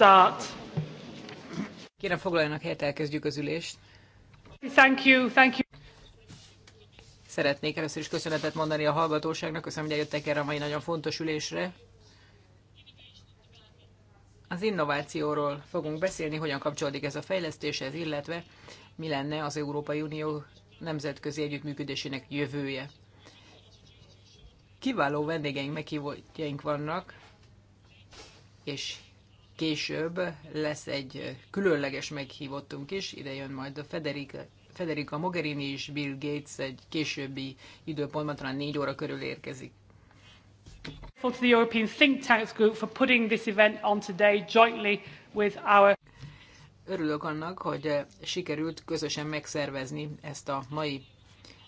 start. Kérem foglaljanak helyet, elkezdjük az ülést. Thank you, thank you. Szeretnék először is köszönetet mondani a hallgatóságnak, köszönöm, hogy eljöttek erre a mai nagyon fontos ülésre. Az innovációról fogunk beszélni, hogyan kapcsolódik ez a fejlesztéshez, illetve mi lenne az Európai Unió nemzetközi együttműködésének jövője. Kiváló vendégeink, meghívótjaink vannak, és később lesz egy különleges meghívottunk is, ide jön majd a Federica, Federica Mogherini és Bill Gates egy későbbi időpontban, talán négy óra körül érkezik. To the European Think Tanks Group for putting this event on today jointly with our Örülök annak, hogy sikerült közösen megszervezni ezt a mai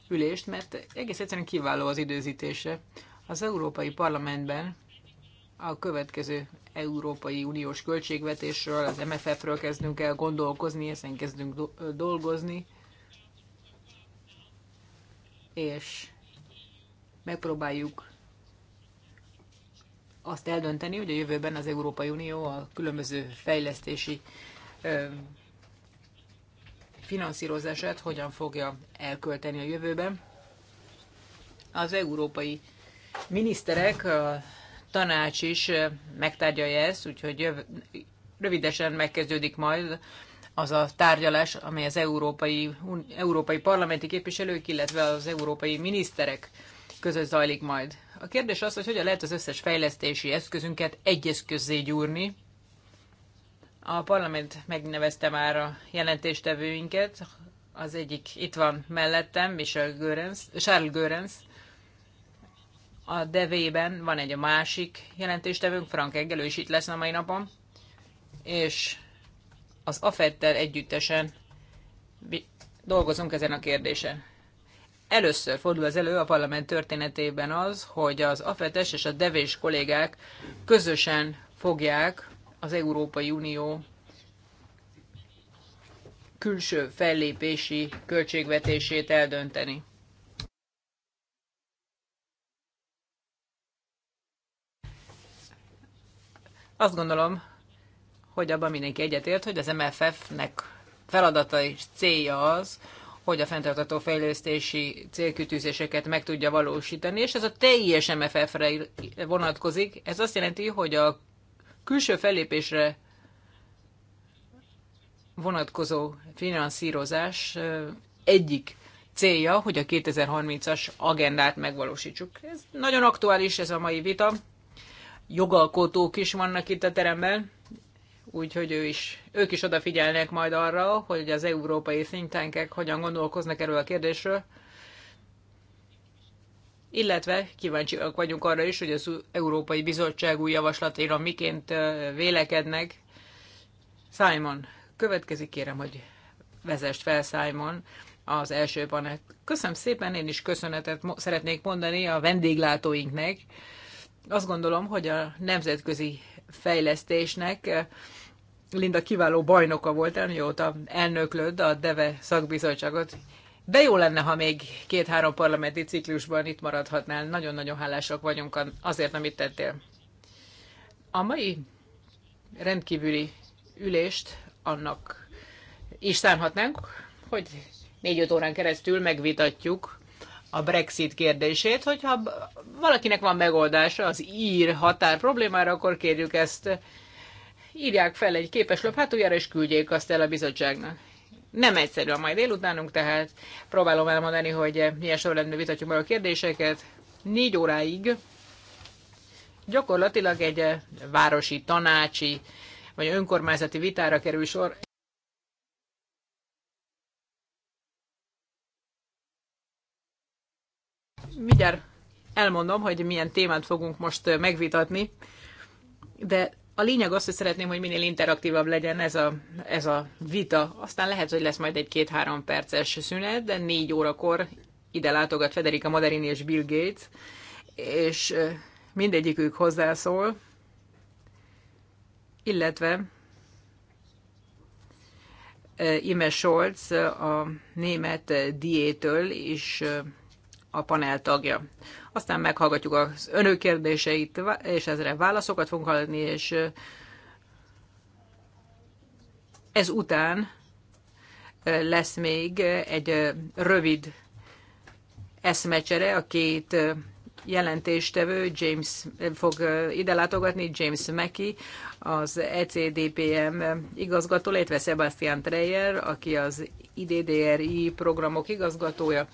ülést, mert egész egyszerűen kiváló az időzítése. Az Európai Parlamentben a következő Európai Uniós költségvetésről, az MFF-ről kezdünk el gondolkozni, ezen kezdünk dolgozni, és megpróbáljuk azt eldönteni, hogy a jövőben az Európai Unió a különböző fejlesztési finanszírozását hogyan fogja elkölteni a jövőben. Az európai miniszterek a tanács is megtárgyalja ezt, úgyhogy rövidesen megkezdődik majd az a tárgyalás, amely az európai, európai parlamenti képviselők, illetve az európai miniszterek között zajlik majd. A kérdés az, hogy hogyan lehet az összes fejlesztési eszközünket egy eszközzé gyúrni. A parlament megnevezte már a jelentéstevőinket, az egyik itt van mellettem, Michel Görens, Charles Görens, a devében van egy a másik jelentéstevőnk, Frank Engel, ő is itt lesz a mai napon, és az AFED-tel együttesen dolgozunk ezen a kérdésen. Először fordul az elő a parlament történetében az, hogy az afetes és a devés kollégák közösen fogják az Európai Unió külső fellépési költségvetését eldönteni. Azt gondolom, hogy abban mindenki egyetért, hogy az MFF-nek feladata és célja az, hogy a fenntartató fejlesztési célkütűzéseket meg tudja valósítani, és ez a teljes MFF-re vonatkozik. Ez azt jelenti, hogy a külső fellépésre vonatkozó finanszírozás egyik célja, hogy a 2030-as agendát megvalósítsuk. Ez nagyon aktuális ez a mai vita jogalkotók is vannak itt a teremben, úgyhogy ő is, ők is odafigyelnek majd arra, hogy az európai szintenkek hogyan gondolkoznak erről a kérdésről, illetve kíváncsiak vagyunk arra is, hogy az Európai Bizottság új javaslatéről miként vélekednek. Simon, következik kérem, hogy vezest fel Simon az első panel. Köszönöm szépen, én is köszönetet szeretnék mondani a vendéglátóinknek, azt gondolom, hogy a nemzetközi fejlesztésnek eh, Linda kiváló bajnoka volt, amióta elnöklöd a DEVE szakbizottságot. De jó lenne, ha még két-három parlamenti ciklusban itt maradhatnál. Nagyon-nagyon hálásak vagyunk azért, amit tettél. A mai rendkívüli ülést annak is szánhatnánk, hogy négy-öt órán keresztül megvitatjuk a Brexit kérdését, hogyha valakinek van megoldása az ír határ problémára, akkor kérjük ezt, írják fel egy képeslap hátuljára, és küldjék azt el a bizottságnak. Nem egyszerű a mai délutánunk, tehát próbálom elmondani, hogy milyen sorrendben vitatjuk meg a kérdéseket. Négy óráig gyakorlatilag egy városi, tanácsi vagy önkormányzati vitára kerül sor. mindjárt elmondom, hogy milyen témát fogunk most megvitatni, de a lényeg az, hogy szeretném, hogy minél interaktívabb legyen ez a, ez a vita. Aztán lehet, hogy lesz majd egy két-három perces szünet, de négy órakor ide látogat Federica Moderini és Bill Gates, és mindegyikük hozzászól, illetve Ime Scholz a német diétől is a panel tagja. Aztán meghallgatjuk az önök kérdéseit, és ezre válaszokat fogunk hallani, és ez után lesz még egy rövid eszmecsere, a két jelentéstevő James fog ide látogatni, James Mackey, az ECDPM igazgató, illetve Sebastian Treyer, aki az IDDRI programok igazgatója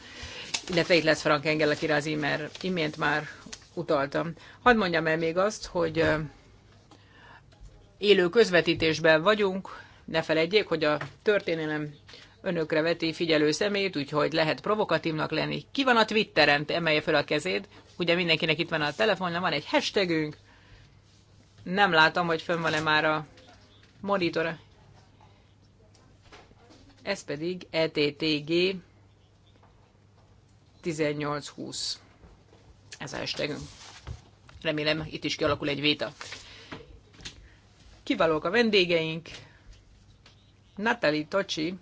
illetve itt lesz Frank Engel, akire az imer, imént már utaltam. Hadd mondjam el még azt, hogy élő közvetítésben vagyunk, ne felejtjék, hogy a történelem önökre veti figyelő szemét, úgyhogy lehet provokatívnak lenni. Ki van a Twitteren, emelje fel a kezét, ugye mindenkinek itt van a telefonja, van egy hashtagünk, nem látom, hogy fönn van-e már a monitora. Ez pedig ETTG 18-20. Ez a hashtagünk. Remélem itt is kialakul egy véta. Kiválók a vendégeink. Natali Tocsi.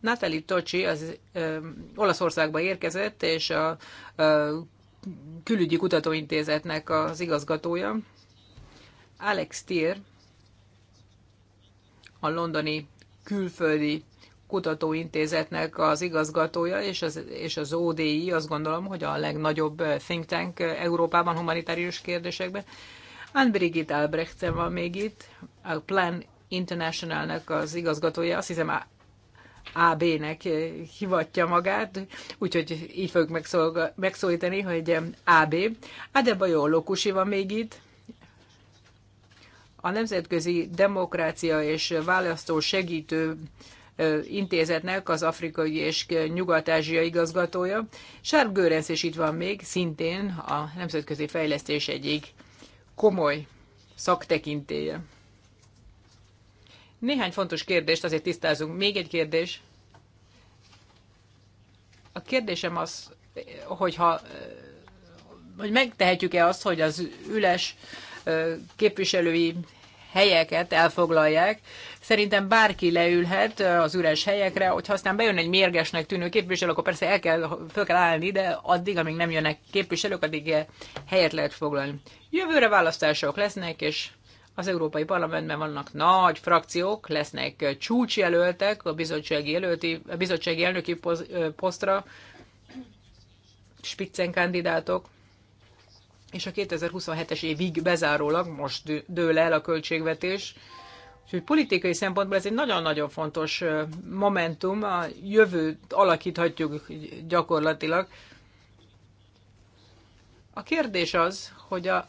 Natali Tocsi az ö, Olaszországba érkezett, és a ö, külügyi kutatóintézetnek az igazgatója. Alex Tier, a londoni külföldi kutatóintézetnek az igazgatója, és az, és az ODI azt gondolom, hogy a legnagyobb think tank Európában humanitárius kérdésekben. Ann Brigitte Albrecht van még itt, a Plan Internationalnek az igazgatója, azt hiszem AB-nek hivatja magát, úgyhogy így fogjuk megszólítani, hogy AB. jó Lokusi van még itt, a Nemzetközi Demokrácia és Választó Segítő intézetnek az afrikai és nyugat-ázsia igazgatója. Sárp Görenc is itt van még, szintén a nemzetközi fejlesztés egyik komoly szaktekintéje. Néhány fontos kérdést azért tisztázunk. Még egy kérdés. A kérdésem az, hogyha hogy megtehetjük-e azt, hogy az üles képviselői helyeket elfoglalják, Szerintem bárki leülhet az üres helyekre, hogyha aztán bejön egy mérgesnek tűnő képviselő, akkor persze el kell, föl kell állni, de addig, amíg nem jönnek képviselők, addig helyet lehet foglalni. Jövőre választások lesznek, és az Európai Parlamentben vannak nagy frakciók, lesznek csúcsjelöltek a bizottsági, jelölti, a bizottsági elnöki posztra, spiccen kandidátok, és a 2027-es évig bezárólag most dől el a költségvetés, és hogy politikai szempontból ez egy nagyon-nagyon fontos momentum, a jövőt alakíthatjuk gyakorlatilag. A kérdés az, hogy a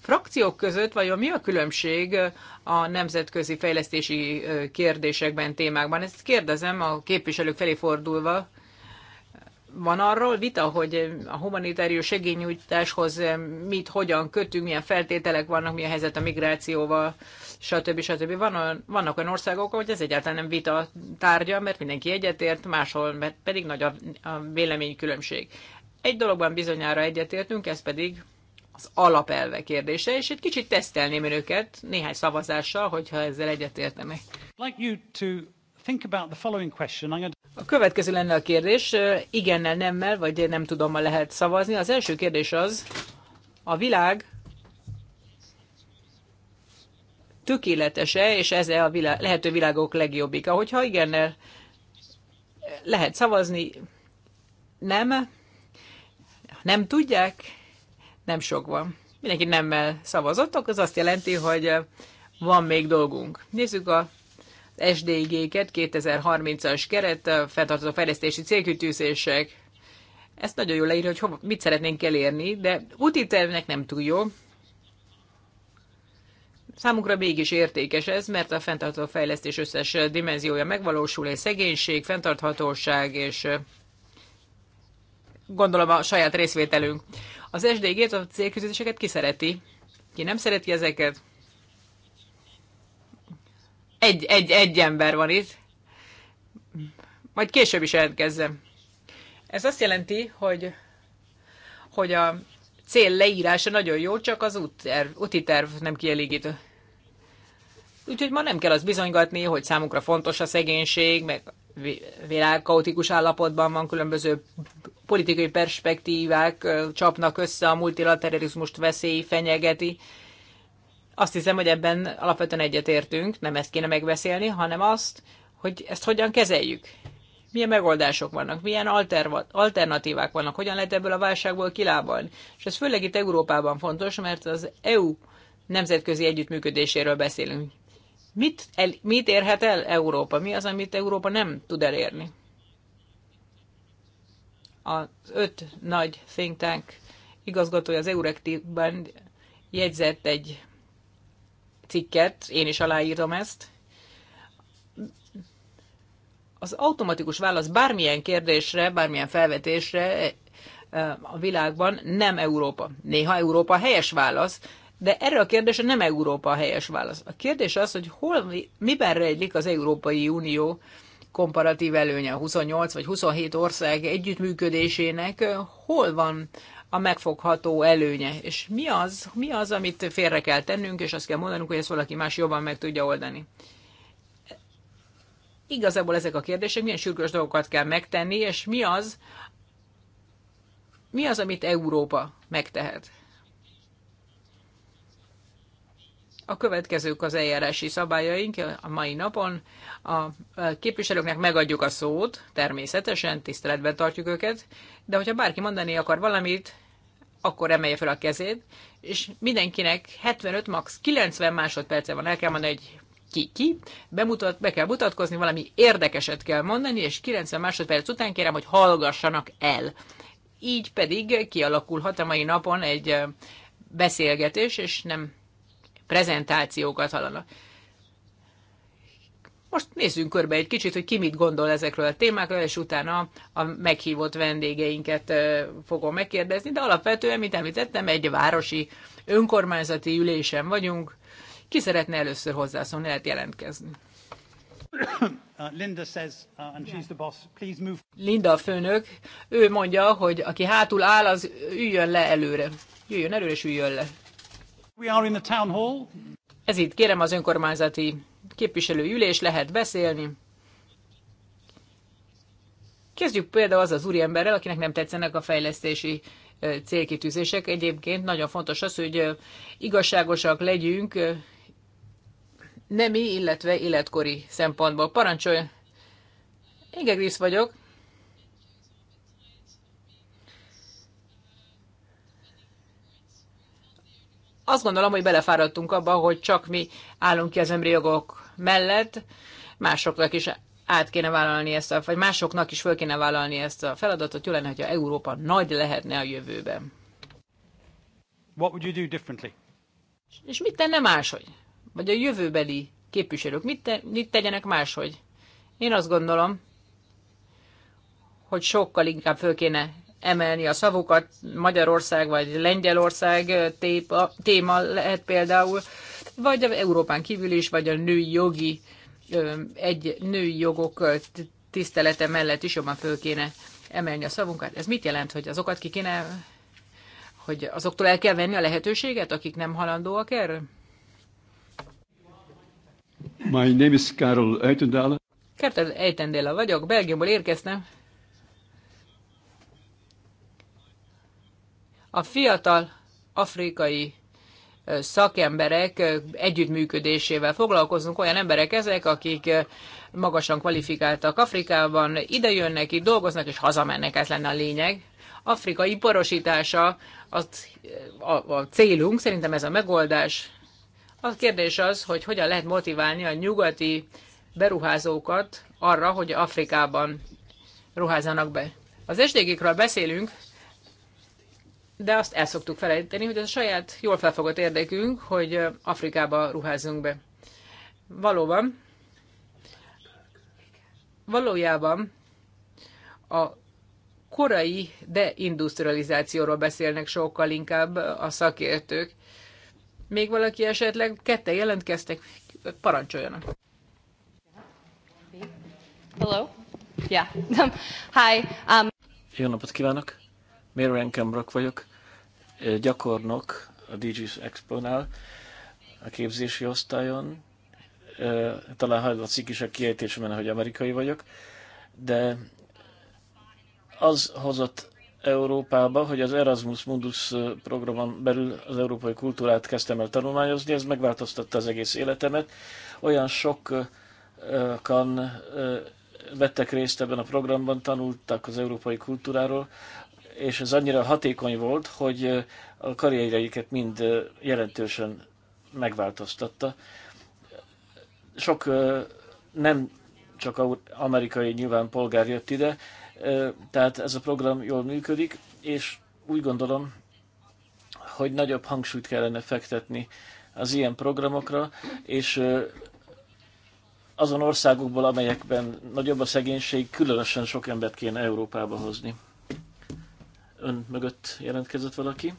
frakciók között vajon mi a különbség a nemzetközi fejlesztési kérdésekben, témákban? Ezt kérdezem a képviselők felé fordulva van arról vita, hogy a humanitárius segényújtáshoz mit, hogyan kötünk, milyen feltételek vannak, milyen helyzet a migrációval, stb. stb. Van olyan, vannak olyan országok, hogy ez egyáltalán nem vita tárgya, mert mindenki egyetért, máshol mert pedig nagy a, a véleménykülönbség. Egy dologban bizonyára egyetértünk, ez pedig az alapelve kérdése, és egy kicsit tesztelném önöket néhány szavazással, hogyha ezzel egyetértenek. Like think about the following question. I'm going to... A következő lenne a kérdés, igennel, nemmel, vagy nem tudom, ma lehet szavazni. Az első kérdés az, a világ tökéletese, és ez -e a világ, lehető világok legjobbika. Hogyha igennel lehet szavazni, nem, nem tudják, nem sok van. Mindenki nemmel szavazottak, az azt jelenti, hogy van még dolgunk. Nézzük a SDIG-ket, 2030-as keret, fenntartó fejlesztési célkütőzések. Ezt nagyon jól leírja, hogy hova, mit szeretnénk elérni, de úti tervnek nem túl jó. Számunkra mégis értékes ez, mert a fenntartó fejlesztés összes dimenziója megvalósul, egy szegénység, fenntarthatóság, és gondolom a saját részvételünk. Az SDG-t, a célküzdéseket ki szereti? Ki nem szereti ezeket? Egy, egy, egy ember van itt. Majd később is jelentkezzem. Ez azt jelenti, hogy, hogy a cél leírása nagyon jó, csak az útterv, úti terv nem kielégítő. Úgyhogy ma nem kell azt bizonygatni, hogy számukra fontos a szegénység, meg világkaotikus állapotban van, különböző politikai perspektívák csapnak össze, a multilateralizmust veszély fenyegeti. Azt hiszem, hogy ebben alapvetően egyetértünk, nem ezt kéne megbeszélni, hanem azt, hogy ezt hogyan kezeljük. Milyen megoldások vannak, milyen alterva, alternatívák vannak, hogyan lehet ebből a válságból kilábalni. És ez főleg itt Európában fontos, mert az EU nemzetközi együttműködéséről beszélünk. Mit, el, mit érhet el Európa? Mi az, amit Európa nem tud elérni? az öt nagy think tank igazgatója az Eurektivben jegyzett egy cikket, én is aláírom ezt. Az automatikus válasz bármilyen kérdésre, bármilyen felvetésre eh, a világban nem Európa. Néha Európa a helyes válasz, de erre a kérdésre nem Európa a helyes válasz. A kérdés az, hogy hol, miben rejlik az Európai Unió komparatív előnye a 28 vagy 27 ország együttműködésének, eh, hol van a megfogható előnye. És mi az, mi az, amit félre kell tennünk, és azt kell mondanunk, hogy ezt valaki más jobban meg tudja oldani. Igazából ezek a kérdések, milyen sürgős dolgokat kell megtenni, és mi az, mi az, amit Európa megtehet. A következők az eljárási szabályaink a mai napon. A képviselőknek megadjuk a szót, természetesen tiszteletben tartjuk őket, de hogyha bárki mondani akar valamit, akkor emelje fel a kezét, és mindenkinek 75, max. 90 másodperce van, el kell mondani, egy ki, ki, bemutat, be kell mutatkozni, valami érdekeset kell mondani, és 90 másodperc után kérem, hogy hallgassanak el. Így pedig kialakulhat a mai napon egy beszélgetés, és nem prezentációkat hallanak. Most nézzünk körbe egy kicsit, hogy ki mit gondol ezekről a témákról, és utána a meghívott vendégeinket fogom megkérdezni, de alapvetően, mint említettem, egy városi önkormányzati ülésen vagyunk. Ki szeretne először hozzászólni, lehet jelentkezni. Uh, uh, Linda a főnök, ő mondja, hogy aki hátul áll, az üljön le előre. Jöjjön előre, és üljön le. Ez itt kérem az önkormányzati képviselői ülés, lehet beszélni. Kezdjük például az az úriemberrel, akinek nem tetszenek a fejlesztési célkitűzések. Egyébként nagyon fontos az, hogy igazságosak legyünk nemi, illetve életkori szempontból. Parancsolj! Ingegrisz vagyok. Azt gondolom, hogy belefáradtunk abba, hogy csak mi állunk ki az emberi jogok mellett, másoknak is át kéne vállalni ezt a, vagy másoknak is föl kéne vállalni ezt a feladatot, jó lenne, hogyha Európa nagy lehetne a jövőben. What would you do differently? És mit tenne máshogy? Vagy a jövőbeli képviselők mit, te, mit tegyenek máshogy? Én azt gondolom, hogy sokkal inkább föl kéne emelni a szavukat. Magyarország vagy Lengyelország tépa, téma lehet például, vagy Európán kívül is, vagy a női jogi, egy női jogok tisztelete mellett is jobban föl kéne emelni a szavunkat. Ez mit jelent, hogy azokat ki kéne, hogy azoktól el kell venni a lehetőséget, akik nem halandóak erre? My name is Karol Eitendale. Karol Eitendale vagyok, Belgiumból érkeztem. A fiatal afrikai szakemberek együttműködésével foglalkozunk, olyan emberek ezek, akik magasan kvalifikáltak Afrikában, ide jönnek, itt dolgoznak és hazamennek, ez lenne a lényeg. Afrika iparosítása az, a, a célunk, szerintem ez a megoldás. A kérdés az, hogy hogyan lehet motiválni a nyugati beruházókat arra, hogy Afrikában ruházanak be. Az sdg beszélünk, de azt el szoktuk felejteni, hogy ez a saját jól felfogott érdekünk, hogy Afrikába ruházunk be. Valóban, valójában a korai deindustrializációról beszélnek sokkal inkább a szakértők. Még valaki esetleg kette jelentkeztek, parancsoljanak. Hello? Yeah. Hi. Um... Jó napot kívánok! Mary Enkembrock vagyok gyakornok a DG's nál a képzési osztályon, talán hallatszik is a kiejtésemben, hogy amerikai vagyok, de az hozott Európába, hogy az Erasmus Mundus programon belül az európai kultúrát kezdtem el tanulmányozni, ez megváltoztatta az egész életemet. Olyan sokan vettek részt ebben a programban, tanultak az európai kultúráról, és ez annyira hatékony volt, hogy a karriereiket mind jelentősen megváltoztatta. Sok nem csak amerikai nyilván polgár jött ide, tehát ez a program jól működik, és úgy gondolom, hogy nagyobb hangsúlyt kellene fektetni az ilyen programokra, és azon országokból, amelyekben nagyobb a szegénység, különösen sok embert kéne Európába hozni. Ön mögött jelentkezett valaki?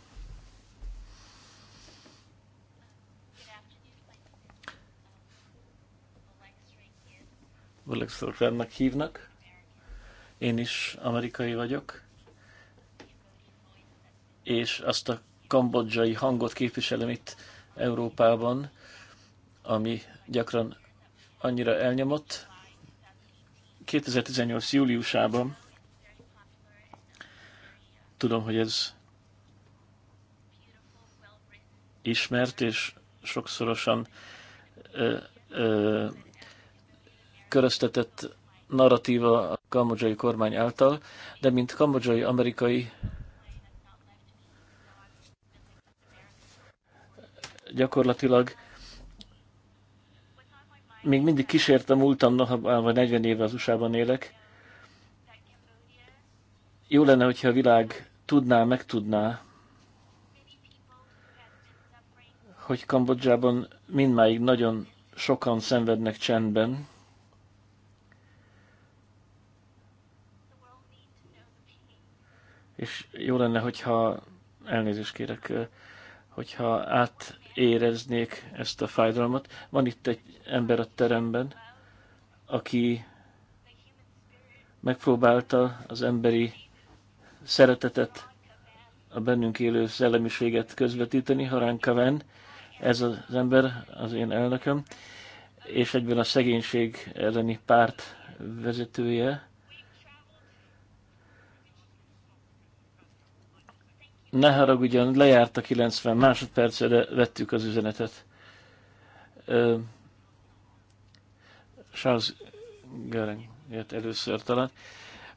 Oleg Szolkránnak hívnak. Én is amerikai vagyok. És azt a kambodzsai hangot képviselem itt Európában, ami gyakran annyira elnyomott. 2018. júliusában Tudom, hogy ez ismert és sokszorosan ö, ö, köröztetett narratíva a kambodzsai kormány által, de mint kambodzsai amerikai gyakorlatilag még mindig kísértem múltam, noha vagy 40 éve az USA-ban élek. Jó lenne, hogyha a világ tudná, meg tudná, hogy Kambodzsában mindmáig nagyon sokan szenvednek csendben, és jó lenne, hogyha elnézést kérek, hogyha átéreznék ezt a fájdalmat. Van itt egy ember a teremben, aki megpróbálta az emberi szeretetet, a bennünk élő szellemiséget közvetíteni, Harán Kaven, ez az ember, az én elnököm, és egyben a szegénység elleni párt vezetője. Ne haragudjon, lejárt a 90 másodperce, de vettük az üzenetet. Charles Göring jött először talán.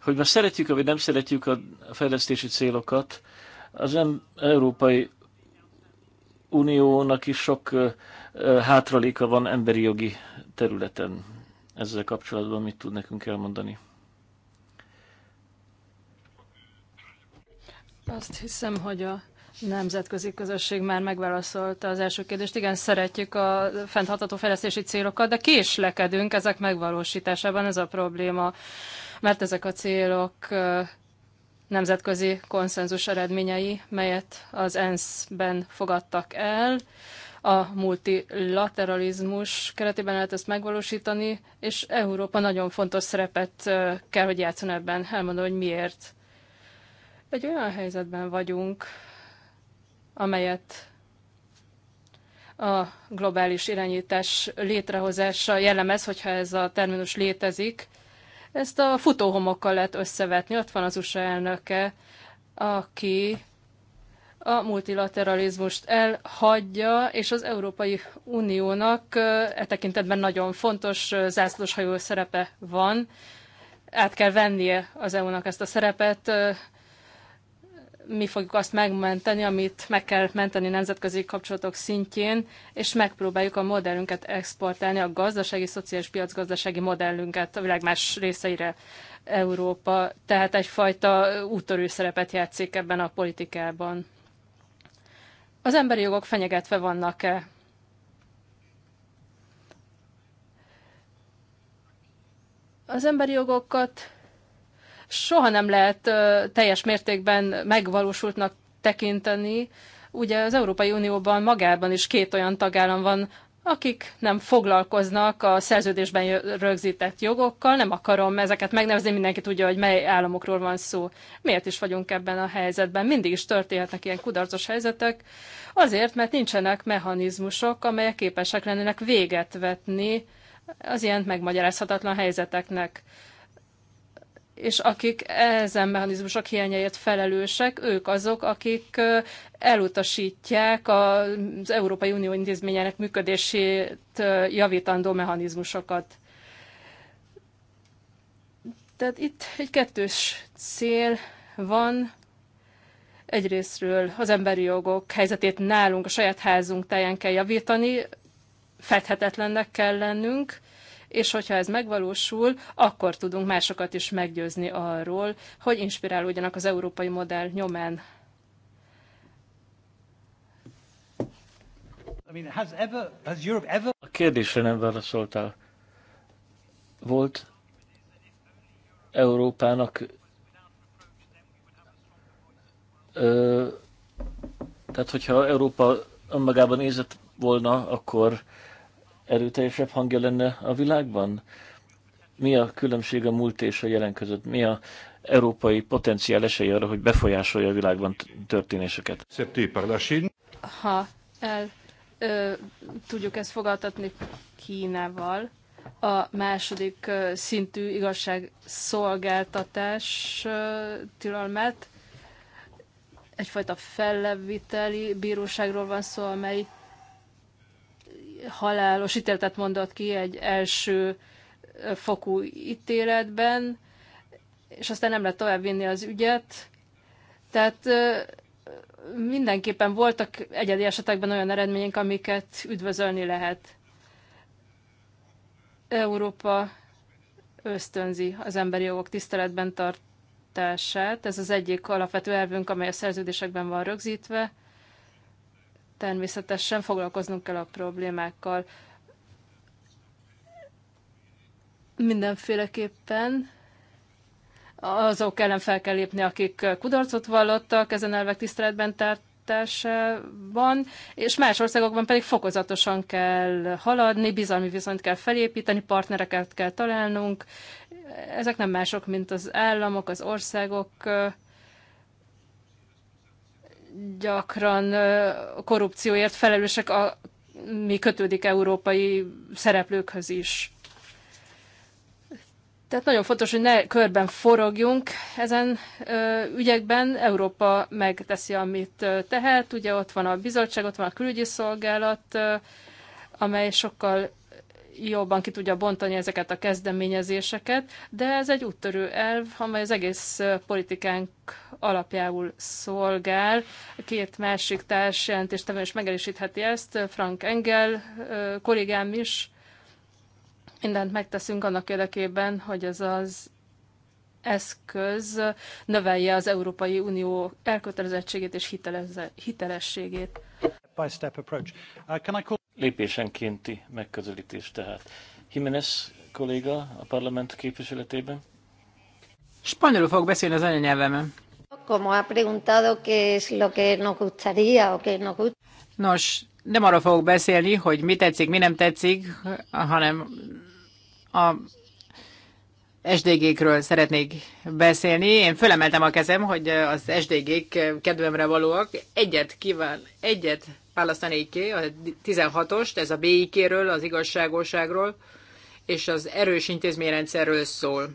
Hogy most szeretjük, vagy nem szeretjük a fejlesztési célokat, az nem Európai Uniónak is sok hátraléka van emberi jogi területen. Ezzel kapcsolatban mit tud nekünk elmondani? Azt hiszem, hogy a nemzetközi közösség már megválaszolta az első kérdést. Igen, szeretjük a fenntartható fejlesztési célokat, de késlekedünk ezek megvalósításában, ez a probléma mert ezek a célok nemzetközi konszenzus eredményei, melyet az ENSZ-ben fogadtak el. A multilateralizmus keretében lehet ezt megvalósítani, és Európa nagyon fontos szerepet kell, hogy játszon ebben. Elmondom, hogy miért. Egy olyan helyzetben vagyunk, amelyet a globális irányítás létrehozása jellemez, hogyha ez a terminus létezik, ezt a futóhomokkal lehet összevetni. Ott van az USA elnöke, aki a multilateralizmust elhagyja, és az Európai Uniónak e tekintetben nagyon fontos zászlóshajó szerepe van. Át kell vennie az EU-nak ezt a szerepet, mi fogjuk azt megmenteni, amit meg kell menteni nemzetközi kapcsolatok szintjén, és megpróbáljuk a modellünket exportálni, a gazdasági, szociális piacgazdasági modellünket a világ más részeire Európa. Tehát egyfajta úttörő szerepet játszik ebben a politikában. Az emberi jogok fenyegetve vannak-e? Az emberi jogokat soha nem lehet teljes mértékben megvalósultnak tekinteni. Ugye az Európai Unióban magában is két olyan tagállam van, akik nem foglalkoznak a szerződésben rögzített jogokkal, nem akarom ezeket megnevezni, mindenki tudja, hogy mely államokról van szó. Miért is vagyunk ebben a helyzetben? Mindig is történhetnek ilyen kudarcos helyzetek, azért, mert nincsenek mechanizmusok, amelyek képesek lennének véget vetni az ilyen megmagyarázhatatlan helyzeteknek és akik ezen mechanizmusok hiányáért felelősek, ők azok, akik elutasítják az Európai Unió intézményének működését javítandó mechanizmusokat. Tehát itt egy kettős cél van, egyrésztről az emberi jogok helyzetét nálunk, a saját házunk táján kell javítani, fedhetetlennek kell lennünk, és hogyha ez megvalósul, akkor tudunk másokat is meggyőzni arról, hogy inspirálódjanak az európai modell nyomán. A kérdésre nem válaszoltál. Volt Európának ö, tehát hogyha Európa önmagában nézett volna, akkor erőteljesebb hangja lenne a világban? Mi a különbség a múlt és a jelen között? Mi a európai potenciál esély arra, hogy befolyásolja a világban történéseket? Ha el ö, tudjuk ezt fogadtatni Kínával, a második szintű igazságszolgáltatás tilalmát. Egyfajta felleviteli bíróságról van szó, amely halálos ítéletet mondott ki egy első fokú ítéletben, és aztán nem lehet továbbvinni az ügyet. Tehát mindenképpen voltak egyedi esetekben olyan eredmények, amiket üdvözölni lehet. Európa ösztönzi az emberi jogok tiszteletben tartását. Ez az egyik alapvető elvünk, amely a szerződésekben van rögzítve természetesen foglalkoznunk kell a problémákkal. Mindenféleképpen azok ellen fel kell lépni, akik kudarcot vallottak ezen elvek tiszteletben tartásában, és más országokban pedig fokozatosan kell haladni, bizalmi viszonyt kell felépíteni, partnereket kell találnunk. Ezek nem mások, mint az államok, az országok, gyakran korrupcióért felelősek, a, mi kötődik európai szereplőkhöz is. Tehát nagyon fontos, hogy ne körben forogjunk ezen ö, ügyekben. Európa megteszi, amit ö, tehet. Ugye ott van a bizottság, ott van a külügyi szolgálat, ö, amely sokkal jobban ki tudja bontani ezeket a kezdeményezéseket, de ez egy úttörő elv, amely az egész politikánk alapjául szolgál. Két másik társjelentéstevő is megerősítheti ezt, Frank Engel kollégám is. Mindent megteszünk annak érdekében, hogy ez az eszköz növelje az Európai Unió elkötelezettségét és hitelezze, hitelességét. By step approach. Uh, can I call... Lépésenkénti megközelítés tehát. Jiménez kolléga a parlament képviseletében. Spanyolul fog beszélni az anyanyelvemen. Como ha preguntado qué es lo que nos gustaría o qué nos gusta. Nos, nem arra fogok beszélni, hogy mi tetszik, mi nem tetszik, hanem a SDG-kről szeretnék beszélni. Én fölemeltem a kezem, hogy az SDG-k kedvemre valóak. Egyet kíván, egyet választani a 16-ost, ez a BIK-ről, az igazságosságról, és az erős intézményrendszerről szól.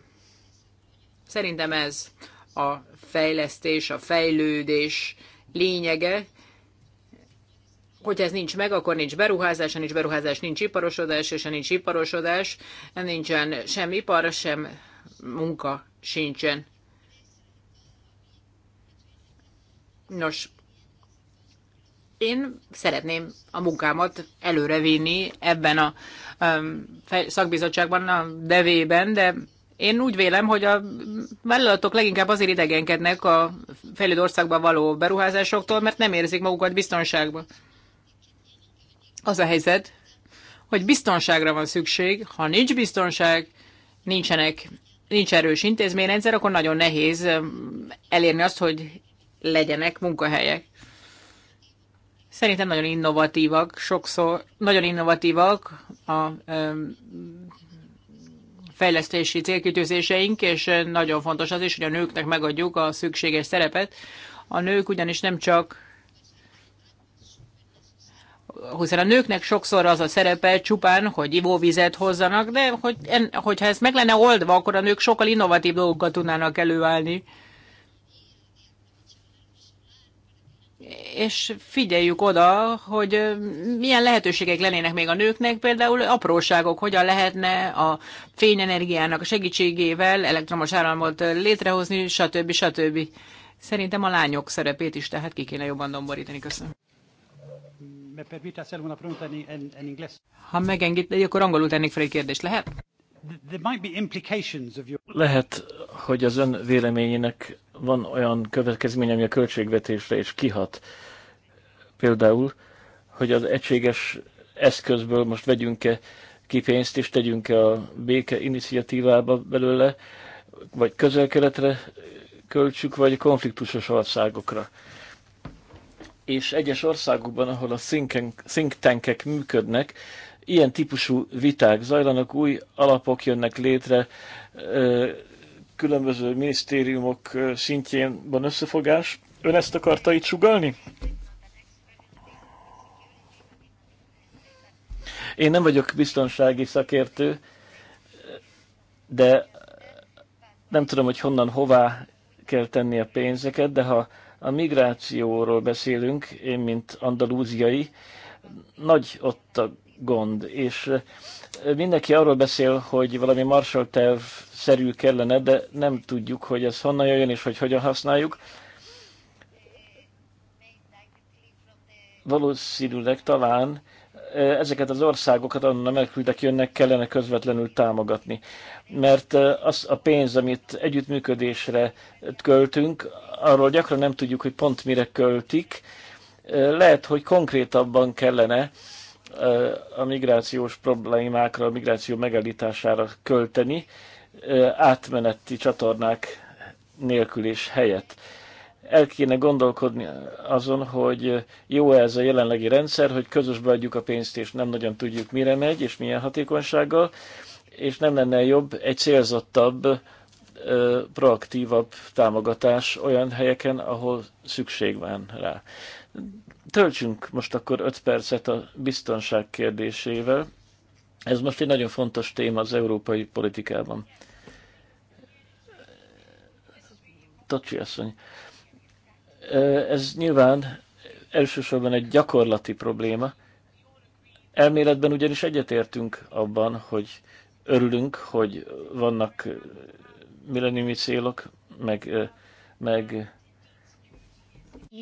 Szerintem ez a fejlesztés, a fejlődés lényege. Hogyha ez nincs meg, akkor nincs beruházás, ha nincs beruházás, nincs iparosodás, és ha nincs iparosodás, nincsen sem ipar, sem munka sincsen. Nos, én szeretném a munkámat előrevinni ebben a szakbizottságban, a devében, de én úgy vélem, hogy a vállalatok leginkább azért idegenkednek a fejlődő országban való beruházásoktól, mert nem érzik magukat biztonságban. Az a helyzet, hogy biztonságra van szükség. Ha nincs biztonság, nincsenek, nincs erős intézményrendszer, akkor nagyon nehéz elérni azt, hogy legyenek munkahelyek. Szerintem nagyon innovatívak, sokszor nagyon innovatívak a fejlesztési célkitűzéseink, és nagyon fontos az is, hogy a nőknek megadjuk a szükséges szerepet. A nők ugyanis nem csak hiszen a nőknek sokszor az a szerepe csupán, hogy ivóvizet hozzanak, de hogy, hogyha ez meg lenne oldva, akkor a nők sokkal innovatív dolgokat tudnának előállni. és figyeljük oda, hogy milyen lehetőségek lennének még a nőknek, például apróságok, hogyan lehetne a fényenergiának a segítségével elektromos áramot létrehozni, stb. stb. Szerintem a lányok szerepét is tehát ki kéne jobban domborítani. Köszönöm. Ha megengít, akkor angolul tennék fel egy kérdést, lehet? Lehet, hogy az ön véleményének van olyan következmény, ami a költségvetésre is kihat. Például, hogy az egységes eszközből most vegyünk-e ki pénzt, és tegyünk-e a béke iniciatívába belőle, vagy közel-keletre költsük, vagy konfliktusos országokra. És egyes országokban, ahol a think tankek működnek, ilyen típusú viták zajlanak, új alapok jönnek létre, különböző minisztériumok szintjén van összefogás. Ön ezt akarta itt sugalni? Én nem vagyok biztonsági szakértő, de nem tudom, hogy honnan, hová kell tenni a pénzeket, de ha a migrációról beszélünk, én, mint andalúziai, nagy ott a gond, és mindenki arról beszél, hogy valami Marshall terv szerű kellene, de nem tudjuk, hogy ez honnan jön és hogy hogyan használjuk. Valószínűleg talán e, ezeket az országokat, ahonnan menekültek jönnek, kellene közvetlenül támogatni. Mert e, az a pénz, amit együttműködésre költünk, arról gyakran nem tudjuk, hogy pont mire költik. E, lehet, hogy konkrétabban kellene a migrációs problémákra, a migráció megállítására költeni, átmeneti csatornák nélkül is helyett. El kéne gondolkodni azon, hogy jó -e ez a jelenlegi rendszer, hogy közösbe adjuk a pénzt, és nem nagyon tudjuk, mire megy, és milyen hatékonysággal, és nem lenne jobb egy célzottabb, proaktívabb támogatás olyan helyeken, ahol szükség van rá. Töltsünk most akkor 5 percet a biztonság kérdésével. Ez most egy nagyon fontos téma az európai politikában. Tocsi asszony. Ez nyilván elsősorban egy gyakorlati probléma. Elméletben ugyanis egyetértünk abban, hogy örülünk, hogy vannak milleniumi célok, meg, meg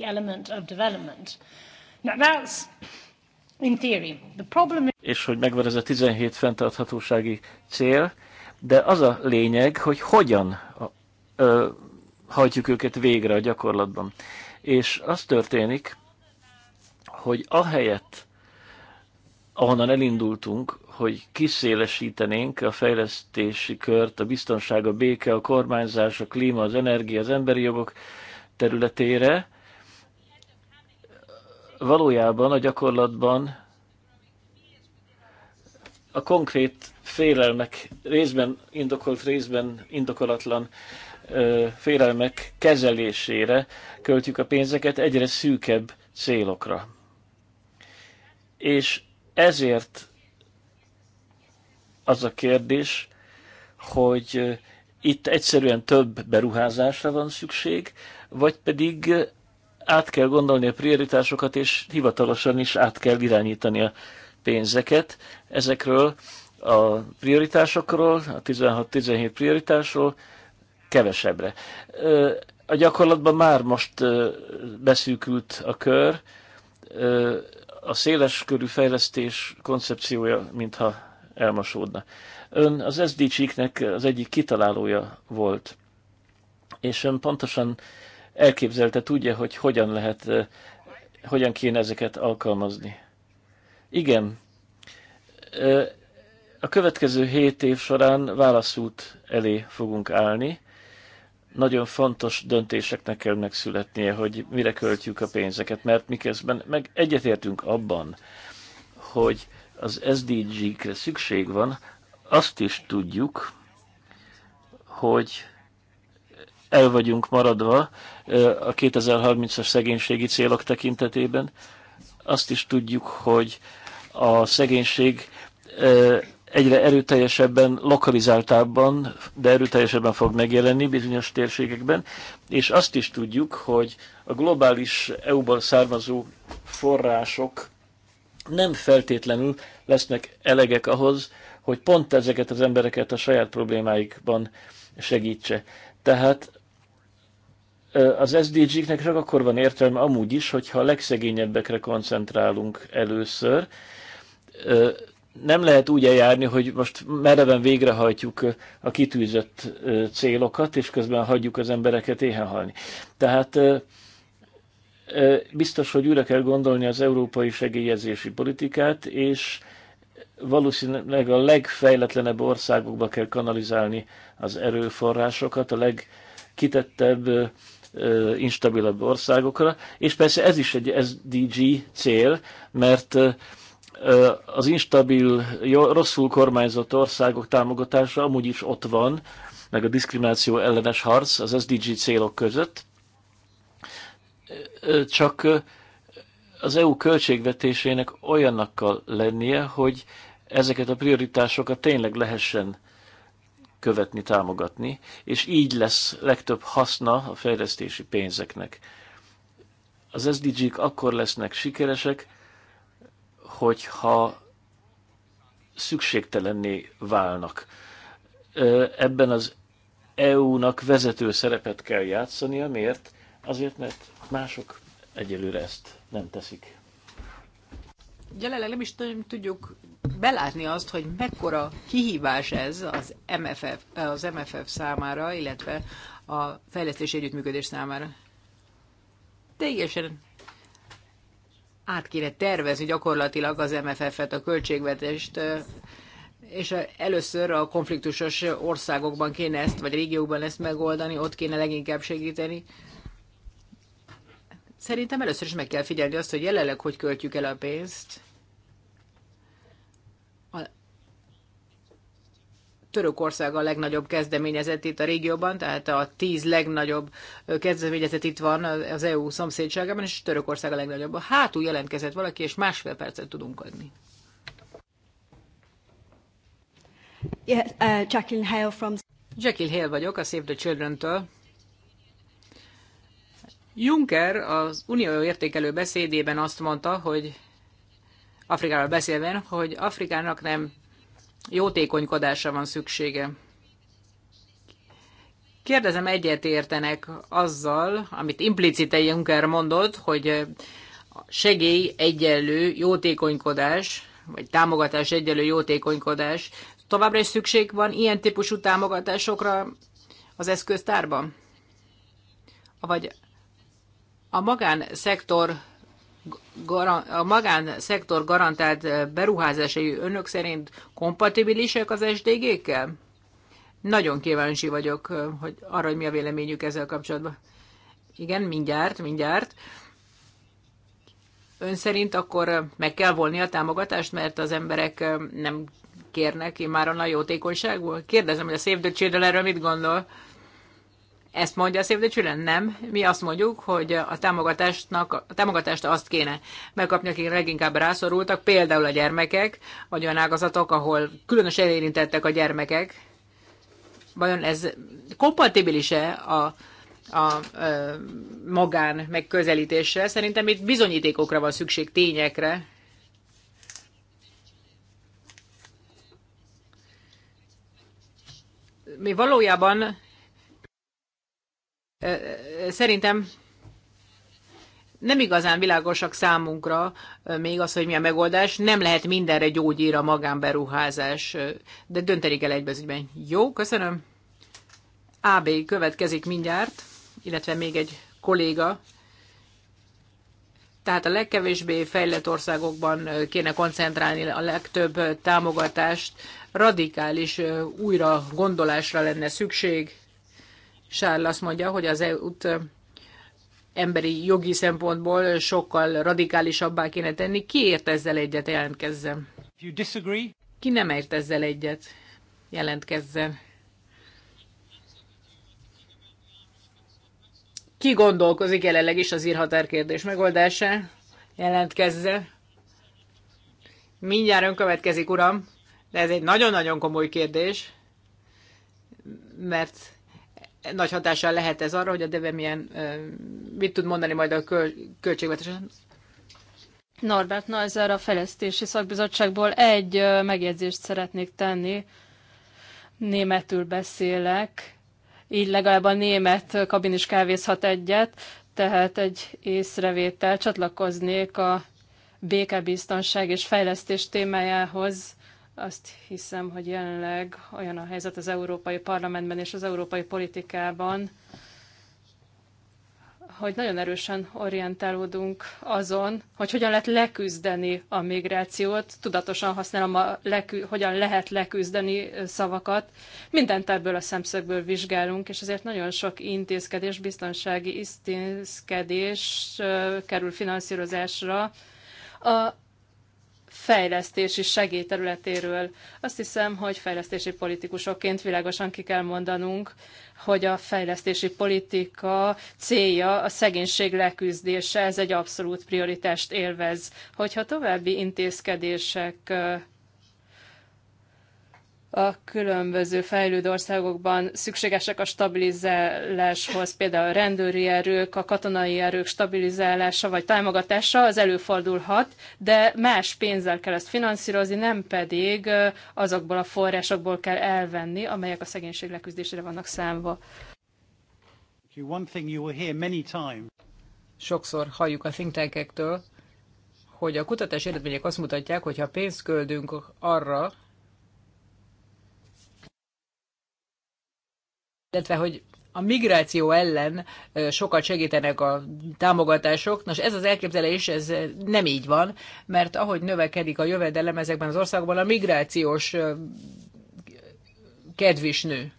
element of development. Now that's In theory, the problem... És hogy megvan ez a 17 fenntarthatósági cél, de az a lényeg, hogy hogyan ö, hajtjuk őket végre a gyakorlatban. És az történik, hogy ahelyett, ahonnan elindultunk, hogy kiszélesítenénk a fejlesztési kört, a biztonság, a béke, a kormányzás, a klíma, az energia, az emberi jogok területére, valójában a gyakorlatban a konkrét félelmek, részben indokolt, részben indokolatlan félelmek kezelésére költjük a pénzeket egyre szűkebb célokra. És ezért az a kérdés, hogy itt egyszerűen több beruházásra van szükség, vagy pedig át kell gondolni a prioritásokat, és hivatalosan is át kell irányítani a pénzeket. Ezekről a prioritásokról, a 16-17 prioritásról kevesebbre. A gyakorlatban már most beszűkült a kör, a széles körű fejlesztés koncepciója, mintha elmosódna. Ön az SDG-knek az egyik kitalálója volt, és ön pontosan elképzelte, tudja, hogy hogyan lehet, hogyan kéne ezeket alkalmazni. Igen, a következő hét év során válaszút elé fogunk állni. Nagyon fontos döntéseknek kell megszületnie, hogy mire költjük a pénzeket, mert miközben meg egyetértünk abban, hogy az SDG-kre szükség van, azt is tudjuk, hogy el vagyunk maradva a 2030-as szegénységi célok tekintetében. Azt is tudjuk, hogy a szegénység egyre erőteljesebben, lokalizáltábban, de erőteljesebben fog megjelenni bizonyos térségekben, és azt is tudjuk, hogy a globális EU-ban származó források nem feltétlenül lesznek elegek ahhoz, hogy pont ezeket az embereket a saját problémáikban segítse. Tehát az SDG-knek csak akkor van értelme amúgy is, hogyha a legszegényebbekre koncentrálunk először. Nem lehet úgy eljárni, hogy most mereven végrehajtjuk a kitűzött célokat, és közben hagyjuk az embereket éhen halni. Tehát biztos, hogy újra kell gondolni az európai segélyezési politikát, és valószínűleg a legfejletlenebb országokba kell kanalizálni az erőforrásokat, a legkitettebb instabilabb országokra, és persze ez is egy SDG cél, mert az instabil, rosszul kormányzott országok támogatása amúgy is ott van, meg a diszkrimináció ellenes harc az SDG célok között, csak az EU költségvetésének olyannak kell lennie, hogy ezeket a prioritásokat tényleg lehessen követni, támogatni, és így lesz legtöbb haszna a fejlesztési pénzeknek. Az SDG-k akkor lesznek sikeresek, hogyha szükségtelenné válnak. Ebben az EU-nak vezető szerepet kell játszania. Miért? Azért, mert mások egyelőre ezt nem teszik jelenleg nem is tudjuk belátni azt, hogy mekkora kihívás ez az MFF, az MFF számára, illetve a fejlesztési együttműködés számára. Teljesen át kéne tervezni gyakorlatilag az MFF-et, a költségvetést, és először a konfliktusos országokban kéne ezt, vagy régióban ezt megoldani, ott kéne leginkább segíteni. Szerintem először is meg kell figyelni azt, hogy jelenleg hogy költjük el a pénzt, Törökország a legnagyobb kezdeményezett itt a régióban, tehát a tíz legnagyobb kezdeményezett itt van az EU szomszédságában, és Törökország a legnagyobb. A hátul jelentkezett valaki, és másfél percet tudunk adni. Yes, uh, Jacqueline Hale from... Jacqueline Hale vagyok, a Save the Children-től. Juncker az unió értékelő beszédében azt mondta, hogy Afrikáról beszélve, hogy Afrikának nem jótékonykodásra van szüksége. Kérdezem, egyet értenek azzal, amit implicite Juncker mondott, hogy segély egyenlő jótékonykodás, vagy támogatás egyenlő jótékonykodás. Továbbra is szükség van ilyen típusú támogatásokra az eszköztárban? Vagy a magánszektor a magánszektor garantált eh, beruházásai önök szerint kompatibilisek az SDG-kkel? Nagyon kíváncsi vagyok eh, hogy arra, hogy mi a véleményük ezzel kapcsolatban. Igen, mindjárt, mindjárt. Ön szerint akkor eh, meg kell volni a támogatást, mert az emberek nem kérnek már a jótékonyságból? Kérdezem, hogy a Save the Children erről mit gondol? Ezt mondja a Save the Children, nem. Mi azt mondjuk, hogy a, támogatásnak, a támogatást azt kéne megkapni, akik leginkább rászorultak, például a gyermekek, vagy olyan ágazatok, ahol különös elérintettek a gyermekek. Vajon ez kompatibilis-e a a a magán megközelítésre. Szerintem itt bizonyítékokra van szükség, tényekre. Mi valójában Szerintem nem igazán világosak számunkra még az, hogy mi a megoldás. Nem lehet mindenre gyógyír a magánberuházás, de dönteni kell ügyben. Jó, köszönöm. AB következik mindjárt, illetve még egy kolléga. Tehát a legkevésbé fejlett országokban kéne koncentrálni a legtöbb támogatást, radikális újra gondolásra lenne szükség Sárl azt mondja, hogy az eu emberi jogi szempontból sokkal radikálisabbá kéne tenni. Ki ért ezzel egyet, jelentkezzen. Ki nem ért ezzel egyet, jelentkezzen. Ki gondolkozik jelenleg is az írhatár kérdés megoldásán, jelentkezzen. Mindjárt ön következik, uram, de ez egy nagyon-nagyon komoly kérdés, mert nagy hatással lehet ez arra, hogy a DEVE milyen, mit tud mondani majd a költségvetésen. Norbert Neuser a Fejlesztési Szakbizottságból egy megjegyzést szeretnék tenni. Németül beszélek, így legalább a német kabin is kávézhat egyet, tehát egy észrevétel csatlakoznék a békebiztonság és fejlesztés témájához azt hiszem, hogy jelenleg olyan a helyzet az Európai Parlamentben és az európai politikában, hogy nagyon erősen orientálódunk azon, hogy hogyan lehet leküzdeni a migrációt, tudatosan használom a lekü- hogyan lehet leküzdeni szavakat. Mindent ebből a szemszögből vizsgálunk, és ezért nagyon sok intézkedés, biztonsági intézkedés kerül finanszírozásra. A fejlesztési segélyterületéről. Azt hiszem, hogy fejlesztési politikusokként világosan ki kell mondanunk, hogy a fejlesztési politika célja a szegénység leküzdése, ez egy abszolút prioritást élvez. Hogyha további intézkedések a különböző fejlődő országokban szükségesek a stabilizáláshoz, például a rendőri erők, a katonai erők stabilizálása vagy támogatása, az előfordulhat, de más pénzzel kell ezt finanszírozni, nem pedig azokból a forrásokból kell elvenni, amelyek a szegénység leküzdésére vannak számva. Sokszor halljuk a think tankektől, hogy a kutatási eredmények azt mutatják, hogy ha pénzt köldünk arra, illetve hogy a migráció ellen sokat segítenek a támogatások. Nos, ez az elképzelés, ez nem így van, mert ahogy növekedik a jövedelem ezekben az országban a migrációs kedv is nő.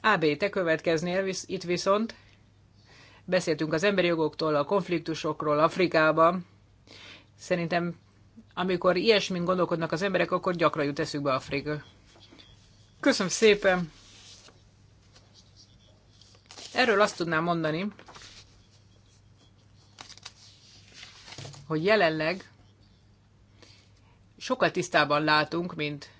AB, te következnél itt viszont. Beszéltünk az emberi jogoktól, a konfliktusokról Afrikában. Szerintem, amikor ilyesmin gondolkodnak az emberek, akkor gyakran jut eszükbe Afrika. Köszönöm szépen! Erről azt tudnám mondani, hogy jelenleg sokkal tisztában látunk, mint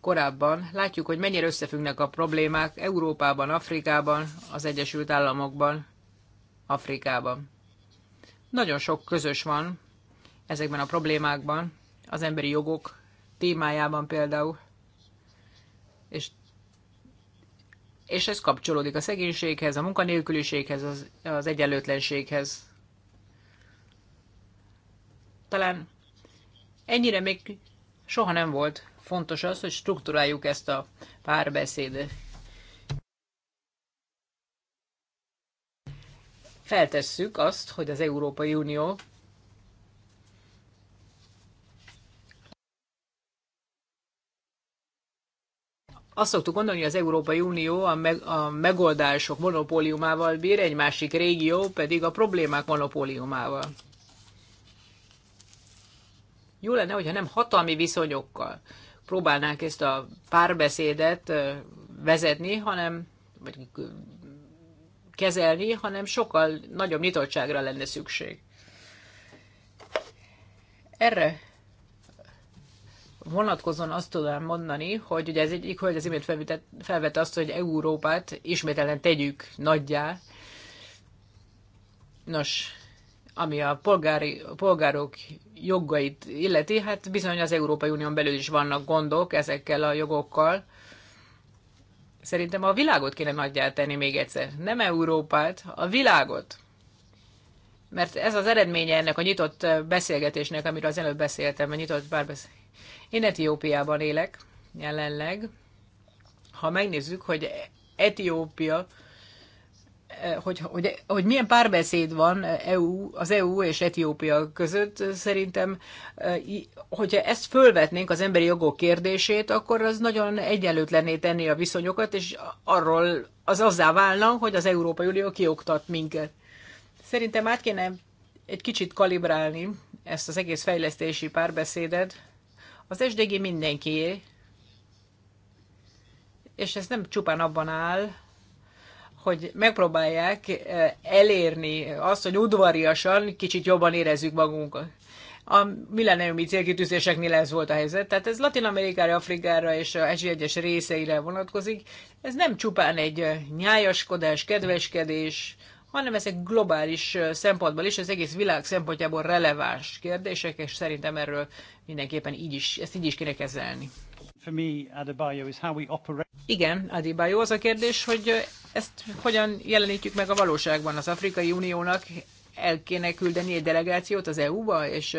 korábban. Látjuk, hogy mennyire összefüggnek a problémák Európában, Afrikában, az Egyesült Államokban, Afrikában. Nagyon sok közös van ezekben a problémákban, az emberi jogok témájában például, és és ez kapcsolódik a szegénységhez, a munkanélküliséghez, az, az egyenlőtlenséghez. Talán ennyire még soha nem volt fontos az, hogy struktúráljuk ezt a párbeszédet. Feltesszük azt, hogy az Európai Unió Azt szoktuk gondolni, hogy az Európai Unió a, meg, a megoldások monopóliumával bír, egy másik régió pedig a problémák monopóliumával. Jó lenne, hogyha nem hatalmi viszonyokkal próbálnánk ezt a párbeszédet vezetni, hanem vagy kezelni, hanem sokkal nagyobb nyitottságra lenne szükség. Erre vonatkozóan azt tudom mondani, hogy ugye ez egyik hogy az imént felvetett, felvette azt, hogy Európát ismételen tegyük nagyjá. Nos, ami a, polgári, a polgárok jogait illeti, hát bizony az Európai Unión belül is vannak gondok ezekkel a jogokkal. Szerintem a világot kéne nagyjá tenni még egyszer. Nem Európát, a világot. Mert ez az eredménye ennek a nyitott eh, beszélgetésnek, amiről az előbb beszéltem, a nyitott párbeszéd. Én Etiópiában élek jelenleg. Ha megnézzük, hogy Etiópia, eh, hogy, hogy, hogy milyen párbeszéd van EU, az EU és Etiópia között, szerintem, eh, hogyha ezt fölvetnénk az emberi jogok kérdését, akkor az nagyon egyenlőtlenné tenni a viszonyokat, és arról az azzá válna, hogy az Európai Unió kioktat minket. Szerintem át kéne egy kicsit kalibrálni ezt az egész fejlesztési párbeszédet, az SDG mindenkié, és ez nem csupán abban áll, hogy megpróbálják eh, elérni azt, hogy udvariasan kicsit jobban érezzük magunkat. A milleniumi célkitűzéseknél ez volt a helyzet. Tehát ez Latin Amerikára, Afrikára és a Ázsia egyes részeire vonatkozik. Ez nem csupán egy nyájaskodás, kedveskedés, hanem ezek globális szempontból is, az egész világ szempontjából releváns kérdések, és szerintem erről mindenképpen így is, ezt így is kéne kezelni. Igen, Adebayo, az a kérdés, hogy ezt hogyan jelenítjük meg a valóságban az Afrikai Uniónak, el kéne küldeni egy delegációt az EU-ba, és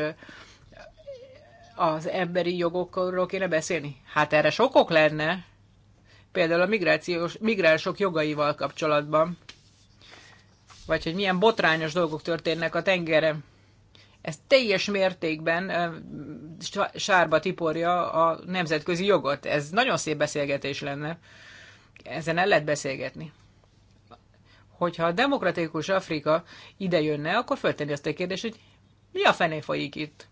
az emberi jogokról kéne beszélni? Hát erre sokok lenne, például a migrációs, migránsok jogaival kapcsolatban vagy hogy milyen botrányos dolgok történnek a tengeren. Ez teljes mértékben sárba tiporja a nemzetközi jogot. Ez nagyon szép beszélgetés lenne. Ezen el lehet beszélgetni. Hogyha a demokratikus Afrika ide jönne, akkor föltenni azt a kérdést, hogy mi a fené folyik itt?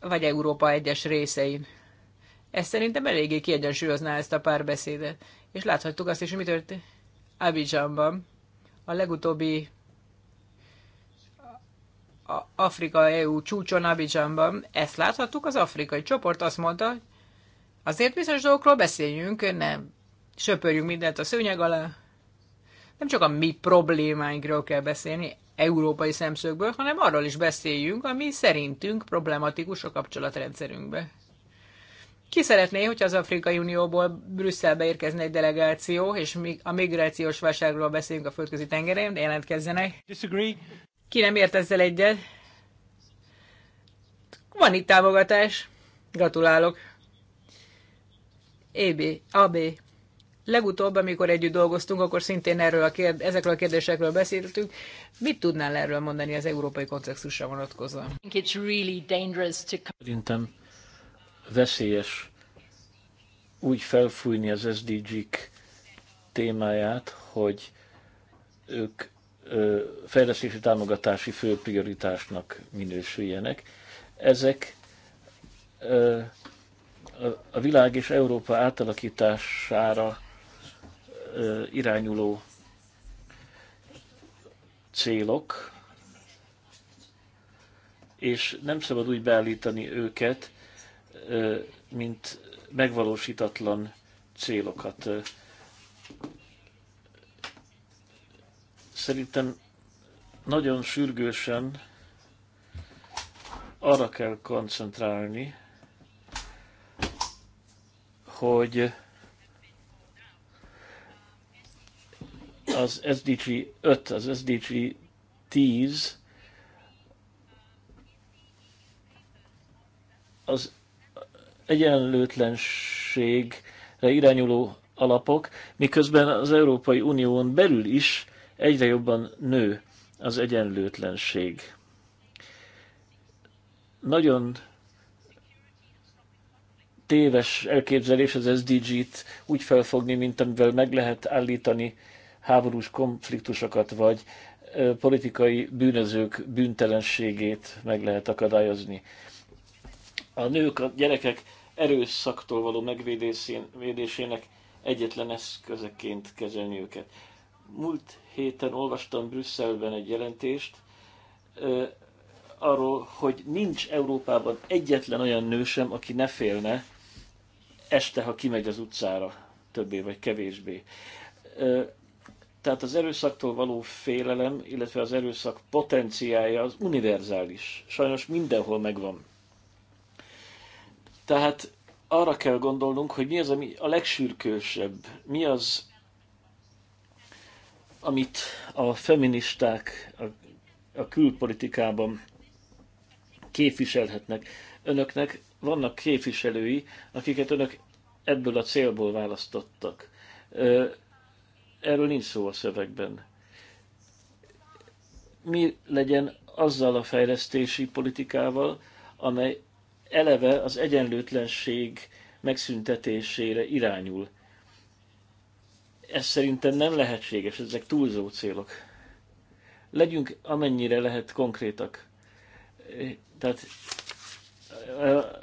Vagy Európa egyes részein. Ez szerintem eléggé kiegyensúlyozná ezt a párbeszédet. És láthattuk azt is, hogy mi történt Abidjanban a legutóbbi Afrika-EU csúcson Abidjanban ezt láthattuk, az afrikai csoport azt mondta, azért bizonyos dolgokról beszéljünk, nem söpörjünk mindent a szőnyeg alá. Nem csak a mi problémáinkról kell beszélni, európai szemszögből, hanem arról is beszéljünk, ami szerintünk problematikus a kapcsolatrendszerünkbe. Ki szeretné, hogy az Afrikai Unióból Brüsszelbe érkezne egy delegáció, és a migrációs válságról beszélünk a földközi tengeren, de jelentkezzenek. Disagree. Ki nem ért ezzel egyet? Van itt támogatás. Gratulálok. EB, AB. Legutóbb, amikor együtt dolgoztunk, akkor szintén erről a kérd- ezekről a kérdésekről beszéltünk. Mit tudnál erről mondani az európai kontextusra vonatkozóan? Szerintem veszélyes úgy felfújni az SDG-k témáját, hogy ők fejlesztési támogatási fő prioritásnak minősüljenek. Ezek a világ és Európa átalakítására irányuló célok, és nem szabad úgy beállítani őket, mint megvalósítatlan célokat. Szerintem nagyon sürgősen arra kell koncentrálni, hogy az SDG 5, az SDG 10 az egyenlőtlenségre irányuló alapok, miközben az Európai Unión belül is egyre jobban nő az egyenlőtlenség. Nagyon téves elképzelés az SDG-t úgy felfogni, mint amivel meg lehet állítani háborús konfliktusokat, vagy politikai bűnözők bűntelenségét meg lehet akadályozni. A nők, a gyerekek erőszaktól való megvédésének egyetlen eszközeként kezelni őket. Múlt héten olvastam Brüsszelben egy jelentést arról, hogy nincs Európában egyetlen olyan nő sem, aki ne félne este, ha kimegy az utcára, többé vagy kevésbé. tehát az erőszaktól való félelem, illetve az erőszak potenciája az univerzális. Sajnos mindenhol megvan. Tehát arra kell gondolnunk, hogy mi az, ami a legsürkősebb, mi az, amit a feministák a, a külpolitikában képviselhetnek. Önöknek vannak képviselői, akiket önök ebből a célból választottak. Erről nincs szó a szövegben. Mi legyen azzal a fejlesztési politikával, amely eleve az egyenlőtlenség megszüntetésére irányul. Ez szerintem nem lehetséges, ezek túlzó célok. Legyünk amennyire lehet konkrétak. Tehát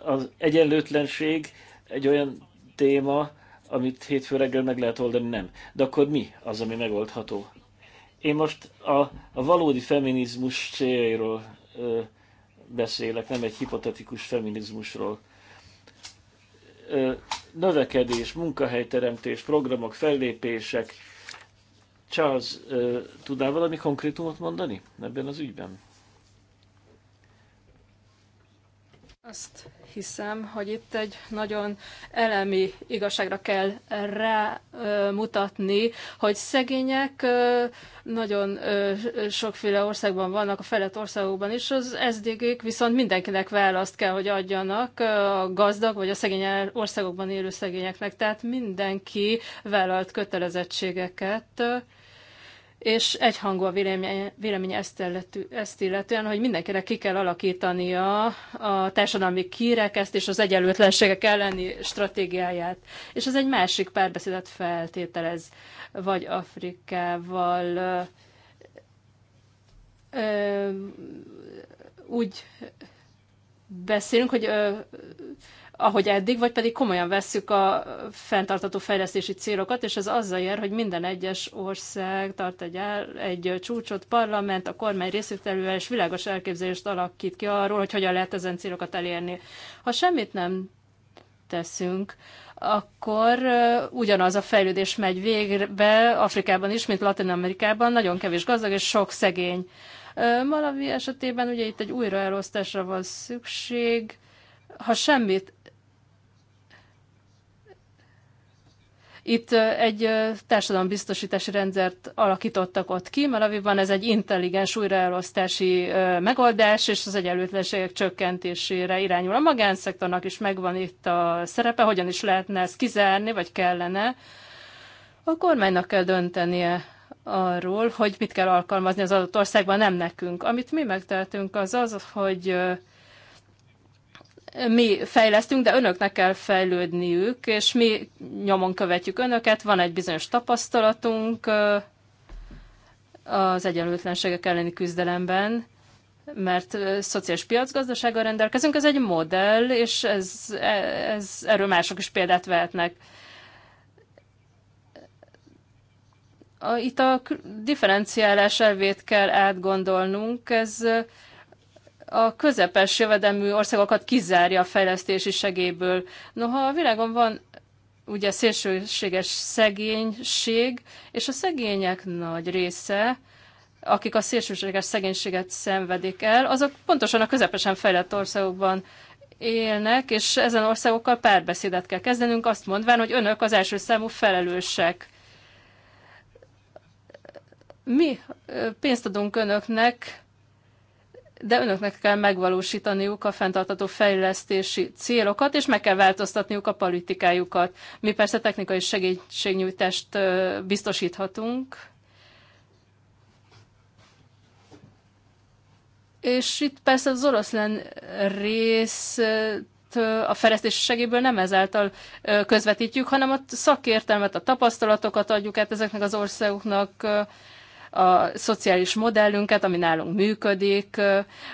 az egyenlőtlenség egy olyan téma, amit hétfő reggel meg lehet oldani, nem. De akkor mi az, ami megoldható? Én most a, a valódi feminizmus céljairól ö, beszélek, nem egy hipotetikus feminizmusról. Növekedés, munkahelyteremtés, programok, fellépések. Charles, tudnál valami konkrétumot mondani ebben az ügyben? Azt hiszem, hogy itt egy nagyon elemi igazságra kell rámutatni, hogy szegények nagyon sokféle országban vannak, a felett országokban is, az sdg viszont mindenkinek választ kell, hogy adjanak a gazdag vagy a szegény országokban élő szegényeknek, tehát mindenki vállalt kötelezettségeket, és egyhangú a vélemény, vélemény ezt, illető, ezt illetően, hogy mindenkinek ki kell alakítania a társadalmi kirekeszt és az egyenlőtlenségek elleni stratégiáját. És ez egy másik párbeszédet feltételez, vagy Afrikával ö, ö, úgy beszélünk, hogy ö, ahogy eddig, vagy pedig komolyan vesszük a fenntartató fejlesztési célokat, és ez azzal jár, hogy minden egyes ország tart egy, el, egy csúcsot, parlament, a kormány részvételővel, és világos elképzelést alakít ki arról, hogy hogyan lehet ezen célokat elérni. Ha semmit nem teszünk, akkor ugyanaz a fejlődés megy végbe Afrikában is, mint Latin Amerikában, nagyon kevés gazdag és sok szegény. Malawi esetében ugye itt egy újraelosztásra van szükség, ha semmit Itt egy társadalombiztosítási rendszert alakítottak ott ki, Malaviban ez egy intelligens újraelosztási megoldás, és az egyenlőtlenségek csökkentésére irányul. A magánszektornak is megvan itt a szerepe, hogyan is lehetne ezt kizárni, vagy kellene. A kormánynak kell döntenie arról, hogy mit kell alkalmazni az adott országban, nem nekünk. Amit mi megtehetünk az az, hogy mi fejlesztünk, de önöknek kell fejlődniük, és mi nyomon követjük önöket, van egy bizonyos tapasztalatunk az egyenlőtlenségek elleni küzdelemben, mert szociális piacgazdasággal rendelkezünk, ez egy modell, és ez, e, ez, erről mások is példát vehetnek. itt a differenciálás elvét kell átgondolnunk, ez a közepes jövedelmű országokat kizárja a fejlesztési segélyből. Noha a világon van ugye szélsőséges szegénység, és a szegények nagy része, akik a szélsőséges szegénységet szenvedik el, azok pontosan a közepesen fejlett országokban élnek, és ezen országokkal párbeszédet kell kezdenünk, azt mondván, hogy önök az első számú felelősek. Mi pénzt adunk önöknek, de önöknek kell megvalósítaniuk a fenntartató fejlesztési célokat, és meg kell változtatniuk a politikájukat. Mi persze technikai segítségnyújtást biztosíthatunk, És itt persze az oroszlán rész a fejlesztési segélyből nem ezáltal közvetítjük, hanem a szakértelmet, a tapasztalatokat adjuk át ezeknek az országoknak, a szociális modellünket, ami nálunk működik,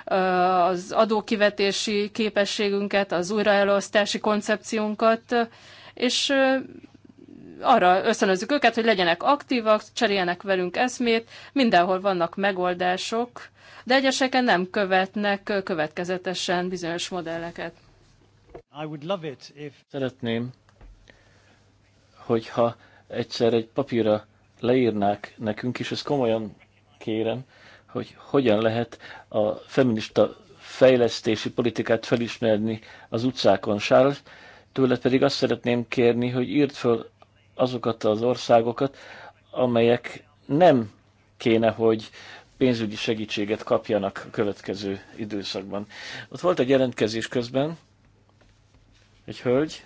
az adókivetési képességünket, az újraelosztási koncepciónkat, és arra ösztönözzük őket, hogy legyenek aktívak, cseréljenek velünk eszmét, mindenhol vannak megoldások, de egyeseken nem követnek következetesen bizonyos modelleket. I would love it if... Szeretném, hogyha egyszer egy papírra leírnák nekünk, és ezt komolyan kérem, hogy hogyan lehet a feminista fejlesztési politikát felismerni az utcákon. Charles, tőled pedig azt szeretném kérni, hogy írd föl azokat az országokat, amelyek nem kéne, hogy pénzügyi segítséget kapjanak a következő időszakban. Ott volt egy jelentkezés közben, egy hölgy.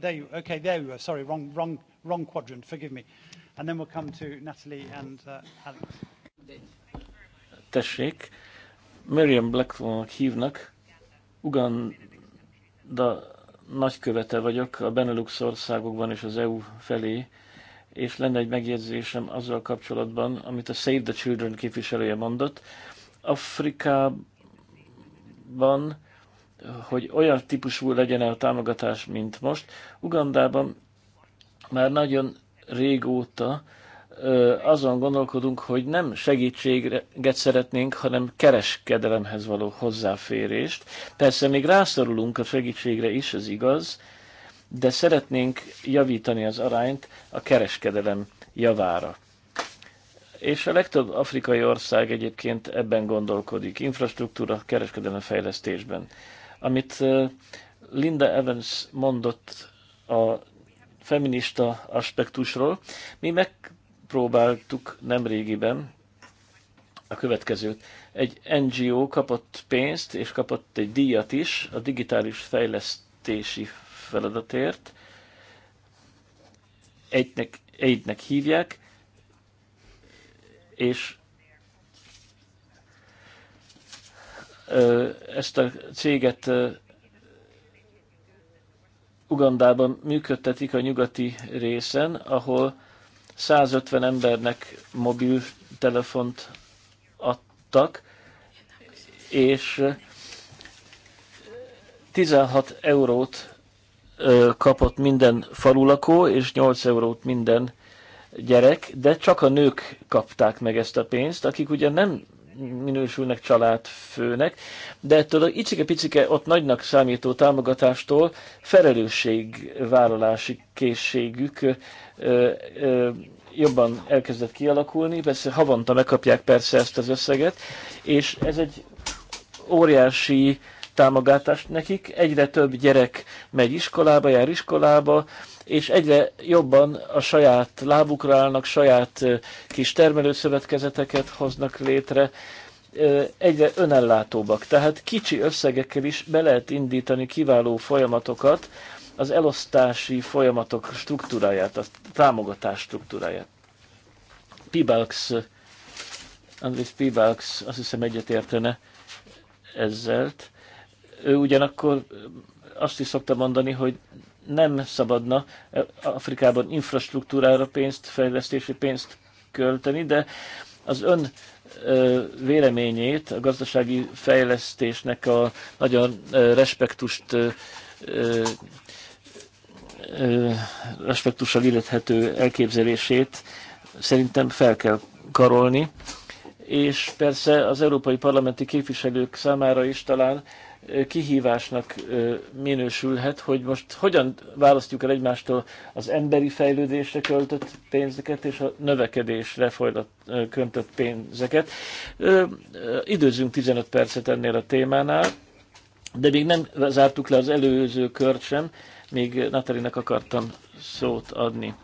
There you, okay, there you are. Sorry, wrong, wrong, wrong quadrant, forgive me. And then we'll come to Natalie and uh, Alex. Tessék, Miriam Blackthorne-nak hívnak, de nagykövete vagyok a Benelux országokban és az EU felé, és lenne egy megjegyzésem azzal kapcsolatban, amit a Save the Children képviselője mondott. Afrikában, hogy olyan típusú legyen a támogatás, mint most, Ugandában már nagyon régóta azon gondolkodunk, hogy nem segítséget szeretnénk, hanem kereskedelemhez való hozzáférést. Persze még rászorulunk a segítségre is, ez igaz, de szeretnénk javítani az arányt a kereskedelem javára. És a legtöbb afrikai ország egyébként ebben gondolkodik, infrastruktúra, kereskedelem fejlesztésben. Amit Linda Evans mondott a feminista aspektusról. Mi megpróbáltuk nemrégiben a következőt. Egy NGO kapott pénzt, és kapott egy díjat is a digitális fejlesztési feladatért. Egynek, egynek hívják, és ezt a céget Ugandában működtetik a nyugati részen, ahol 150 embernek mobiltelefont adtak, és 16 eurót kapott minden falulakó, és 8 eurót minden gyerek, de csak a nők kapták meg ezt a pénzt, akik ugye nem minősülnek családfőnek, de ettől a icike-picike ott nagynak számító támogatástól felelősségvállalási készségük ö, ö, jobban elkezdett kialakulni, persze havonta megkapják persze ezt az összeget, és ez egy óriási támogatást nekik. Egyre több gyerek megy iskolába, jár iskolába, és egyre jobban a saját lábukra állnak, saját kis termelőszövetkezeteket hoznak létre, egyre önellátóbbak. Tehát kicsi összegekkel is be lehet indítani kiváló folyamatokat, az elosztási folyamatok struktúráját, a támogatás struktúráját. Pibalx, Andris Pibalx azt hiszem egyetértene ezzel. Ő ugyanakkor azt is szokta mondani, hogy nem szabadna eh, Afrikában infrastruktúrára pénzt, fejlesztési pénzt költeni, de az ön eh, véleményét, a gazdasági fejlesztésnek a nagyon eh, respektust respektussal illethető elképzelését szerintem fel kell karolni, és persze az európai parlamenti képviselők számára is talán kihívásnak minősülhet, hogy most hogyan választjuk el egymástól az emberi fejlődésre költött pénzeket és a növekedésre folytott, költött pénzeket. Időzünk 15 percet ennél a témánál, de még nem zártuk le az előző kört sem, még Natalinek akartam szót adni.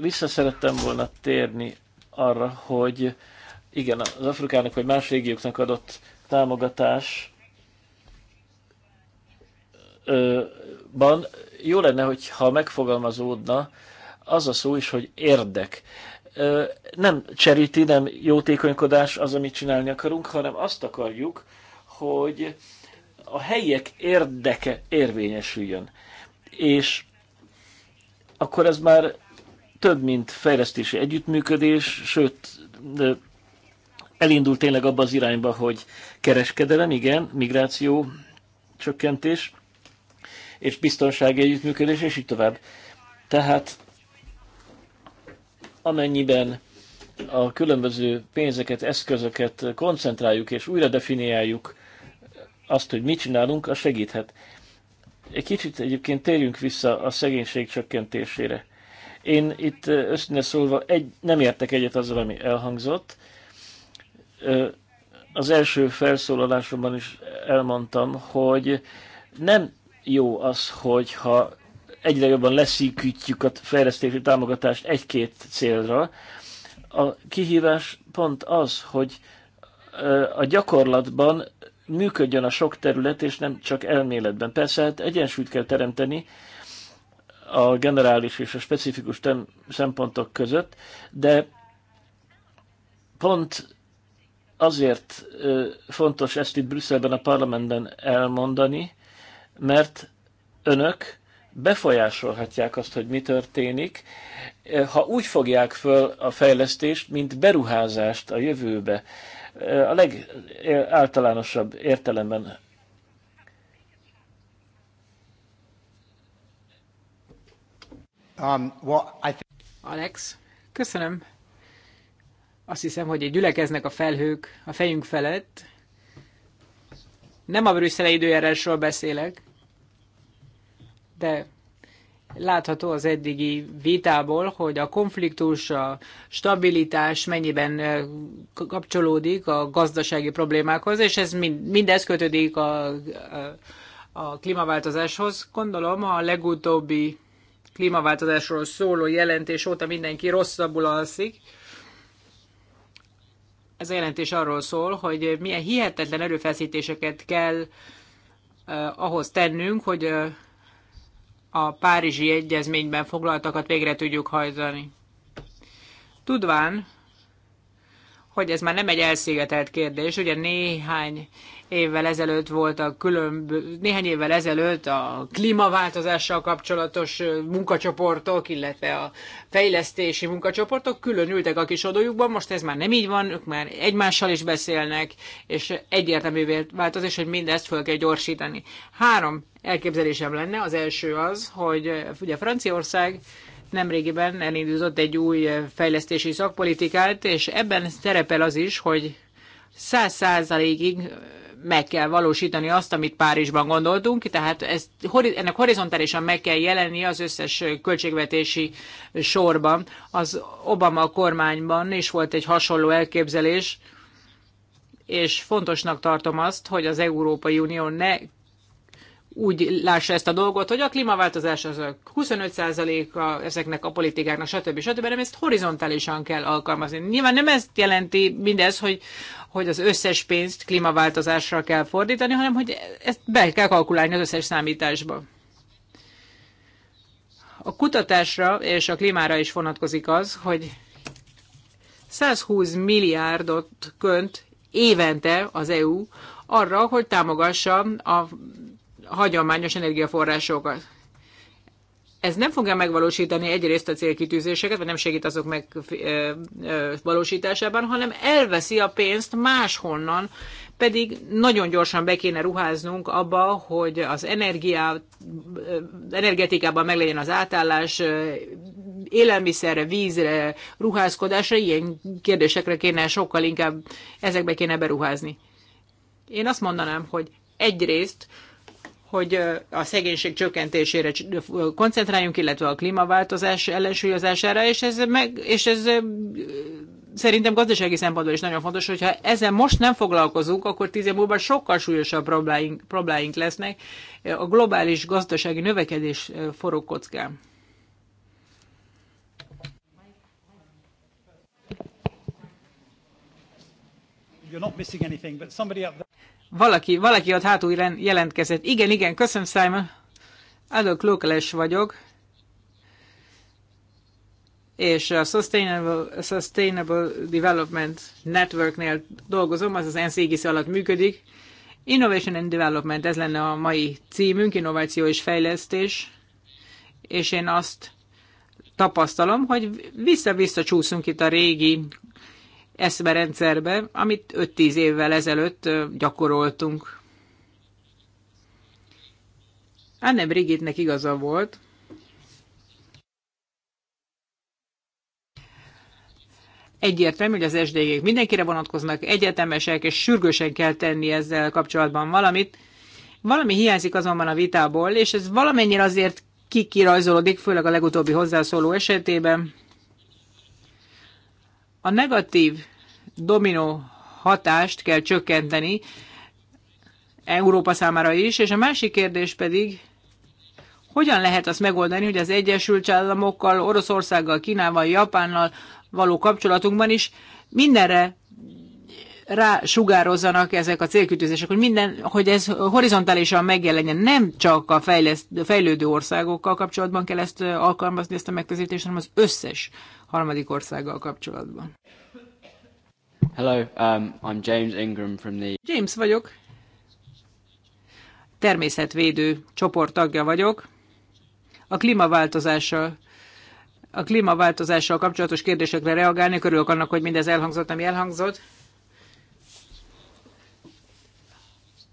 Vissza szerettem volna térni arra, hogy igen, az Afrikának vagy más régióknak adott támogatás van, jó lenne, hogyha megfogalmazódna az a szó is, hogy érdek. Nem cseríti, nem jótékonykodás az, amit csinálni akarunk, hanem azt akarjuk, hogy a helyiek érdeke érvényesüljön. És akkor ez már több, mint fejlesztési együttműködés, sőt, elindult tényleg abba az irányba, hogy kereskedelem, igen, migráció csökkentés, és biztonsági együttműködés, és így tovább. Tehát amennyiben a különböző pénzeket, eszközöket koncentráljuk és újra definiáljuk azt, hogy mit csinálunk, az segíthet. Egy kicsit egyébként térjünk vissza a szegénység csökkentésére. Én itt összne szólva egy, nem értek egyet azzal, ami elhangzott az első felszólalásomban is elmondtam, hogy nem jó az, hogyha egyre jobban leszűkítjük a fejlesztési támogatást egy-két célra. A kihívás pont az, hogy a gyakorlatban működjön a sok terület, és nem csak elméletben. Persze hát egyensúlyt kell teremteni a generális és a specifikus szempontok között, de pont azért fontos ezt itt Brüsszelben, a parlamentben elmondani, mert önök befolyásolhatják azt, hogy mi történik, ha úgy fogják föl a fejlesztést, mint beruházást a jövőbe, a legáltalánosabb értelemben. Um, well, I Alex, köszönöm. Azt hiszem, hogy gyülekeznek a felhők a fejünk felett. Nem a brüsszeli időjárásról beszélek, de látható az eddigi vitából, hogy a konfliktus, a stabilitás mennyiben kapcsolódik a gazdasági problémákhoz, és ez mind, mindez kötődik a, a, a klímaváltozáshoz. Gondolom a legutóbbi klímaváltozásról szóló jelentés óta mindenki rosszabbul alszik, ez a jelentés arról szól, hogy milyen hihetetlen erőfeszítéseket kell ahhoz tennünk, hogy a Párizsi Egyezményben foglaltakat végre tudjuk hajtani. Tudván, hogy ez már nem egy elszigetelt kérdés, ugye néhány évvel ezelőtt a különb néhány évvel ezelőtt a klímaváltozással kapcsolatos munkacsoportok, illetve a fejlesztési munkacsoportok külön ültek a kis odójukban, most ez már nem így van, ők már egymással is beszélnek, és egyértelművé változás, hogy mindezt fel kell gyorsítani. Három elképzelésem lenne, az első az, hogy ugye Franciaország nemrégiben elindított egy új fejlesztési szakpolitikát, és ebben szerepel az is, hogy száz százalékig meg kell valósítani azt, amit Párizsban gondoltunk, tehát ez, ennek horizontálisan meg kell jelenni az összes költségvetési sorban. Az Obama kormányban is volt egy hasonló elképzelés, és fontosnak tartom azt, hogy az Európai Unió ne úgy lássa ezt a dolgot, hogy a klímaváltozás az a 25%-a ezeknek a politikáknak, stb. stb. Nem ezt horizontálisan kell alkalmazni. Nyilván nem ezt jelenti mindez, hogy hogy az összes pénzt klímaváltozásra kell fordítani, hanem hogy ezt be kell kalkulálni az összes számításba. A kutatásra és a klímára is vonatkozik az, hogy 120 milliárdot könt évente az EU arra, hogy támogassa a hagyományos energiaforrásokat ez nem fogja megvalósítani egyrészt a célkitűzéseket, vagy nem segít azok megvalósításában, hanem elveszi a pénzt máshonnan, pedig nagyon gyorsan be kéne ruháznunk abba, hogy az energia, energetikában meglegyen az átállás, élelmiszerre, vízre, ruházkodásra, ilyen kérdésekre kéne sokkal inkább ezekbe kéne beruházni. Én azt mondanám, hogy egyrészt hogy a szegénység csökkentésére koncentráljunk, illetve a klímaváltozás ellensúlyozására, és ez, meg, és ez szerintem gazdasági szempontból is nagyon fontos, hogyha ezzel most nem foglalkozunk, akkor tíz év múlva sokkal súlyosabb problémáink, problémáink lesznek. A globális gazdasági növekedés forog kockán. You're not missing anything, but somebody up there... Valaki, valaki ott hátul jelentkezett. Igen, igen, köszönöm, Simon. Adok Lókeles vagyok, és a Sustainable, Sustainable Development Networknél dolgozom, az az NCGC alatt működik. Innovation and Development, ez lenne a mai címünk, innováció és fejlesztés, és én azt tapasztalom, hogy vissza-vissza csúszunk itt a régi eszmerendszerbe, amit 5-10 évvel ezelőtt gyakoroltunk. Anne Brigitnek igaza volt. Egyértelmű, hogy az sdg mindenkire vonatkoznak, egyetemesek, és sürgősen kell tenni ezzel kapcsolatban valamit. Valami hiányzik azonban a vitából, és ez valamennyire azért kikirajzolódik, főleg a legutóbbi hozzászóló esetében. A negatív dominó hatást kell csökkenteni Európa számára is, és a másik kérdés pedig, hogyan lehet azt megoldani, hogy az Egyesült Államokkal, Oroszországgal, Kínával, Japánnal való kapcsolatunkban is mindenre rá ezek a célkütőzések, hogy, minden, hogy ez horizontálisan megjelenjen. Nem csak a fejleszt, fejlődő országokkal kapcsolatban kell ezt alkalmazni, ezt a megközelítést, hanem az összes harmadik országgal kapcsolatban. Hello, um, I'm James Ingram from the... James vagyok. Természetvédő csoport tagja vagyok. A klímaváltozással a klímaváltozással kapcsolatos kérdésekre reagálni. Körülök annak, hogy mindez elhangzott, ami elhangzott.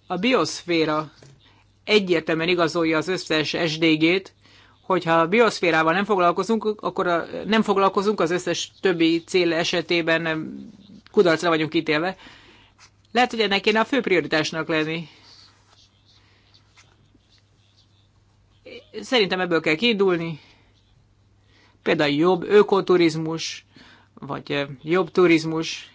A bioszféra egyértelműen igazolja az összes SDG-t, hogyha a bioszférával nem foglalkozunk, akkor a, nem foglalkozunk az összes többi cél esetében nem kudarcra vagyunk ítélve. Lehet, hogy ennek kéne a fő prioritásnak lenni. Szerintem ebből kell kiindulni. Például jobb ökoturizmus, vagy jobb turizmus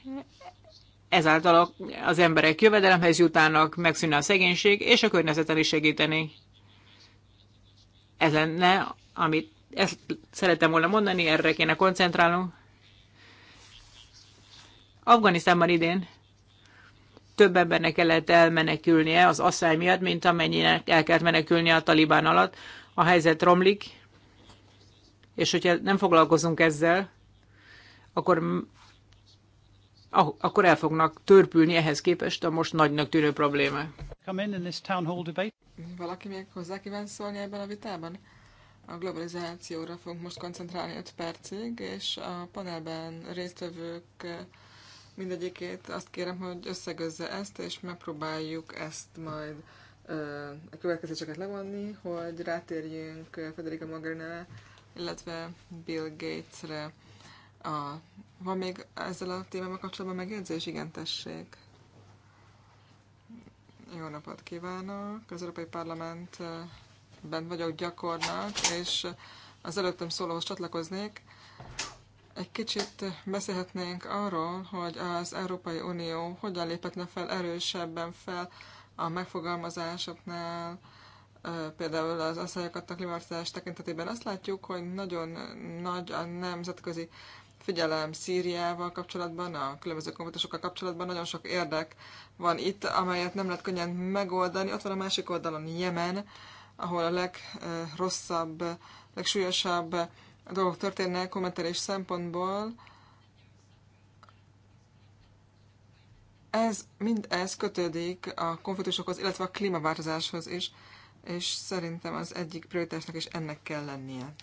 ezáltal az emberek jövedelemhez jutának, megszűnne a szegénység, és a környezeten is segíteni. Ez lenne, amit ezt szeretem volna mondani, erre kéne koncentrálnunk. Afganisztánban idén több embernek kellett elmenekülnie az asszály miatt, mint amennyinek el kellett menekülnie a talibán alatt. A helyzet romlik, és hogyha nem foglalkozunk ezzel, akkor akkor el fognak törpülni ehhez képest a most nagynak tűnő problémák. Valaki még hozzá kíván szólni ebben a vitában? A globalizációra fogunk most koncentrálni 5 percig, és a panelben résztvevők eh, mindegyikét azt kérem, hogy összegözze ezt, és megpróbáljuk ezt majd eh, a következéseket levonni, hogy rátérjünk eh, Federica Mogherini-re, illetve Bill Gates-re. A, van még ezzel a témával kapcsolatban megjegyzés? Igen, tessék. Jó napot kívánok! Az Európai Parlamentben eh, vagyok gyakornak, és az előttem szólóhoz csatlakoznék. Egy kicsit beszélhetnénk arról, hogy az Európai Unió hogyan léphetne fel erősebben fel a megfogalmazásoknál, eh, például az asszályokat a klímaváltozás tekintetében. Azt látjuk, hogy nagyon nagy a nemzetközi figyelem Szíriával kapcsolatban, a különböző konfliktusokkal kapcsolatban. Nagyon sok érdek van itt, amelyet nem lehet könnyen megoldani. Ott van a másik oldalon Jemen, ahol a legrosszabb, legsúlyosabb dolgok történnek kommentelés szempontból. Ez, mind ez kötődik a konfliktusokhoz, illetve a klímaváltozáshoz is, és szerintem az egyik prioritásnak is ennek kell lennie.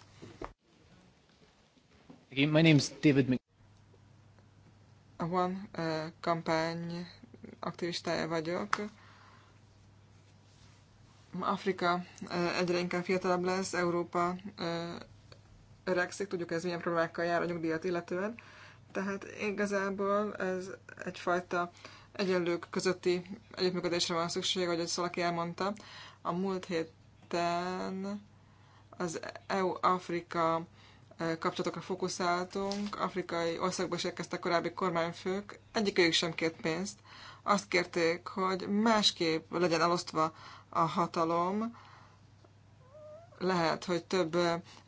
My name's David Mc... A uh, kampány aktivistája vagyok. Afrika uh, egyre inkább fiatalabb lesz, Európa uh, öregszik, tudjuk ez milyen problémákkal jár a nyugdíjat illetően. Tehát igazából ez egyfajta egyenlők közötti együttműködésre van szükség, ahogy valaki elmondta. A múlt héten az EU-Afrika kapcsolatokra fókuszáltunk, afrikai országba is érkeztek korábbi kormányfők, egyikőjük sem kért pénzt. Azt kérték, hogy másképp legyen elosztva a hatalom, lehet, hogy több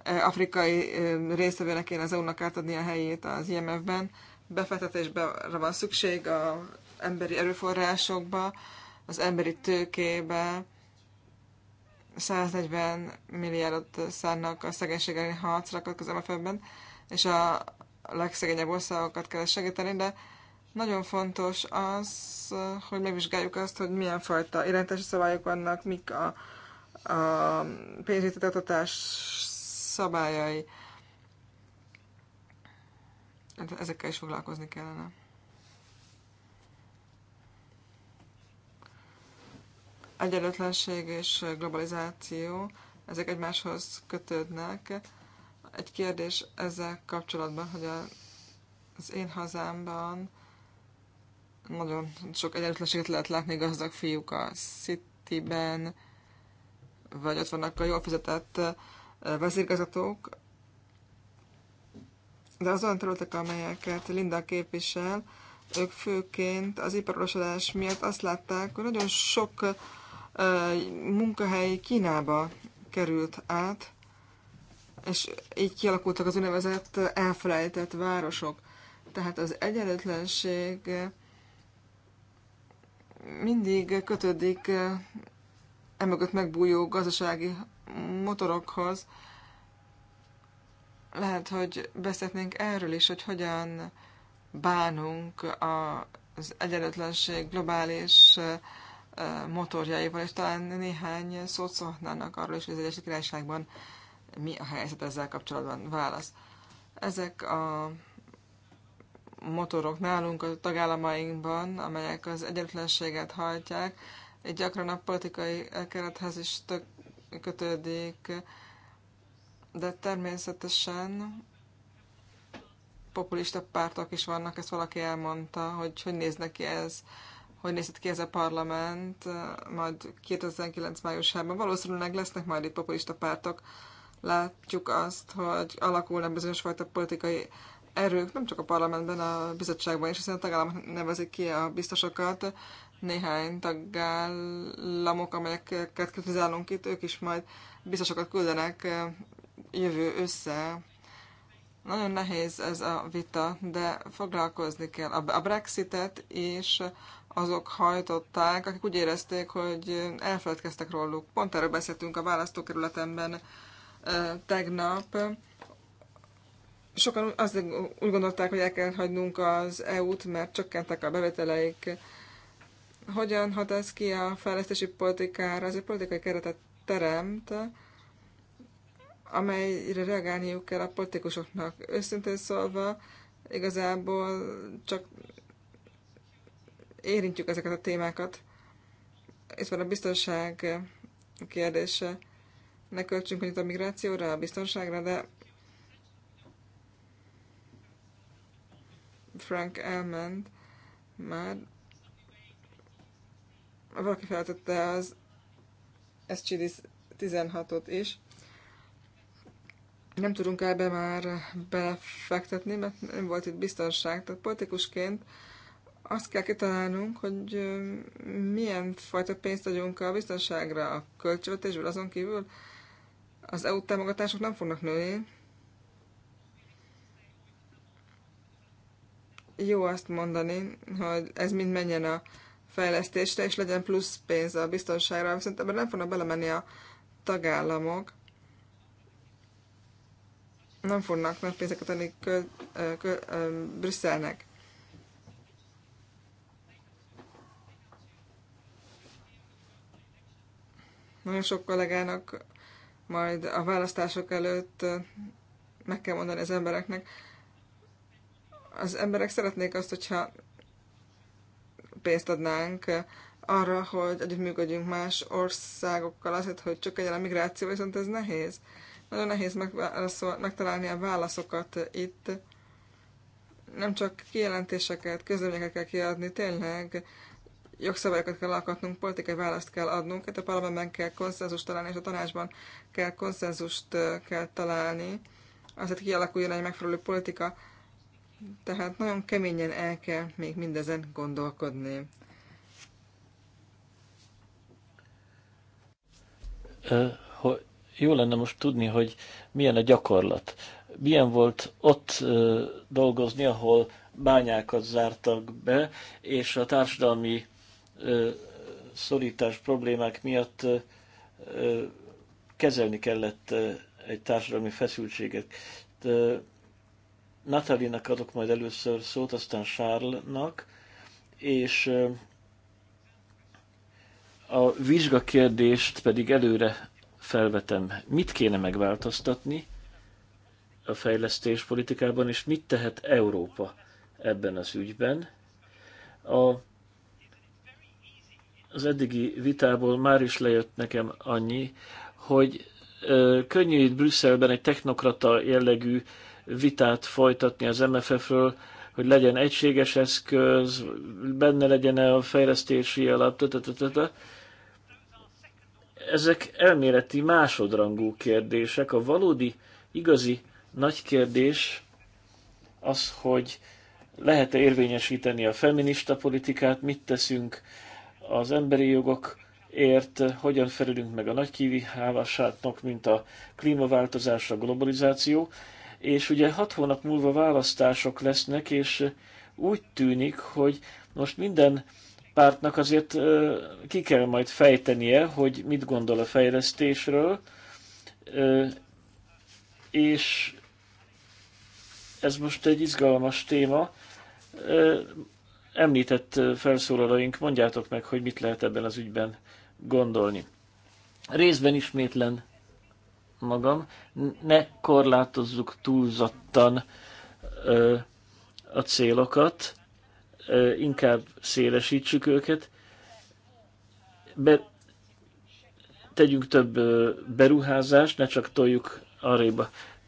afrikai résztvevőnek kéne az EU-nak átadni a helyét az IMF-ben, befektetésre van szükség az emberi erőforrásokba, az emberi tőkébe, 140 milliárdot szánnak a szegénység elleni harcra az MFF-ben, és a legszegényebb országokat kell segíteni, de nagyon fontos az, hogy megvizsgáljuk azt, hogy milyen fajta irányítási szabályok vannak, mik a, a pénzítetetatás szabályai. Hát ezekkel is foglalkozni kellene. egyenlőtlenség és globalizáció, ezek egymáshoz kötődnek. Egy kérdés ezzel kapcsolatban, hogy a, az én hazámban nagyon sok egyenlőtlenséget lehet látni gazdag fiúk a Cityben, vagy ott vannak a jól fizetett eh, vezérgazatók, de azon területek, amelyeket Linda képvisel, ők főként az iparosodás miatt azt látták, hogy nagyon sok munkahely Kínába került át, és így kialakultak az úgynevezett elfelejtett városok. Tehát az egyenlőtlenség mindig kötődik emögött megbújó gazdasági motorokhoz. Lehet, hogy beszélhetnénk erről is, hogy hogyan bánunk az egyenlőtlenség globális motorjaival, és talán néhány szót szólhatnának arról is, hogy az Egyesült Királyságban mi a helyzet ezzel kapcsolatban. Válasz. Ezek a motorok nálunk a tagállamainkban, amelyek az egyetlenséget hajtják, egy gyakran a politikai kerethez is tök kötődik, de természetesen populista pártok is vannak, ezt valaki elmondta, hogy hogy néz neki ez hogy nézett ki ez a parlament majd 2019 májusában. Valószínűleg lesznek majd itt populista pártok. Látjuk azt, hogy alakulnak bizonyos fajta politikai erők, nem csak a parlamentben, a bizottságban is, hiszen a tagállamok nevezik ki a biztosokat, néhány tagállamok, amelyeket kritizálunk itt, ők is majd biztosokat küldenek jövő össze nagyon nehéz ez a vita, de foglalkozni kell. A Brexitet és azok hajtották, akik úgy érezték, hogy elfeledkeztek róluk. Pont erről beszéltünk a választókerületemben tegnap. Sokan azt úgy gondolták, hogy el kell hagynunk az EU-t, mert csökkentek a bevételeik. Hogyan hat ez ki a fejlesztési politikára? Ez egy politikai keretet teremt, amelyre reagálniuk kell a politikusoknak. Őszintén szólva, igazából csak érintjük ezeket a témákat. Itt van a biztonság kérdése. Ne költsünk annyit a migrációra, a biztonságra, de Frank elment már. Valaki feltette az SCD 16-ot is nem tudunk ebbe már belefektetni, mert nem volt itt biztonság. Tehát politikusként azt kell kitalálnunk, hogy milyen fajta pénzt adjunk a biztonságra a költségvetésből, azon kívül az EU támogatások nem fognak nőni. Jó azt mondani, hogy ez mind menjen a fejlesztésre, és legyen plusz pénz a biztonságra, viszont ebben nem fognak belemenni a tagállamok nem fognak nagy pénzeket adni kö, kö, ö, Brüsszelnek. Nagyon sok kollégának majd a választások előtt meg kell mondani az embereknek. Az emberek szeretnék azt, hogyha pénzt adnánk arra, hogy együttműködjünk más országokkal azért, hogy csökkenjen a migráció, viszont ez nehéz. Uh, nagyon nehéz megtalálni a válaszokat itt. Nem csak kijelentéseket, közleményeket kell kiadni, tényleg jogszabályokat kell alkotnunk, politikai választ kell adnunk, itt a parlamentben kell konszenzust találni, és a tanácsban kell konszenzust kell találni, azért kialakuljon egy megfelelő politika, tehát nagyon keményen el kell még mindezen gondolkodni jó lenne most tudni, hogy milyen a gyakorlat. Milyen volt ott dolgozni, ahol bányákat zártak be, és a társadalmi szorítás problémák miatt kezelni kellett egy társadalmi feszültséget. Natalinak adok majd először szót, aztán Sárlnak, és a vizsgakérdést pedig előre felvetem, mit kéne megváltoztatni a fejlesztés politikában, és mit tehet Európa ebben az ügyben. A, az eddigi vitából már is lejött nekem annyi, hogy ö, könnyű itt Brüsszelben egy technokrata jellegű vitát folytatni az MFF-ről, hogy legyen egységes eszköz, benne legyen -e a fejlesztési alap, tata, tata, tata ezek elméleti másodrangú kérdések. A valódi, igazi nagy kérdés az, hogy lehet-e érvényesíteni a feminista politikát, mit teszünk az emberi jogok ért, hogyan felülünk meg a nagy kihívásátnak, mint a klímaváltozás, a globalizáció. És ugye hat hónap múlva választások lesznek, és úgy tűnik, hogy most minden pártnak azért ki kell majd fejtenie, hogy mit gondol a fejlesztésről, és ez most egy izgalmas téma. Említett felszólalóink, mondjátok meg, hogy mit lehet ebben az ügyben gondolni. Részben ismétlen magam, ne korlátozzuk túlzattan a célokat, inkább szélesítsük őket, be, tegyünk több beruházást, ne csak toljuk a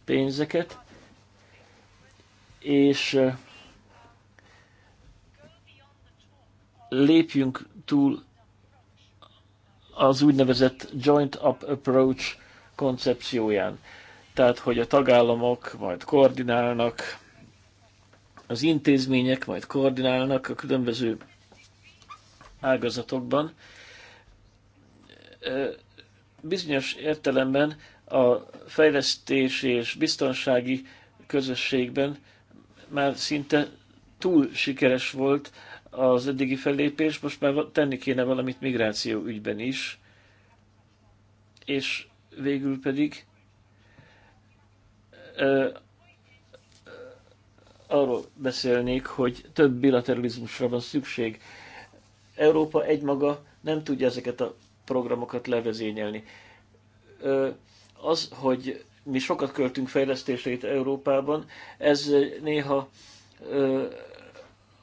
pénzeket, és lépjünk túl az úgynevezett joint up approach koncepcióján. Tehát, hogy a tagállamok majd koordinálnak, az intézmények majd koordinálnak a különböző ágazatokban. Bizonyos értelemben a fejlesztési és biztonsági közösségben már szinte túl sikeres volt az eddigi fellépés, most már tenni kéne valamit migráció ügyben is, és végül pedig arról beszélnék, hogy több bilateralizmusra van szükség. Európa egymaga nem tudja ezeket a programokat levezényelni. Az, hogy mi sokat költünk fejlesztését Európában, ez néha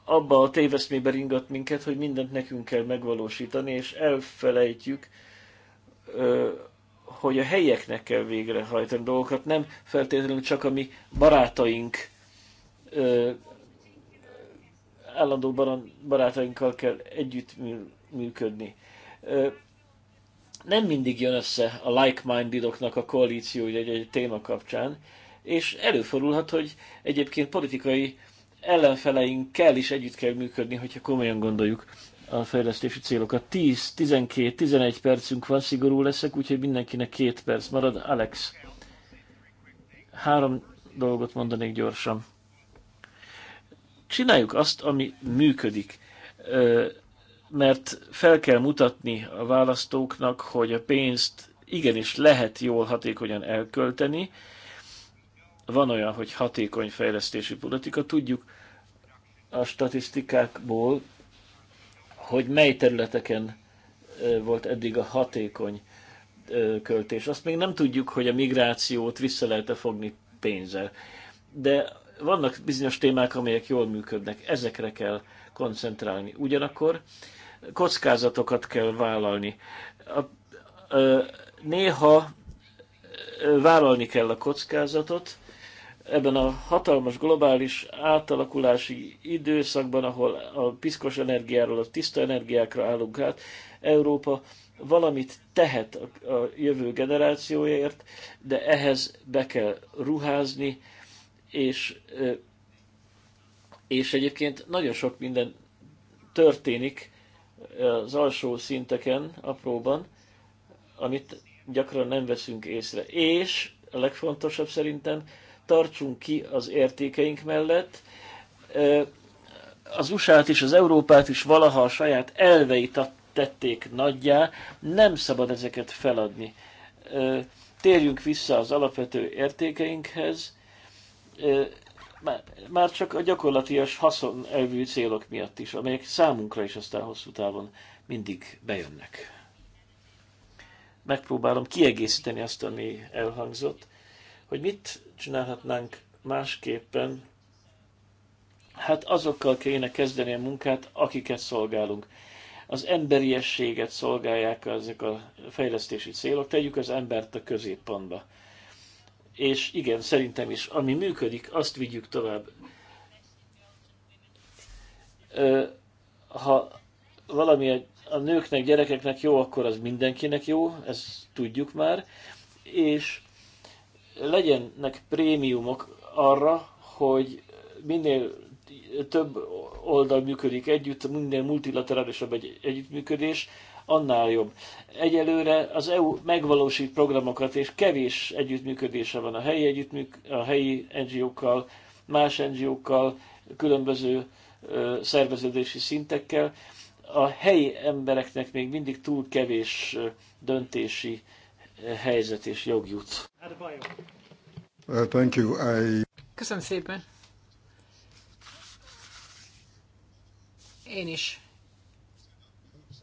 abba a téveszmébe ringat minket, hogy mindent nekünk kell megvalósítani, és elfelejtjük, hogy a helyeknek kell végrehajtani dolgokat, nem feltétlenül csak a mi barátaink ö, állandó barátainkkal kell együttműködni. Ö, nem mindig jön össze a like-mindedoknak a koalíció egy, egy téma kapcsán, és előfordulhat, hogy egyébként politikai ellenfeleinkkel is együtt kell működni, hogyha komolyan gondoljuk a fejlesztési célokat. 10, 12, 11 percünk van, szigorú leszek, úgyhogy mindenkinek két perc marad. Alex, három dolgot mondanék gyorsan. Csináljuk azt, ami működik, mert fel kell mutatni a választóknak, hogy a pénzt igenis lehet jól, hatékonyan elkölteni. Van olyan, hogy hatékony fejlesztési politika, tudjuk a statisztikákból, hogy mely területeken volt eddig a hatékony költés. Azt még nem tudjuk, hogy a migrációt vissza lehet-e fogni pénzzel. De vannak bizonyos témák, amelyek jól működnek, ezekre kell koncentrálni. Ugyanakkor kockázatokat kell vállalni. A, a, néha vállalni kell a kockázatot, ebben a hatalmas globális átalakulási időszakban, ahol a piszkos energiáról a tiszta energiákra állunk át, Európa valamit tehet a jövő generációért, de ehhez be kell ruházni, és, és egyébként nagyon sok minden történik az alsó szinteken, apróban, amit gyakran nem veszünk észre. És a legfontosabb szerintem, tartsunk ki az értékeink mellett, az USA-t és az Európát is valaha a saját elveit tették nagyjá, nem szabad ezeket feladni. Térjünk vissza az alapvető értékeinkhez, már csak a gyakorlatias haszon elvű célok miatt is, amelyek számunkra is aztán hosszú távon mindig bejönnek. Megpróbálom kiegészíteni azt, ami elhangzott, hogy mit csinálhatnánk másképpen, hát azokkal kéne kezdeni a munkát, akiket szolgálunk. Az emberiességet szolgálják ezek a fejlesztési célok, tegyük az embert a középpontba és igen, szerintem is, ami működik, azt vigyük tovább. Ha valami a nőknek, gyerekeknek jó, akkor az mindenkinek jó, ezt tudjuk már, és legyenek prémiumok arra, hogy minél több oldal működik együtt, minél multilaterálisabb egy együttműködés, annál jobb. Egyelőre az EU megvalósít programokat, és kevés együttműködése van a helyi, együttműk, a helyi NGO-kkal, más NGO-kkal, különböző ö, szerveződési szintekkel. A helyi embereknek még mindig túl kevés döntési helyzet és jog jut. Uh, thank you. I... Köszönöm szépen. Én is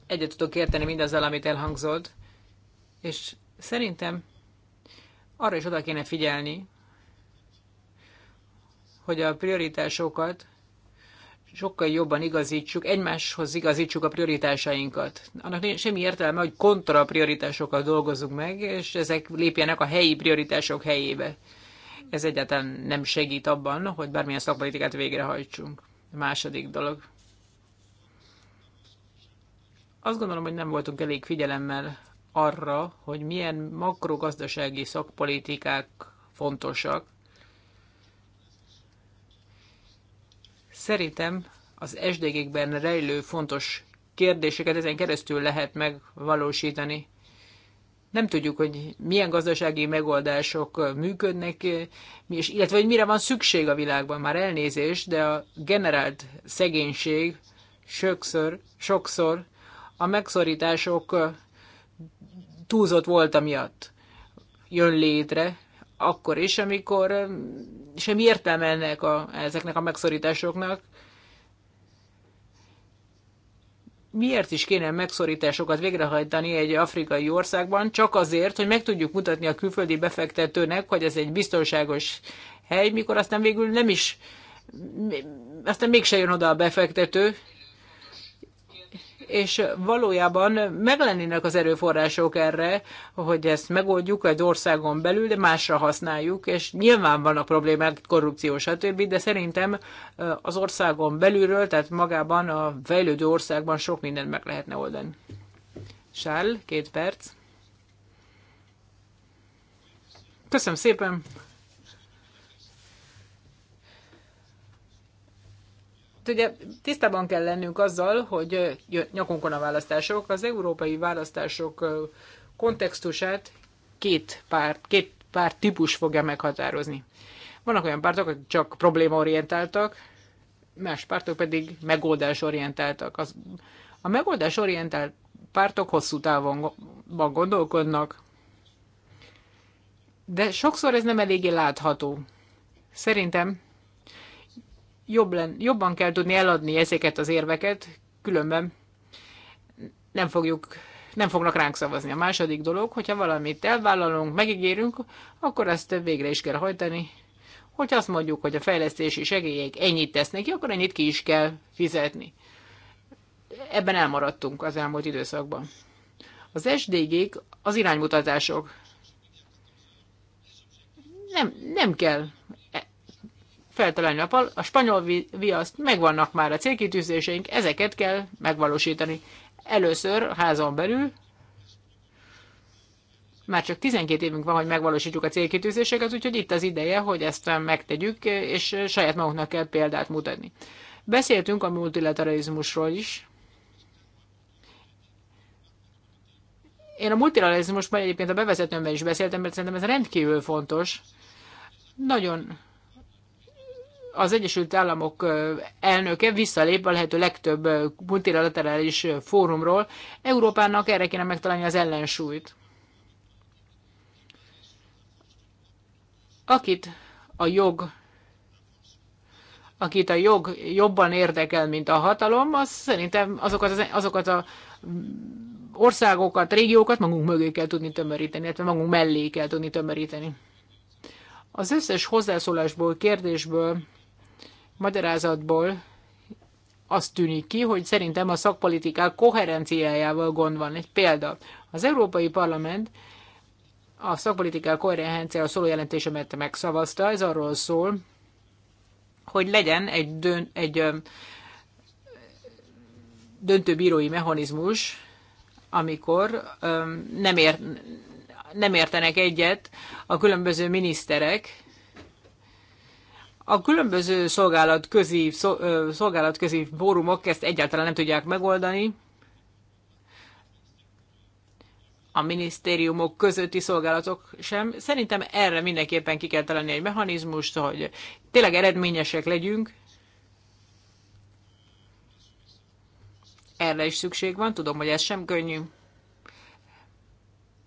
egyet tudok érteni mindazzal, amit elhangzott, és szerintem arra is oda kéne figyelni, hogy a prioritásokat sokkal jobban igazítsuk, egymáshoz igazítsuk a prioritásainkat. Annak semmi értelme, hogy kontra prioritásokkal dolgozunk meg, és ezek lépjenek a helyi prioritások helyébe. Ez egyáltalán nem segít abban, hogy bármilyen szakpolitikát végrehajtsunk. A második dolog. Azt gondolom, hogy nem voltunk elég figyelemmel arra, hogy milyen makrogazdasági szakpolitikák fontosak. Szerintem az SDG-kben rejlő fontos kérdéseket ezen keresztül lehet megvalósítani. Nem tudjuk, hogy milyen gazdasági megoldások működnek, és illetve hogy mire van szükség a világban, már elnézés, de a generált szegénység sokszor, sokszor a megszorítások túlzott volt miatt jön létre, akkor is, amikor sem értelme ennek a, ezeknek a megszorításoknak. Miért is kéne megszorításokat végrehajtani egy afrikai országban? Csak azért, hogy meg tudjuk mutatni a külföldi befektetőnek, hogy ez egy biztonságos hely, mikor aztán végül nem is, aztán mégse jön oda a befektető, és valójában meglennének az erőforrások erre, hogy ezt megoldjuk egy országon belül, de másra használjuk, és nyilván vannak problémák, korrupció, stb., de szerintem eh, az országon belülről, tehát magában a fejlődő országban sok mindent meg lehetne oldani. Charles, két perc. Köszönöm szépen! ugye tisztában kell lennünk azzal, hogy nyakunkon a választások, az európai választások kontextusát két párt, két párt típus fogja meghatározni. Vannak olyan pártok, akik csak problémaorientáltak, más pártok pedig megoldásorientáltak. Az, a megoldásorientált pártok hosszú távon gondolkodnak, de sokszor ez nem eléggé látható. Szerintem jobb len, jobban kell tudni eladni ezeket az érveket, különben nem fogjuk nem fognak ránk szavazni. A második dolog, hogyha valamit elvállalunk, megígérünk, akkor ezt végre is kell hajtani. Hogyha azt mondjuk, hogy a fejlesztési segélyek ennyit tesznek ki, akkor ennyit ki is kell fizetni. Ebben elmaradtunk az elmúlt időszakban. Az SDG-k az iránymutatások. Nem, nem kell feltalálni a, pal, a spanyol viaszt, megvannak már a célkitűzéseink, ezeket kell megvalósítani. Először házon belül, már csak 12 évünk van, hogy megvalósítjuk a célkitűzéseket, úgyhogy itt az ideje, hogy ezt megtegyük, és saját magunknak kell példát mutatni. Beszéltünk a multilateralizmusról is. Én a multilateralizmusban egyébként a bevezetőmben is beszéltem, mert szerintem ez rendkívül fontos. Nagyon az Egyesült Államok elnöke visszalép a lehető legtöbb multilaterális fórumról. Európának erre kéne megtalálni az ellensúlyt. Akit a jog akit a jog jobban érdekel, mint a hatalom, az szerintem azokat, az, azokat a országokat, régiókat magunk mögé kell tudni tömöríteni, illetve magunk mellé kell tudni tömöríteni. Az összes hozzászólásból, kérdésből magyarázatból azt tűnik ki, hogy szerintem a szakpolitikák koherenciájával gond van. Egy példa. Az Európai Parlament a szakpolitikák koherenciára szóló jelentésemet megszavazta. Ez arról szól, hogy legyen egy, dön, egy döntőbírói mechanizmus, amikor nem, ér, nem értenek egyet a különböző miniszterek, a különböző szolgálatközi, szolgálatközi fórumok ezt egyáltalán nem tudják megoldani. A minisztériumok közötti szolgálatok sem. Szerintem erre mindenképpen ki kell találni egy mechanizmust, hogy tényleg eredményesek legyünk, erre is szükség van, tudom, hogy ez sem könnyű.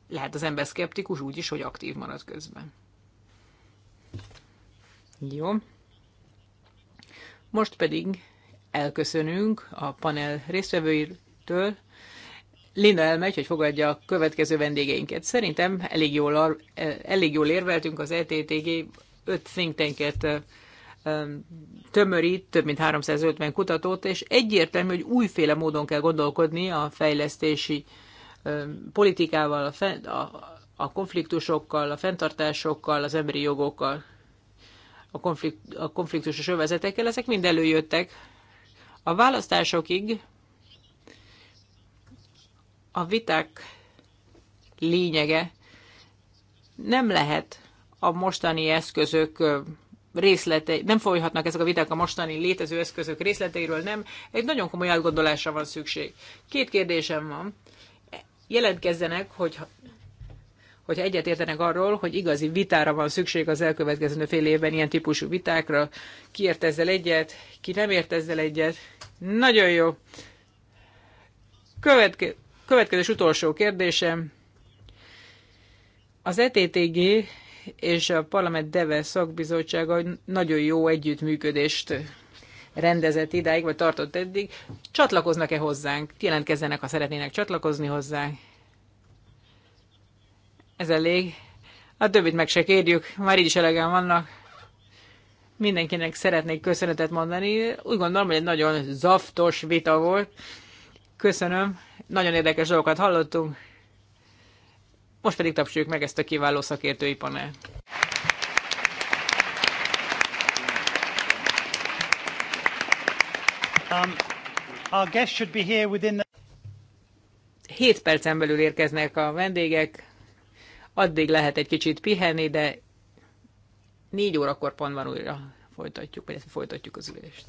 Lehet az ember szkeptikus úgy is, hogy aktív marad közben. Jó. Most pedig elköszönünk a panel résztvevőitől. Linda elmegy, hogy fogadja a következő vendégeinket. Szerintem elég jól, eh, elég jól érveltünk az ETTG 5 think tanket eh, tömörít több mint 350 kutatót, és egyértelmű, hogy újféle módon kell gondolkodni a fejlesztési politikával, a, a konfliktusokkal, a fenntartásokkal, az emberi jogokkal a, konflikt, a konfliktusos övezetekkel, ezek mind előjöttek. A választásokig a viták lényege nem lehet a mostani eszközök részletei, nem folyhatnak ezek a viták a mostani létező eszközök részleteiről, nem. Egy nagyon komoly átgondolásra van szükség. Két kérdésem van. Jelentkezzenek, hogy hogyha értenek arról, hogy igazi vitára van szükség az elkövetkező fél évben ilyen típusú vitákra, ki ért ezzel egyet, ki nem ért ezzel egyet. Nagyon jó. Követke- következő utolsó kérdésem. Az ETTG és a Parlament Deve szakbizottsága nagyon jó együttműködést rendezett idáig, vagy tartott eddig. Csatlakoznak-e hozzánk? Jelentkezzenek, ha szeretnének csatlakozni hozzánk. Ez elég. A többit meg se kérjük, már így is elegen vannak. Mindenkinek szeretnék köszönetet mondani. Úgy gondolom, hogy egy nagyon zaftos vita volt. Köszönöm, nagyon érdekes dolgokat hallottunk. Most pedig tapsoljuk meg ezt a kiváló szakértői panelt. Um, our guest should be here within the... 7 percen belül érkeznek a vendégek. Addig lehet egy kicsit pihenni, de négy órakor pont van újra folytatjuk, vagy folytatjuk az ülést.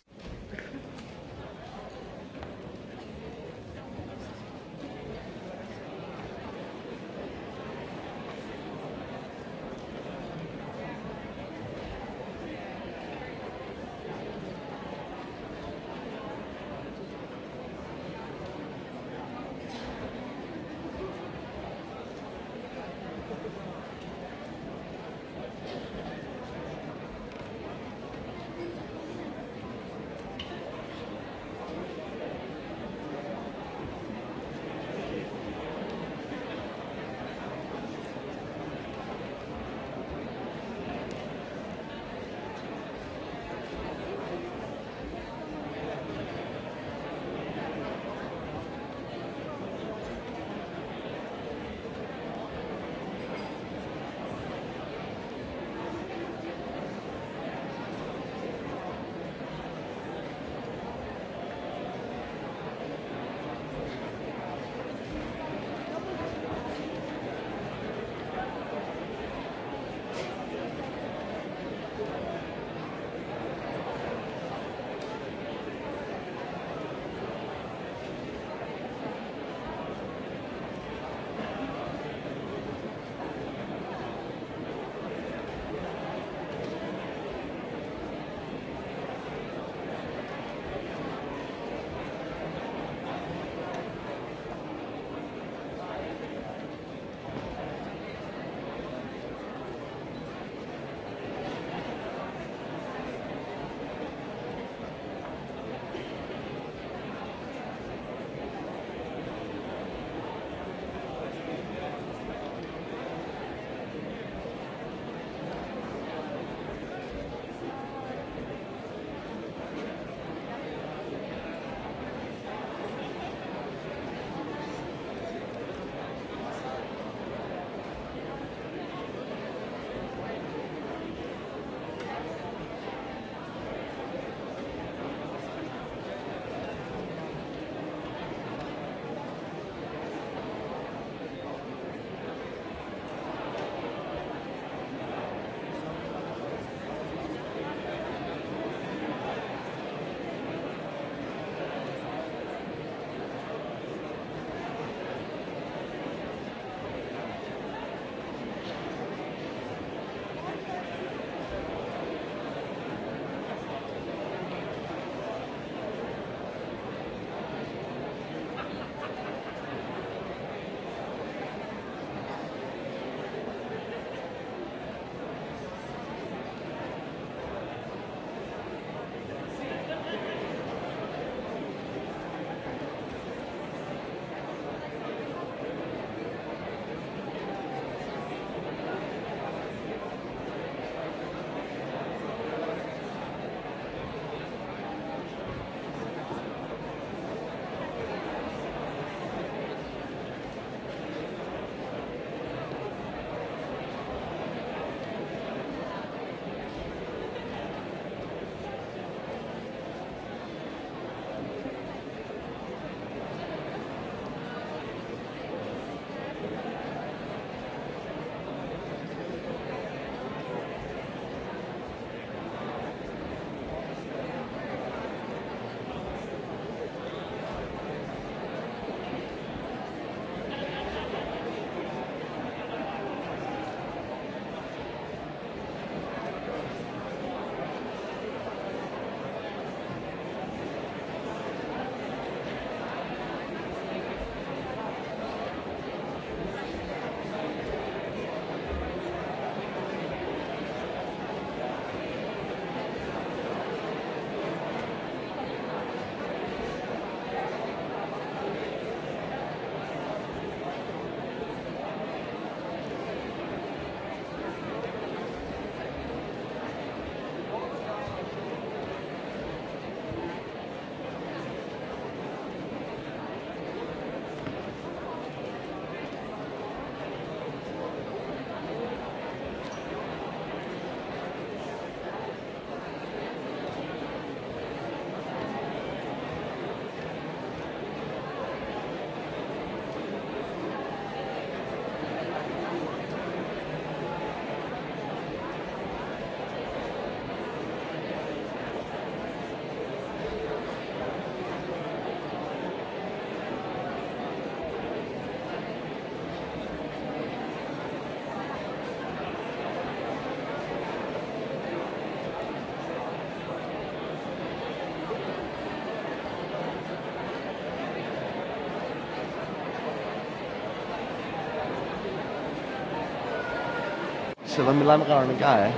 se non mi lembrar no lugar,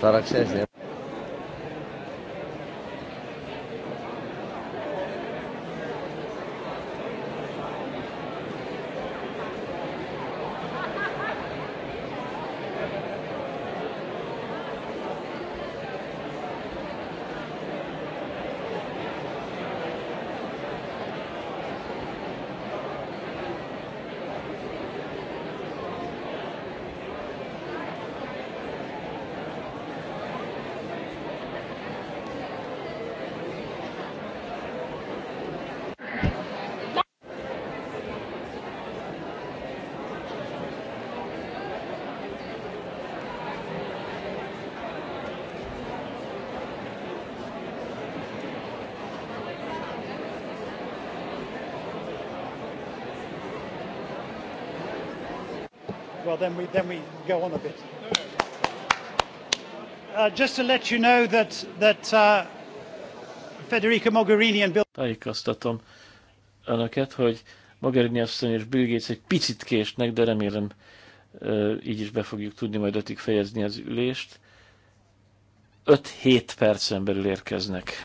Tarak Τώρα then we, then we go on a bit. Uh, just to let you know that, that uh, Federica Mogherini and Bill... Tájékoztatom önöket, hogy Mogherini asszony és Bill Gates egy picit késnek, de remélem uh, így is be fogjuk tudni majd ötig fejezni az ülést. 5-7 percen belül érkeznek.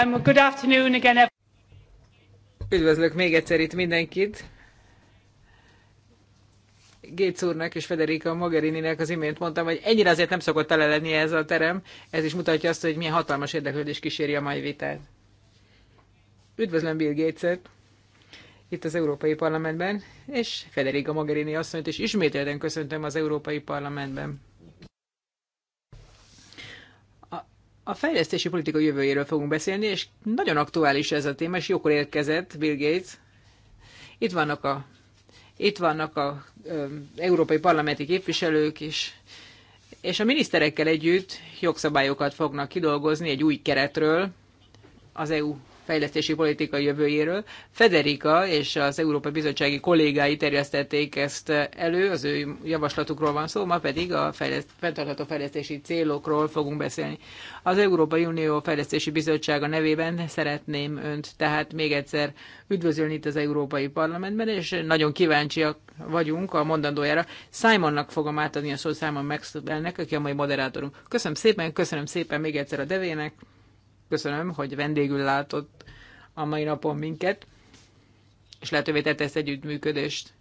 Um, good afternoon again. Üdvözlök még egyszer itt mindenkit. Gates úrnak és Federica Mogherininek az imént mondtam, hogy ennyire azért nem szokott tele lenni ez a terem. Ez is mutatja azt, hogy milyen hatalmas érdeklődés kíséri a mai vitát. Üdvözlöm Bill Gates-et itt az Európai Parlamentben, és Federica Mogherini asszonyt is ismételten köszöntöm az Európai Parlamentben. fejlesztési politika jövőjéről fogunk beszélni, és nagyon aktuális ez a téma, és jókor érkezett Bill Gates. Itt vannak a, itt vannak a ö, európai parlamenti képviselők is, és a miniszterekkel együtt jogszabályokat fognak kidolgozni egy új keretről az EU fejlesztési politika jövőjéről. Federica és az Európai Bizottsági kollégái terjesztették ezt elő, az ő javaslatukról van szó, ma pedig a fejleszt, fenntartható fejlesztési célokról fogunk beszélni. Az Európai Unió Fejlesztési Bizottsága nevében szeretném önt tehát még egyszer üdvözölni itt az Európai Parlamentben, és nagyon kíváncsiak vagyunk a mondandójára. Simonnak fogom átadni a szót Simon Maxwellnek, aki a mai moderátorunk. Köszönöm szépen, köszönöm szépen még egyszer a devének köszönöm, hogy vendégül látott a mai napon minket, és lehetővé tette ezt együttműködést.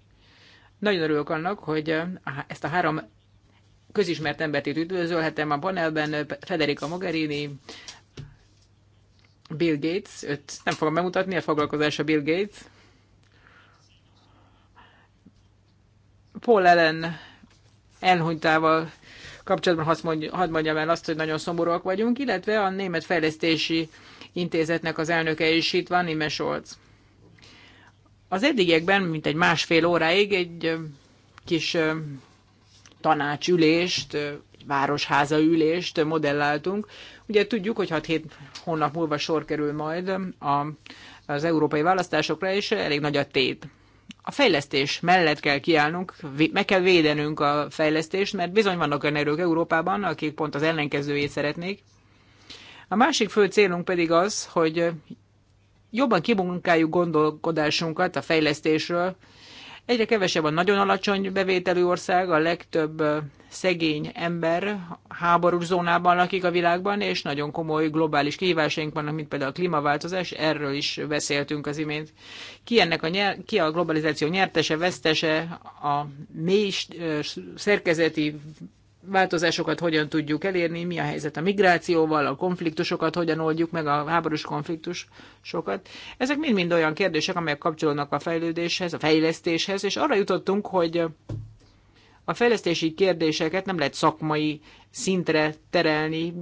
Nagyon örülök annak, hogy ezt a három közismert embert itt üdvözölhetem a panelben, Federica Mogherini, Bill Gates, őt nem fogom bemutatni, a foglalkozása Bill Gates, Paul Ellen elhunytával kapcsolatban hadd mondjam, hadd mondjam el azt, hogy nagyon szomorúak vagyunk, illetve a Német Fejlesztési Intézetnek az elnöke is itt van, Ime Scholz. Az eddigiekben, mint egy másfél óráig egy kis tanácsülést, városháza ülést modelláltunk. Ugye tudjuk, hogy 6-7 hónap múlva sor kerül majd a, az európai választásokra, és elég nagy a tét a fejlesztés mellett kell kiállnunk, meg kell védenünk a fejlesztést, mert bizony vannak olyan erők Európában, akik pont az ellenkezőjét szeretnék. A másik fő célunk pedig az, hogy jobban kimunkáljuk gondolkodásunkat a fejlesztésről, Egyre kevesebb a nagyon alacsony bevételű ország, a legtöbb szegény ember háborús zónában lakik a világban, és nagyon komoly globális kihívásaink vannak, mint például a klímaváltozás, erről is beszéltünk az imént. Ki, ennek a, nyer, ki a globalizáció nyertese, vesztese, a mély szerkezeti változásokat hogyan tudjuk elérni, mi a helyzet a migrációval, a konfliktusokat hogyan oldjuk meg, a háborús konfliktusokat. Ezek mind-mind olyan kérdések, amelyek kapcsolódnak a fejlődéshez, a fejlesztéshez, és arra jutottunk, hogy a fejlesztési kérdéseket nem lehet szakmai szintre terelni,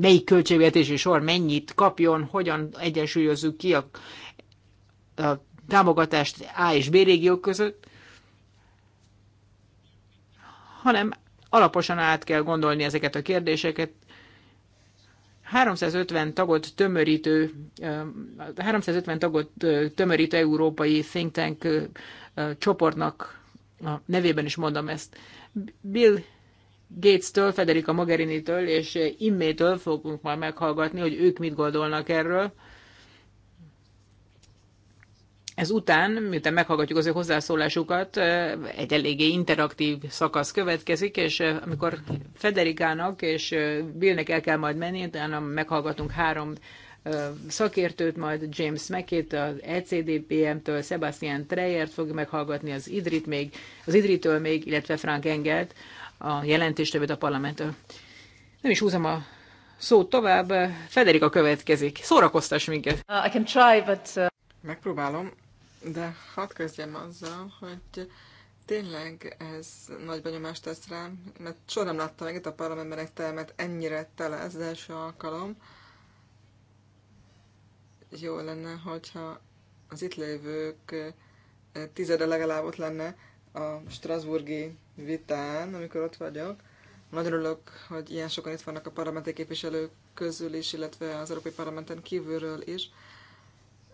melyik költségvetési sor mennyit kapjon, hogyan egyensúlyozzuk ki a, a támogatást A és B régiók között, hanem alaposan át kell gondolni ezeket a kérdéseket. 350 tagot tömörítő, 350 tagot tömörítő európai think tank csoportnak a nevében is mondom ezt. Bill Gates-től, Federica Mogherini-től és immétől fogunk majd meghallgatni, hogy ők mit gondolnak erről. Ez után, miután meghallgatjuk az ő hozzászólásukat, egy eléggé interaktív szakasz következik, és amikor Federikának és Billnek el kell majd menni, utána meghallgatunk három szakértőt, majd James Mackét, az ECDPM-től, Sebastian Treyert fog meghallgatni, az Idrit még, az Idritől még, illetve Frank Engelt, a jelentéstevőt a parlamenttől. Nem is húzom a szót tovább, Federika következik. Szórakoztas minket! Uh, I can try, but... Uh... Megpróbálom, de hadd kezdjem azzal, hogy tényleg ez nagy benyomást tesz rám, mert soha nem láttam meg itt a parlamentbenek telmet ennyire tele, ez az első alkalom. Jó lenne, hogyha az itt lévők eh, tizede legalább ott lenne a Strasburgi vitán, amikor ott vagyok. Nagyon örülök, hogy ilyen sokan itt vannak a parlamenti képviselők közül is, illetve az Európai Parlamenten kívülről is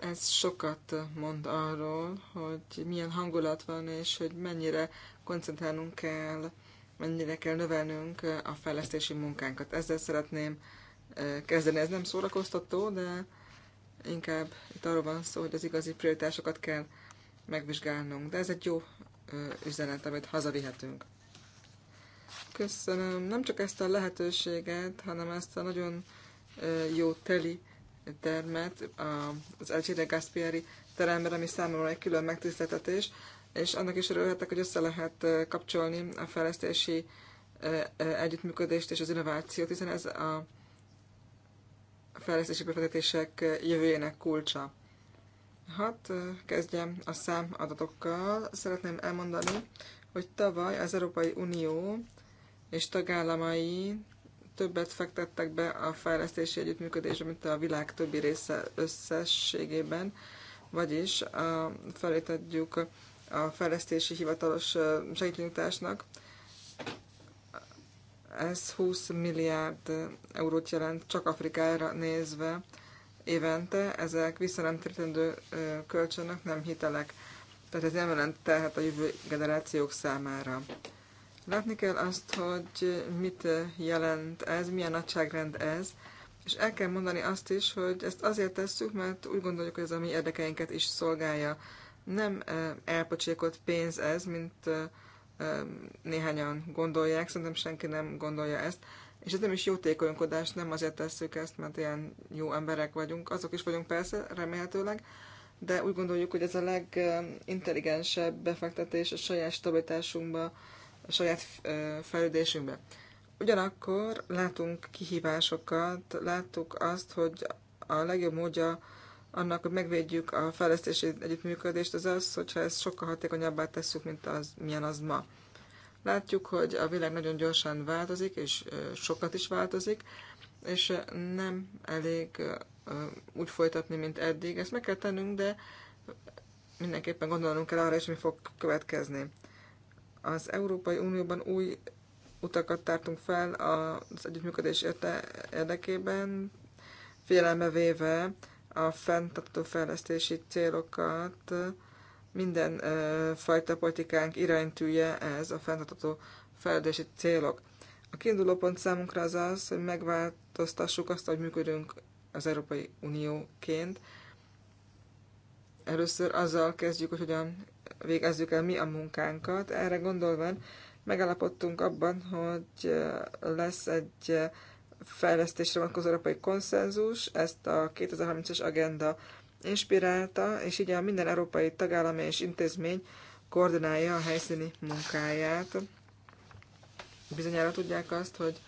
ez sokat mond arról, hogy milyen hangulat van, és hogy mennyire koncentrálnunk kell, mennyire kell növelnünk a fejlesztési munkánkat. Ezzel szeretném kezdeni. Ez nem szórakoztató, de inkább itt arról van szó, hogy az igazi prioritásokat kell megvizsgálnunk. De ez egy jó üzenet, amit hazavihetünk. Köszönöm nem csak ezt a lehetőséget, hanem ezt a nagyon jó teli termet az Elcsire Gaspieri teremben, ami számomra egy külön megtiszteltetés, és annak is örülhetek, hogy össze lehet kapcsolni a fejlesztési együttműködést és az innovációt, hiszen ez a fejlesztési befektetések jövőjének kulcsa. Hát kezdjem a szám adatokkal Szeretném elmondani, hogy tavaly az Európai Unió és tagállamai többet fektettek be a fejlesztési együttműködésbe, mint a világ többi része összességében, vagyis a, felét adjuk a fejlesztési hivatalos segítségnyújtásnak. Ez 20 milliárd eurót jelent csak Afrikára nézve évente, ezek visszanemtérítendő kölcsönök, nem hitelek. Tehát ez nem jelent tehet a jövő generációk számára. Látni kell azt, hogy mit jelent ez, milyen nagyságrend ez, és el kell mondani azt is, hogy ezt azért tesszük, mert úgy gondoljuk, hogy ez a mi érdekeinket is szolgálja. Nem elpocsékolt pénz ez, mint néhányan gondolják, szerintem senki nem gondolja ezt. És ez nem is jótékonykodás, nem azért tesszük ezt, mert ilyen jó emberek vagyunk. Azok is vagyunk persze, remélhetőleg, de úgy gondoljuk, hogy ez a legintelligensebb befektetés a saját stabilitásunkba, a saját fejlődésünkbe. Ugyanakkor látunk kihívásokat, láttuk azt, hogy a legjobb módja annak, hogy megvédjük a fejlesztési együttműködést, az az, hogyha ezt sokkal hatékonyabbá tesszük, mint az, milyen az ma. Látjuk, hogy a világ nagyon gyorsan változik, és sokat is változik, és nem elég úgy folytatni, mint eddig. Ezt meg kell tennünk, de mindenképpen gondolnunk kell arra is, mi fog következni. Az Európai Unióban új utakat tártunk fel az együttműködés érdekében, figyelembe véve a fenntartó fejlesztési célokat, minden fajta politikánk iránytűje ez a fenntartó fejlesztési célok. A kiinduló pont számunkra az az, hogy megváltoztassuk azt, hogy működünk az Európai Unióként. Először azzal kezdjük, hogy hogyan végezzük el mi a munkánkat. Erre gondolván megállapodtunk abban, hogy lesz egy fejlesztésre vonatkozó európai konszenzus, ezt a 2030-as agenda inspirálta, és így a minden európai tagállam és intézmény koordinálja a helyszíni munkáját. Bizonyára tudják azt, hogy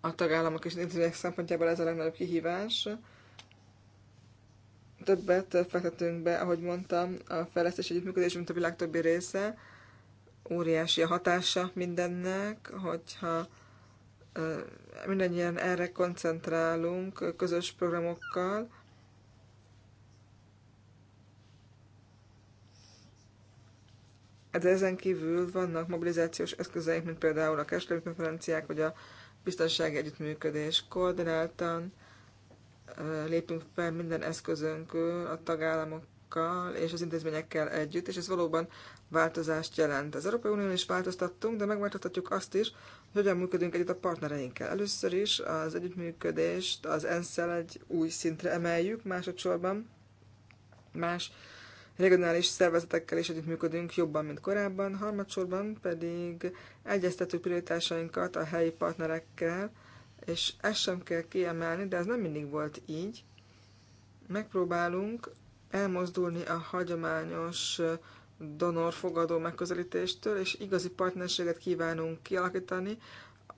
a tagállamok és intézmények szempontjából ez a legnagyobb kihívás, többet fektetünk be, ahogy mondtam, a fejlesztés együttműködés, mint a világ többi része. Óriási a hatása mindennek, hogyha mindannyian erre koncentrálunk közös programokkal, De ezen kívül vannak mobilizációs eszközeink, mint például a kereskedelmi konferenciák, vagy a biztonsági együttműködés koordináltan, lépünk fel minden eszközönkül a tagállamokkal és az intézményekkel együtt, és ez valóban változást jelent. Az Európai Unión is változtattunk, de megváltoztatjuk azt is, hogy hogyan működünk együtt a partnereinkkel. Először is az együttműködést az ensz egy új szintre emeljük, másodszorban más regionális szervezetekkel is együttműködünk jobban, mint korábban, harmadsorban pedig egyeztető prioritásainkat a helyi partnerekkel, és ezt sem kell kiemelni, de ez nem mindig volt így. Megpróbálunk elmozdulni a hagyományos donor-fogadó megközelítéstől, és igazi partnerséget kívánunk kialakítani,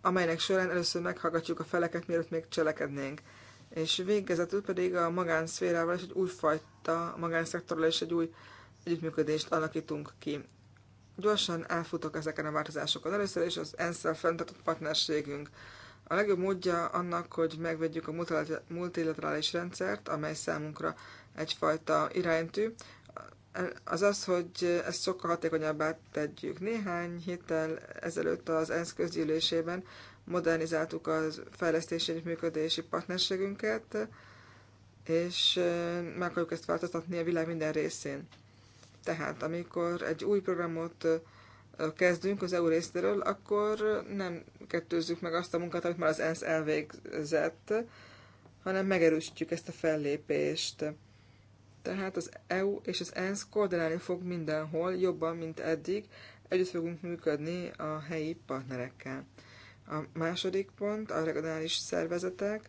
amelynek során először meghallgatjuk a feleket, mielőtt még cselekednénk. És végezetül pedig a magánszférával és egy újfajta magánszektorral és egy új együttműködést alakítunk ki. Gyorsan elfutok ezeken a változásokon. Először is az ENSZ-szel fenntartott partnerségünk a legjobb módja annak, hogy megvegyük a multilaterális rendszert, amely számunkra egyfajta iránytű, az az, hogy ezt sokkal hatékonyabbá tegyük. Néhány héttel ezelőtt az ENSZ közgyűlésében modernizáltuk a fejlesztési és működési partnerségünket, és meg akarjuk ezt változtatni a világ minden részén. Tehát, amikor egy új programot kezdünk az EU részéről, akkor nem kettőzzük meg azt a munkát, amit már az ENSZ elvégzett, hanem megerősítjük ezt a fellépést. Tehát az EU és az ENSZ koordinálni fog mindenhol, jobban, mint eddig, együtt fogunk működni a helyi partnerekkel. A második pont a regionális szervezetek.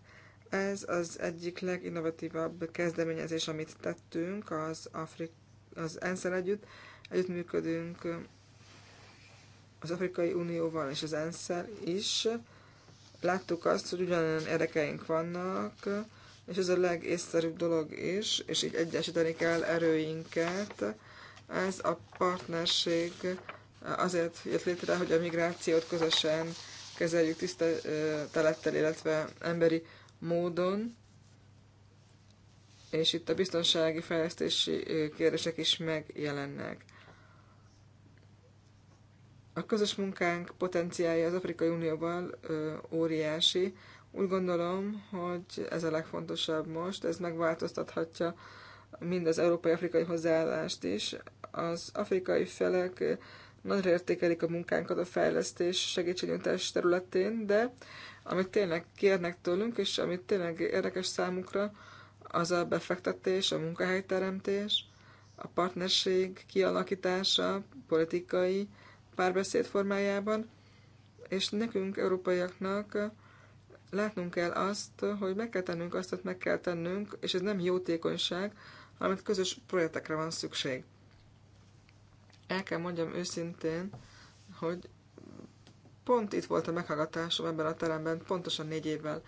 Ez az egyik leginnovatívabb kezdeményezés, amit tettünk az, Afrik- az ENSZ-el együtt. Együttműködünk az Afrikai Unióval és az ensz is. Láttuk azt, hogy ugyanolyan érdekeink vannak, és ez a legészszerűbb dolog is, és így egyesíteni kell erőinket. Ez a partnerség azért jött létre, hogy a migrációt közösen kezeljük tisztelettel, illetve emberi módon. És itt a biztonsági fejlesztési kérdések is megjelennek. A közös munkánk potenciálja az Afrikai Unióval ö, óriási. Úgy gondolom, hogy ez a legfontosabb most, ez megváltoztathatja mind az európai-afrikai hozzáállást is. Az afrikai felek nagyra értékelik a munkánkat a fejlesztés segítségnyújtás területén, de amit tényleg kérnek tőlünk, és amit tényleg érdekes számukra, az a befektetés, a munkahelyteremtés, a partnerség kialakítása, politikai, párbeszéd formájában, és nekünk, európaiaknak látnunk kell azt, hogy meg kell tennünk azt, hogy meg kell tennünk, és ez nem jótékonyság, hanem közös projektekre van szükség. El kell mondjam őszintén, hogy pont itt volt a meghallgatásom ebben a teremben, pontosan négy évvel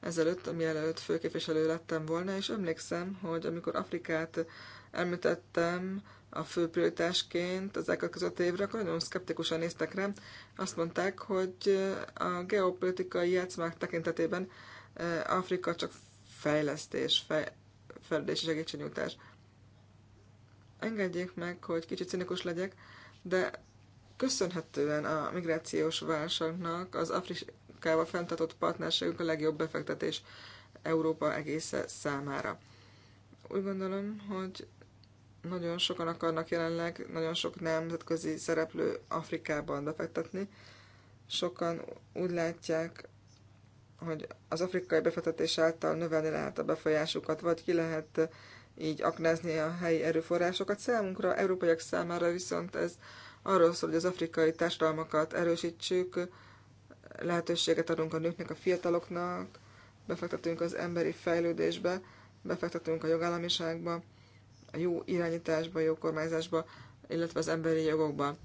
ezelőtt, mielőtt főképviselő lettem volna, és emlékszem, hogy amikor Afrikát említettem, a fő prioritásként az között évre, akkor nagyon szkeptikusan néztek rám, Azt mondták, hogy a geopolitikai játszmák tekintetében e, Afrika csak fejlesztés, fej, fejlődési segítségnyújtás. Engedjék meg, hogy kicsit cinikus legyek, de köszönhetően a migrációs válságnak az Afrikával fenntartott partnerségünk a legjobb befektetés Európa egésze számára. Úgy gondolom, hogy nagyon sokan akarnak jelenleg, nagyon sok nemzetközi szereplő Afrikában befektetni. Sokan úgy látják, hogy az afrikai befektetés által növelni lehet a befolyásukat, vagy ki lehet így aknázni a helyi erőforrásokat. Számunkra, európaiak számára viszont ez arról szól, hogy az afrikai társadalmakat erősítsük, lehetőséget adunk a nőknek, a fiataloknak, befektetünk az emberi fejlődésbe, befektetünk a jogállamiságba, jó irányításba, jó kormányzásba, illetve az emberi jogokba.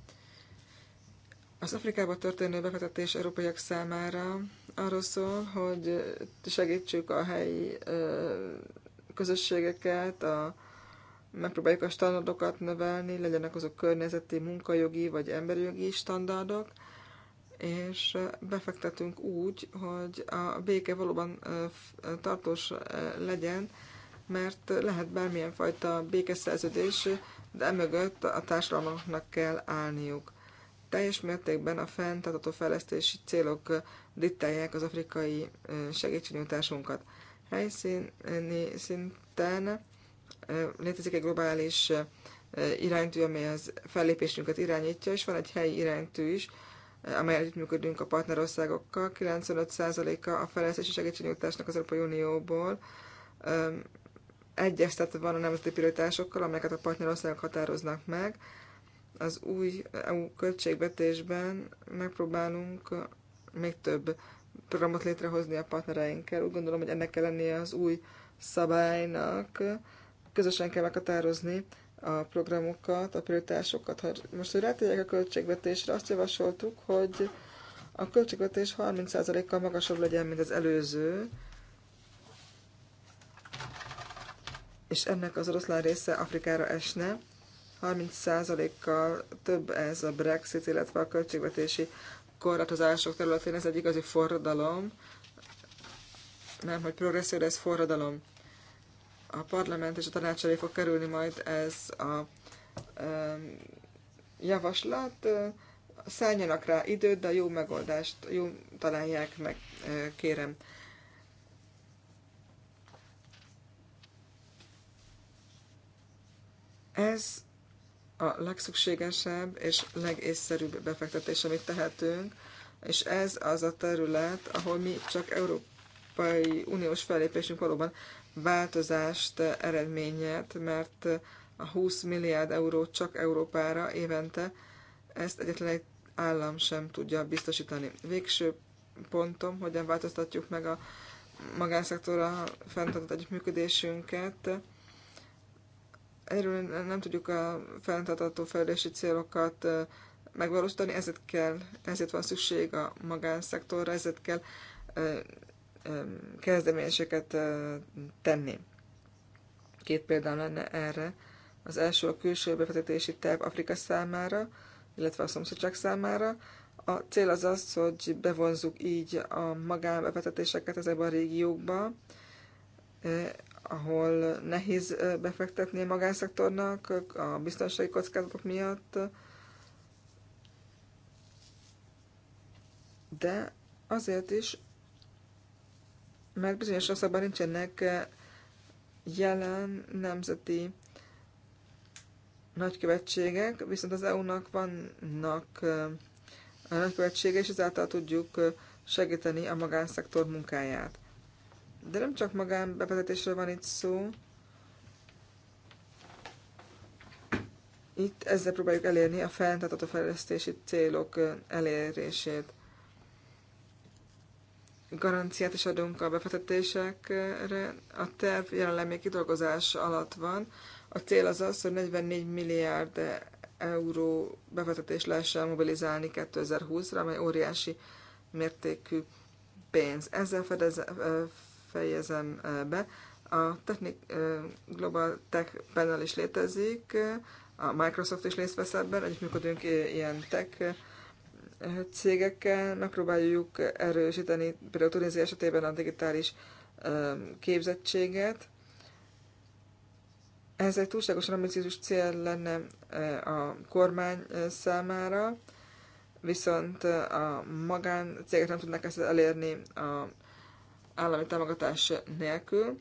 Az Afrikába történő befektetés európaiak számára arról szól, hogy segítsük a helyi közösségeket, a, megpróbáljuk a standardokat növelni, legyenek azok környezeti, munkajogi vagy emberi jogi standardok, és befektetünk úgy, hogy a béke valóban tartós legyen, mert lehet bármilyen fajta békeszerződés, de mögött a társadalmaknak kell állniuk. Teljes mértékben a fenntartható fejlesztési célok dittelják az afrikai segítségnyújtásunkat. Helyszíni szinten létezik egy globális iránytű, amely az fellépésünket irányítja, és van egy helyi iránytű is, amely működünk a partnerországokkal. 95%-a a fejlesztési segítségnyújtásnak az Európai Unióból egyeztetve van a nemzeti prioritásokkal, amelyeket a partnerországok határoznak meg. Az új EU költségvetésben megpróbálunk még több programot létrehozni a partnereinkkel. Úgy gondolom, hogy ennek kell lennie az új szabálynak. Közösen kell meghatározni a programokat, a prioritásokat. Ha most, hogy rátérjek a költségvetésre, azt javasoltuk, hogy a költségvetés 30%-kal magasabb legyen, mint az előző, és ennek az oroszlán része Afrikára esne. 30%-kal több ez a Brexit, illetve a költségvetési korlátozások területén ez egy igazi forradalom. Nem, hogy progresszív, ez forradalom. A parlament és a tanács elé fog kerülni majd ez a um, javaslat. Szálljanak rá időt, de a jó megoldást, jó találják meg, kérem. Ez a legszükségesebb és legészszerűbb befektetés, amit tehetünk, és ez az a terület, ahol mi csak Európai Uniós fellépésünk valóban változást eredményet, mert a 20 milliárd euró csak Európára évente, ezt egyetlen egy állam sem tudja biztosítani. Végső pontom, hogyan változtatjuk meg a magánszektorra fenntartott együttműködésünket, egyről nem tudjuk a fenntartató fejlődési célokat megvalósítani, ezért kell, ezért van szükség a magánszektorra, ezért kell kezdeményezéseket tenni. Két példám lenne erre. Az első a külső befektetési terv Afrika számára, illetve a szomszédság számára. A cél az az, hogy bevonzuk így a magánbefektetéseket ezekbe a régiókba, ahol nehéz befektetni a magánszektornak a biztonsági kockázatok miatt, de azért is, mert bizonyos országban nincsenek jelen nemzeti nagykövetségek, viszont az EU-nak vannak a nagykövetsége, és ezáltal tudjuk segíteni a magánszektor munkáját. De nem csak magánbevezetésről van itt szó. Itt ezzel próbáljuk elérni a fenntartató fejlesztési célok elérését. Garanciát is adunk a befektetésekre. A terv jelenleg még kidolgozás alatt van. A cél az az, hogy 44 milliárd euró befektetés lehessen mobilizálni 2020-ra, amely óriási mértékű pénz. Ezzel fedez, fejezem be. A Technic Global Tech Panel is létezik, a Microsoft is részt vesz ebben, együttműködünk ilyen tech cégekkel, megpróbáljuk erősíteni például Tunézia esetében a digitális képzettséget. Ez egy túlságosan ambiciózus cél lenne a kormány számára, viszont a magáncégek nem tudnak ezt elérni a állami támogatás nélkül,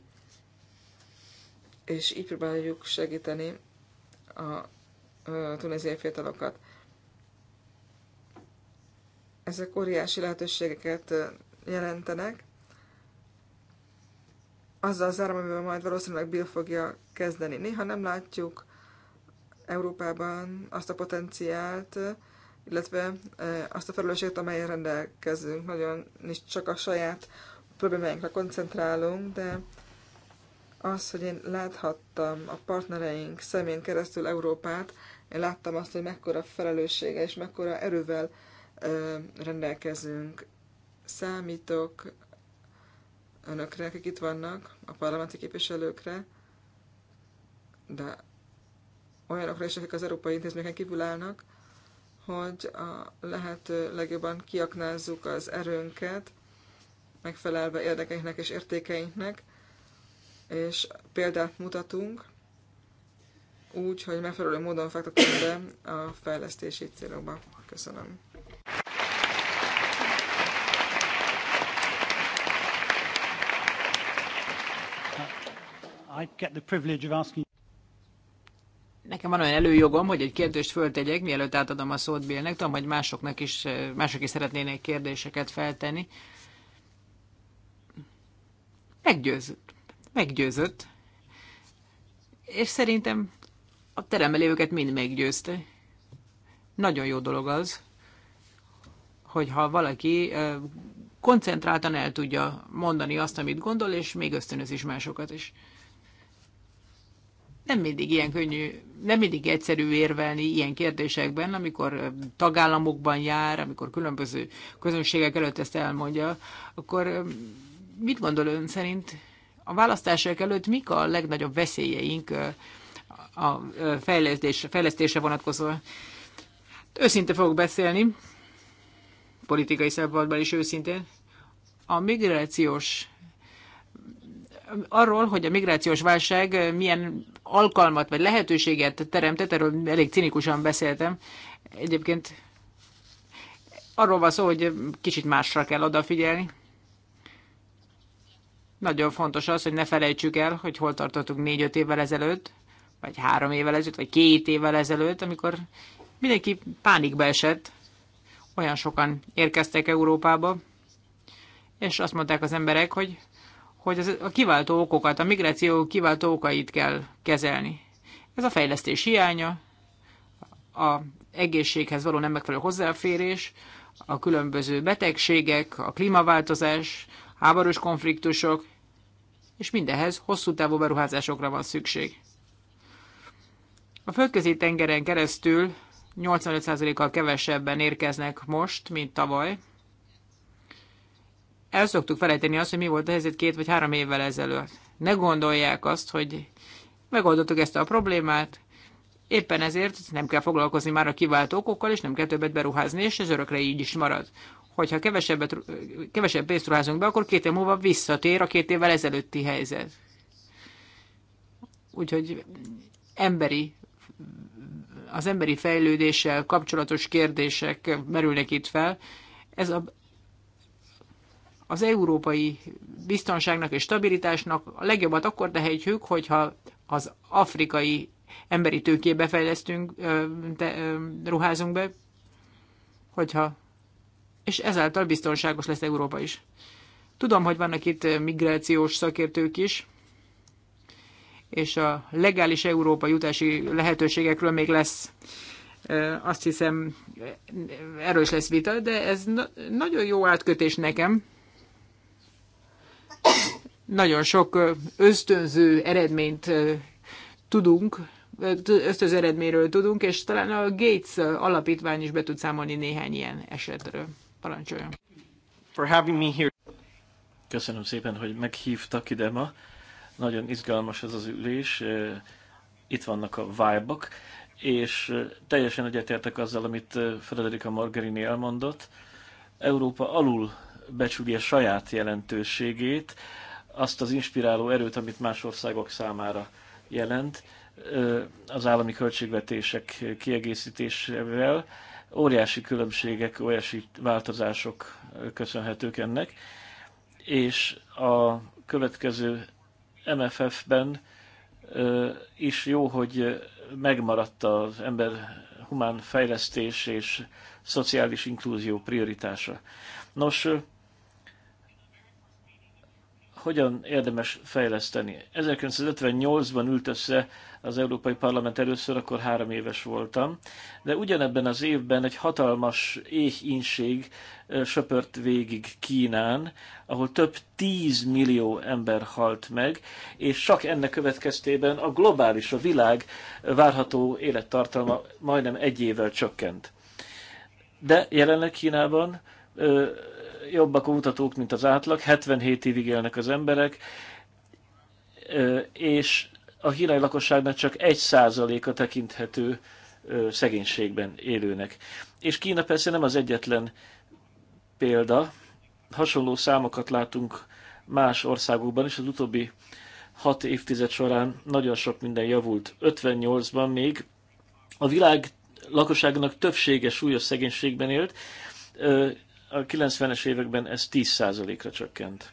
és így próbáljuk segíteni a tunéziai fiatalokat. Ezek óriási lehetőségeket jelentenek. Azzal áram, amivel majd valószínűleg Bill fogja kezdeni. Néha nem látjuk Európában azt a potenciált, illetve azt a felelősséget, amelyen rendelkezünk. Nagyon nincs csak a saját problémáinkra koncentrálunk, de az, hogy én láthattam a partnereink szemén keresztül Európát, én láttam azt, hogy mekkora felelőssége és mekkora erővel ö, rendelkezünk. Számítok önökre, akik itt vannak, a parlamenti képviselőkre, de olyanokra is, akik az európai intézményeken kívül állnak, hogy a lehető legjobban kiaknázzuk az erőnket, megfelelve érdekeinknek és értékeinknek, és példát mutatunk, úgy, hogy megfelelő módon fektetünk be a fejlesztési célokba. Köszönöm. I get the privilege of asking Nekem van olyan előjogom, hogy egy kérdést föltegyek, mielőtt átadom a szót Billnek. Tudom, hogy másoknak is, mások is szeretnének kérdéseket feltenni. Meggyőzött. Meggyőzött. És szerintem a teremelőket mind meggyőzte. Nagyon jó dolog az, hogyha valaki koncentráltan el tudja mondani azt, amit gondol, és még ösztönöz is másokat is. Nem mindig ilyen könnyű, nem mindig egyszerű érvelni ilyen kérdésekben, amikor tagállamokban jár, amikor különböző közönségek előtt ezt elmondja, akkor mit gondol ön szerint a választások előtt mik a legnagyobb veszélyeink a fejlesztés, fejlesztése vonatkozóan? Hát őszinte fogok beszélni, politikai szempontból is őszintén. A migrációs arról, hogy a migrációs válság milyen alkalmat vagy lehetőséget teremtett, erről elég cinikusan beszéltem. Egyébként arról van szó, hogy kicsit másra kell odafigyelni. Nagyon fontos az, hogy ne felejtsük el, hogy hol tartottunk négy-öt évvel ezelőtt, vagy három évvel ezelőtt, vagy két évvel ezelőtt, amikor mindenki pánikba esett, olyan sokan érkeztek Európába, és azt mondták az emberek, hogy, hogy az, a kiváltó okokat, a migráció kiváltó okait kell kezelni. Ez a fejlesztés hiánya, a egészséghez való nem megfelelő hozzáférés, a különböző betegségek, a klímaváltozás, háborús konfliktusok, és mindehhez hosszú távú beruházásokra van szükség. A földközi tengeren keresztül 85%-kal kevesebben érkeznek most, mint tavaly. El szoktuk felejteni azt, hogy mi volt a helyzet két vagy három évvel ezelőtt. Ne gondolják azt, hogy megoldottuk ezt a problémát, éppen ezért nem kell foglalkozni már a kiváltókokkal, és nem kell többet beruházni, és ez örökre így is marad hogyha kevesebbet, kevesebb pénzt ruházunk be, akkor két év múlva visszatér a két évvel ezelőtti helyzet. Úgyhogy emberi, az emberi fejlődéssel kapcsolatos kérdések merülnek itt fel. Ez a, az európai biztonságnak és stabilitásnak a legjobbat akkor tehetjük, hogyha az afrikai emberi tőkébe fejlesztünk, te, ruházunk be, hogyha és ezáltal biztonságos lesz Európa is. Tudom, hogy vannak itt eh, migrációs szakértők is, és a legális Európa jutási lehetőségekről még lesz, eh, azt hiszem, eh, erős lesz vita, de ez na- nagyon jó átkötés nekem. Nagyon sok ösztönző eredményt tudunk, ösztönző eredményről tudunk, és talán a Gates alapítvány is be tud számolni néhány ilyen esetről. Parancsoljon. For having me here. Köszönöm szépen, hogy meghívtak ide ma. Nagyon izgalmas ez az ülés. Itt vannak a vibe -ok, és teljesen egyetértek azzal, amit Frederica Margarini elmondott. Európa alul becsüli saját jelentőségét, azt az inspiráló erőt, amit más országok számára jelent, az állami költségvetések kiegészítésével, Óriási különbségek, óriási változások köszönhetők ennek, és a következő MFF-ben is jó, hogy megmaradt az ember humán fejlesztés és szociális inklúzió prioritása. Nos, hogyan érdemes fejleszteni. 1958-ban ült össze az Európai Parlament először, akkor három éves voltam, de ugyanebben az évben egy hatalmas éhínség söpört végig Kínán, ahol több tíz millió ember halt meg, és csak ennek következtében a globális, a világ várható élettartalma majdnem egy évvel csökkent. De jelenleg Kínában jobbak a mutatók, mint az átlag, 77 évig élnek az emberek, és a kínai lakosságnak csak 1%-a tekinthető szegénységben élőnek. És Kína persze nem az egyetlen példa, hasonló számokat látunk más országokban is, az utóbbi hat évtized során nagyon sok minden javult. 58-ban még a világ lakosságnak többsége súlyos szegénységben élt, a 90-es években ez 10%-ra csökkent.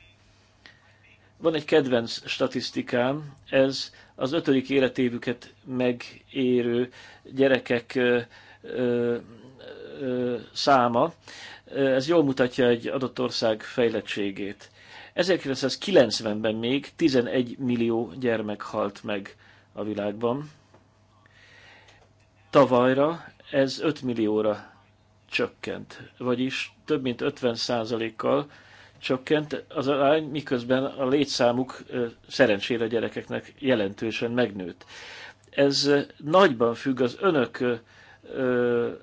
Van egy kedvenc statisztikám, ez az ötödik életévüket megérő gyerekek ö, ö, ö, száma. Ez jól mutatja egy adott ország fejlettségét. 1990-ben még 11 millió gyermek halt meg a világban. Tavalyra ez 5 millióra csökkent, vagyis több mint 50%-kal csökkent az arány, miközben a létszámuk szerencsére gyerekeknek jelentősen megnőtt. Ez nagyban függ az önök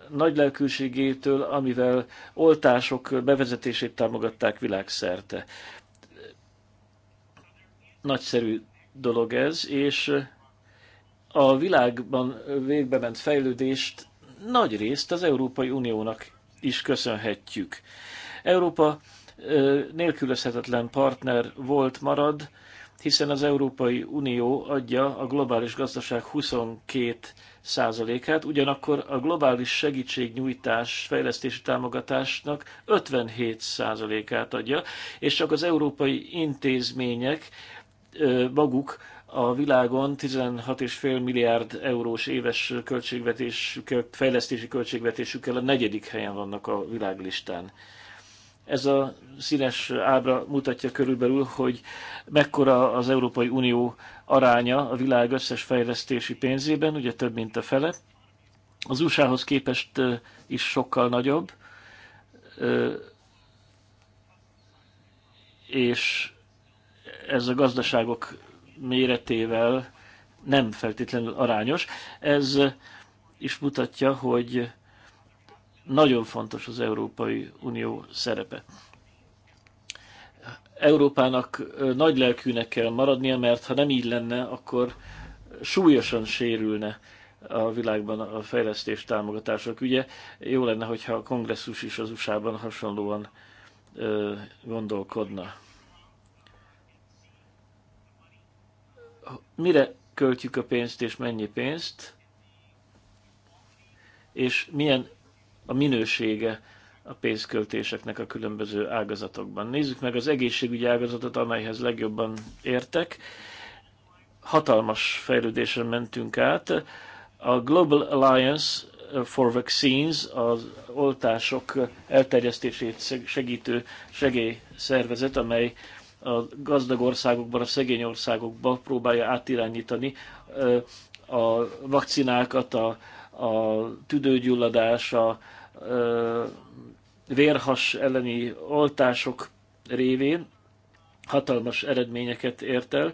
nagy lelkűségétől, amivel oltások bevezetését támogatták világszerte. Nagyszerű dolog ez, és a világban végbe ment fejlődést nagy részt az Európai Uniónak is köszönhetjük. Európa nélkülözhetetlen partner volt, marad, hiszen az Európai Unió adja a globális gazdaság 22 százalékát, ugyanakkor a globális segítségnyújtás, fejlesztési támogatásnak 57 százalékát adja, és csak az európai intézmények maguk a világon 16,5 milliárd eurós éves költségvetésük, fejlesztési költségvetésükkel a negyedik helyen vannak a világlistán. Ez a színes ábra mutatja körülbelül, hogy mekkora az Európai Unió aránya a világ összes fejlesztési pénzében, ugye több mint a fele. Az USA-hoz képest is sokkal nagyobb, és ez a gazdaságok méretével nem feltétlenül arányos. Ez is mutatja, hogy nagyon fontos az Európai Unió szerepe. Európának nagy lelkűnek kell maradnia, mert ha nem így lenne, akkor súlyosan sérülne a világban a fejlesztés támogatások ügye. Jó lenne, hogyha a kongresszus is az USA-ban hasonlóan gondolkodna. mire költjük a pénzt és mennyi pénzt, és milyen a minősége a pénzköltéseknek a különböző ágazatokban. Nézzük meg az egészségügyi ágazatot, amelyhez legjobban értek. Hatalmas fejlődésen mentünk át. A Global Alliance for Vaccines, az oltások elterjesztését segítő segélyszervezet, amely a gazdag országokban, a szegény országokban próbálja átirányítani a vakcinákat, a, a tüdőgyulladás, a, vérhas elleni oltások révén hatalmas eredményeket ért el.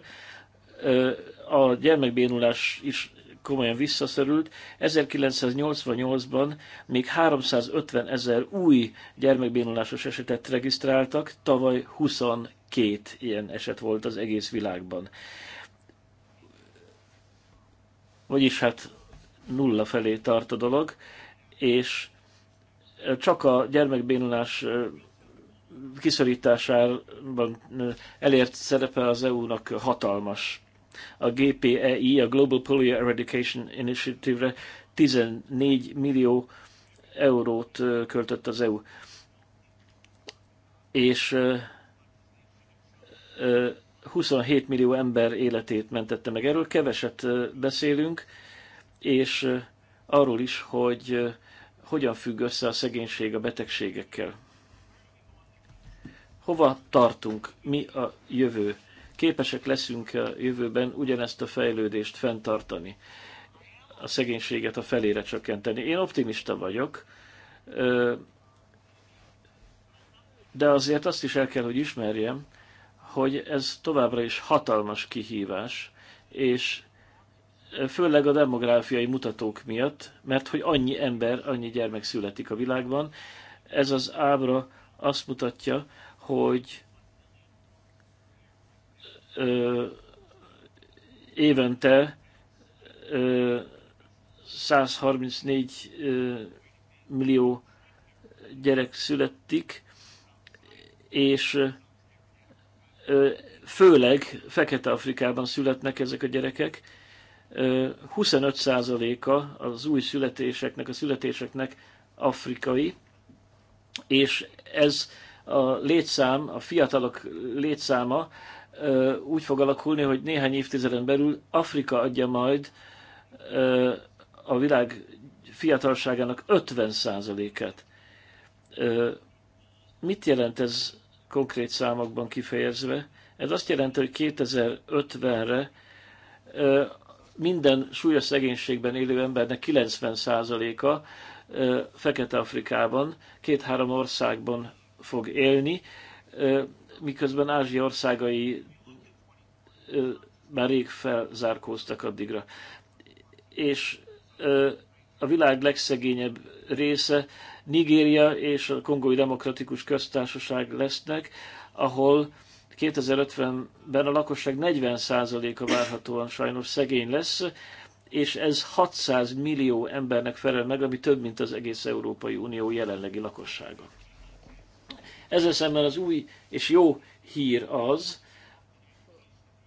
A gyermekbénulás is komolyan visszaszerült. 1988-ban még 350 ezer új gyermekbénulásos esetet regisztráltak, tavaly 22 ilyen eset volt az egész világban. Vagyis hát nulla felé tart a dolog, és csak a gyermekbénulás kiszorításában elért szerepe az EU-nak hatalmas a GPEI, a Global Polio Eradication Initiative-re 14 millió eurót költött az EU. És 27 millió ember életét mentette meg. Erről keveset beszélünk, és arról is, hogy hogyan függ össze a szegénység a betegségekkel. Hova tartunk? Mi a jövő? képesek leszünk a jövőben ugyanezt a fejlődést fenntartani, a szegénységet a felére csökkenteni. Én optimista vagyok, de azért azt is el kell, hogy ismerjem, hogy ez továbbra is hatalmas kihívás, és főleg a demográfiai mutatók miatt, mert hogy annyi ember, annyi gyermek születik a világban, ez az ábra azt mutatja, hogy ö, évente ö, 134 ö, millió gyerek születik, és ö, főleg Fekete-Afrikában születnek ezek a gyerekek. 25%-a az új születéseknek, a születéseknek afrikai, és ez a létszám, a fiatalok létszáma úgy fog alakulni, hogy néhány évtizeden belül Afrika adja majd a világ fiatalságának 50%-át. Mit jelent ez konkrét számokban kifejezve? Ez azt jelenti, hogy 2050-re minden súlyos szegénységben élő embernek 90%-a Fekete Afrikában, két-három országban fog élni, miközben Ázsia országai ö, már rég felzárkóztak addigra. És ö, a világ legszegényebb része Nigéria és a Kongói Demokratikus Köztársaság lesznek, ahol 2050-ben a lakosság 40%-a várhatóan sajnos szegény lesz, és ez 600 millió embernek felel meg, ami több, mint az egész Európai Unió jelenlegi lakossága. Ezzel szemben az új és jó hír az,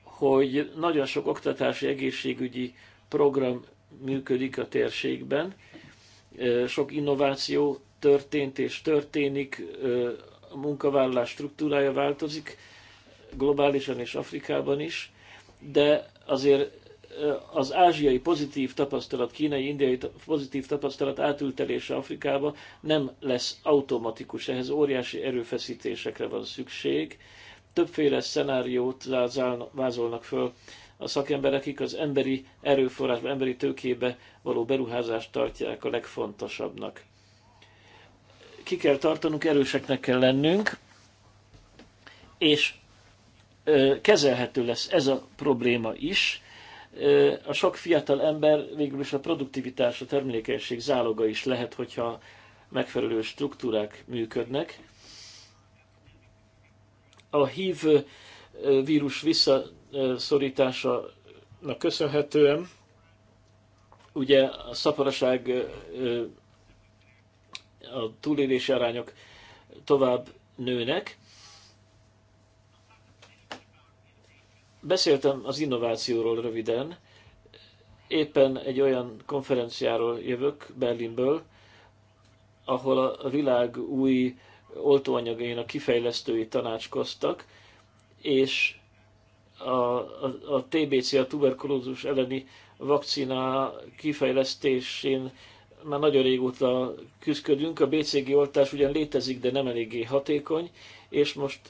hogy nagyon sok oktatási egészségügyi program működik a térségben, sok innováció történt és történik, a munkavállalás struktúrája változik, globálisan és Afrikában is, de azért az ázsiai pozitív tapasztalat, kínai, indiai pozitív tapasztalat átültelése Afrikába nem lesz automatikus, ehhez óriási erőfeszítésekre van szükség. Többféle szenáriót vázolnak föl a szakemberek, akik az emberi erőforrás, emberi tőkébe való beruházást tartják a legfontosabbnak. Ki kell tartanunk, erőseknek kell lennünk, és kezelhető lesz ez a probléma is, a sok fiatal ember végül is a produktivitás, a termelékenység záloga is lehet, hogyha megfelelő struktúrák működnek. A HIV vírus visszaszorításának köszönhetően ugye a szaporaság a túlélési arányok tovább nőnek, Beszéltem az innovációról röviden. Éppen egy olyan konferenciáról jövök Berlinből, ahol a világ új a kifejlesztői tanácskoztak, és a, a, a TBC, a tuberkulózus elleni vakcina kifejlesztésén már nagyon régóta küzdködünk. A BCG oltás ugyan létezik, de nem eléggé hatékony, és most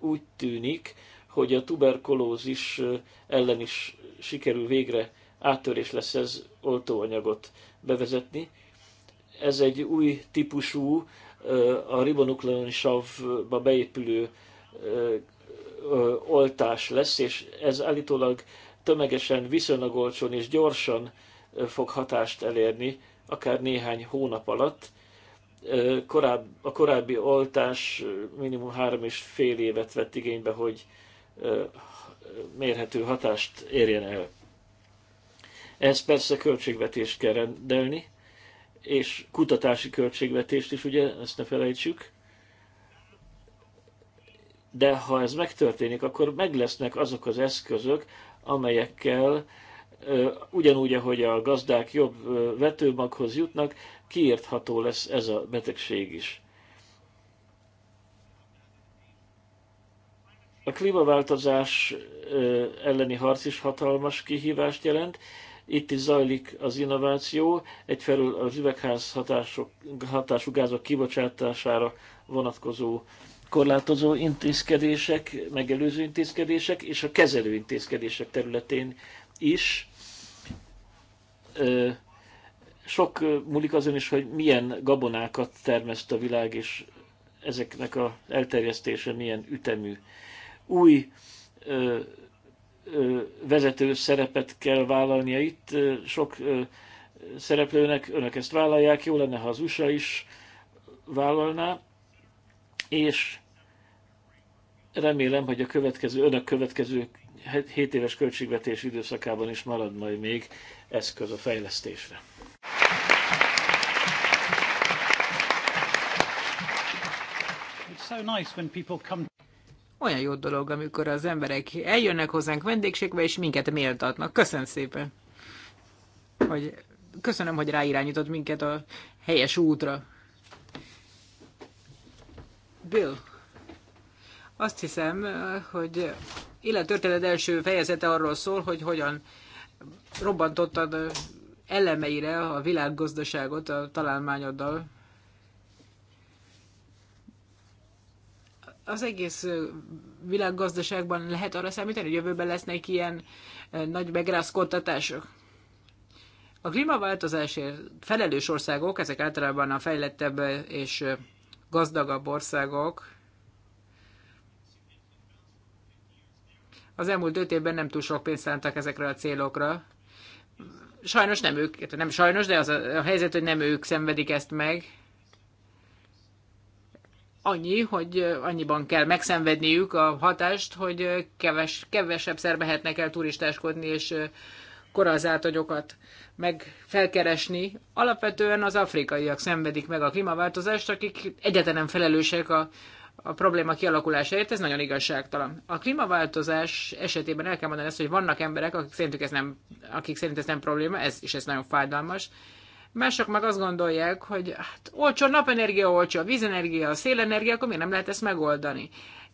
úgy tűnik, hogy a tuberkulózis ellen is sikerül végre áttörés lesz ez oltóanyagot bevezetni. Ez egy új típusú, a ribonukleonisavba beépülő oltás lesz, és ez állítólag tömegesen, viszonylag olcsón és gyorsan fog hatást elérni, akár néhány hónap alatt. a korábbi oltás minimum három és fél évet vett igénybe, hogy mérhető hatást érjen el. Ez persze költségvetést kell rendelni, és kutatási költségvetést is, ugye, ezt ne felejtsük. De ha ez megtörténik, akkor meg lesznek azok az eszközök, amelyekkel ugyanúgy, ahogy a gazdák jobb vetőmaghoz jutnak, kiírtható lesz ez a betegség is. A klímaváltozás elleni harc is hatalmas kihívást jelent. Itt is zajlik az innováció, egyfelől az üvegház hatások, hatású gázok kibocsátására vonatkozó korlátozó intézkedések, megelőző intézkedések és a kezelő intézkedések területén is. Sok múlik azon is, hogy milyen gabonákat termeszt a világ, és ezeknek a elterjesztése milyen ütemű új ö, ö, vezető szerepet kell vállalnia itt sok ö, szereplőnek, önök ezt vállalják, jó lenne, ha az USA is vállalná, és remélem, hogy a következő, önök következő 7 éves költségvetés időszakában is marad majd még eszköz a fejlesztésre. so nice when people come olyan jó dolog, amikor az emberek eljönnek hozzánk vendégségbe, és minket méltatnak. Köszönöm szépen, hogy köszönöm, hogy ráirányított minket a helyes útra. Bill, azt hiszem, hogy élettörténet első fejezete arról szól, hogy hogyan robbantottad elemeire a világgazdaságot a találmányoddal. az egész világgazdaságban lehet arra számítani, hogy jövőben lesznek ilyen nagy megrázkodtatások. A klímaváltozásért felelős országok, ezek általában a fejlettebb és gazdagabb országok, az elmúlt öt évben nem túl sok pénzt szántak ezekre a célokra. Sajnos nem ők, nem sajnos, de az a, a helyzet, hogy nem ők szenvedik ezt meg annyi, hogy annyiban kell megszenvedniük a hatást, hogy keves, kevesebb szer mehetnek el turistáskodni, és korazátagyokat meg felkeresni. Alapvetően az afrikaiak szenvedik meg a klímaváltozást, akik egyetlen felelősek a, a probléma kialakulásáért, ez nagyon igazságtalan. A klímaváltozás esetében el kell mondani ezt, hogy vannak emberek, akik szerintük ez nem, akik szerint ez nem probléma, ez, és ez nagyon fájdalmas, Mások meg azt gondolják, hogy hát, olcsó napenergia, olcsó vízenergia, a szélenergia, akkor miért nem lehet ezt megoldani?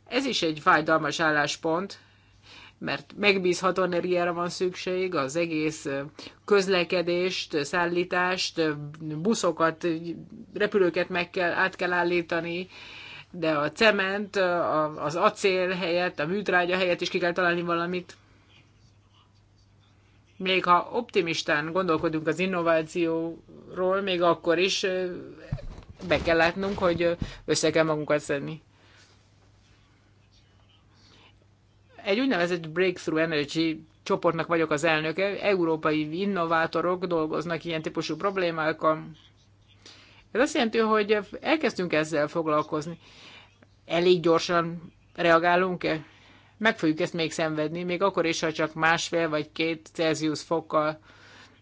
Ez is egy fájdalmas álláspont, mert megbízható energiára van szükség, az egész közlekedést, szállítást, buszokat, repülőket meg kell, át kell állítani, de a cement, az acél helyett, a műtrágya helyett is ki kell találni valamit még ha optimistán gondolkodunk az innovációról, még akkor is be kell látnunk, hogy össze kell magunkat szedni. Egy úgynevezett Breakthrough Energy csoportnak vagyok az elnöke. Európai innovátorok dolgoznak ilyen típusú problémákkal. Ez azt jelenti, hogy elkezdtünk ezzel foglalkozni. Elég gyorsan reagálunk-e? meg fogjuk ezt még szenvedni, még akkor is, ha csak másfél vagy két Celsius fokkal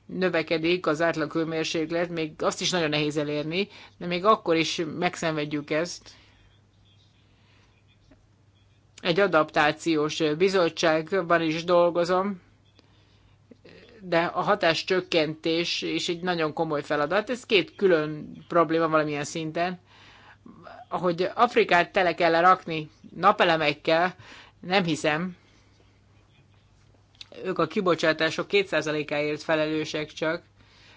növekedik az átlag hőmérséklet, még azt is nagyon nehéz elérni, de még akkor is megszenvedjük ezt. Egy adaptációs bizottságban is dolgozom, de a hatás csökkentés is egy nagyon komoly feladat. Ez két külön probléma valamilyen szinten. Ahogy Afrikát tele kell rakni napelemekkel, nem hiszem. Ők a kibocsátások 2%-áért felelősek csak.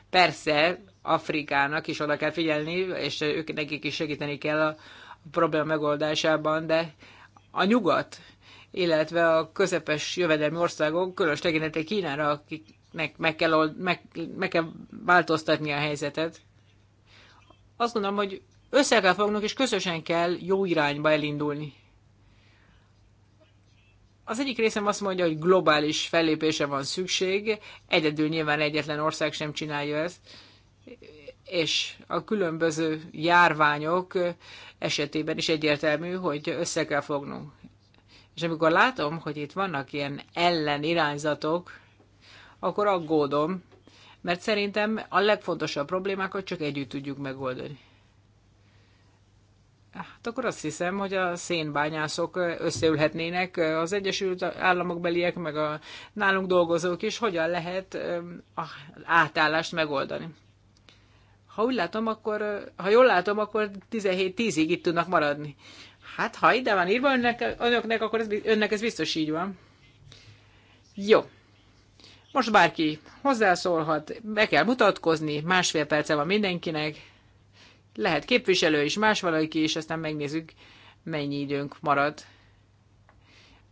Persze, Afrikának is oda kell figyelni, és ők nekik is segíteni kell a, a probléma megoldásában, de a nyugat, illetve a közepes jövedelmi országok, különös tekintettel Kínára, akiknek meg kell, old, meg, meg kell változtatni a helyzetet. Azt gondolom, hogy össze kell fognunk, és közösen kell jó irányba elindulni. Az egyik részem azt mondja, hogy globális fellépése van szükség, egyedül nyilván egyetlen ország sem csinálja ezt, és a különböző járványok esetében is egyértelmű, hogy össze kell fognunk. És amikor látom, hogy itt vannak ilyen ellenirányzatok, akkor aggódom, mert szerintem a legfontosabb problémákat csak együtt tudjuk megoldani. Hát akkor azt hiszem, hogy a szénbányászok összeülhetnének, az Egyesült államok beliek, meg a nálunk dolgozók is, hogyan lehet az átállást megoldani. Ha úgy látom, akkor, ha jól látom, akkor 17-10-ig itt tudnak maradni. Hát, ha ide van írva önnek, önöknek, akkor ez, önnek ez biztos így van. Jó. Most bárki hozzászólhat, be kell mutatkozni, másfél perce van mindenkinek lehet képviselő is más valaki, és aztán megnézzük, mennyi időnk marad.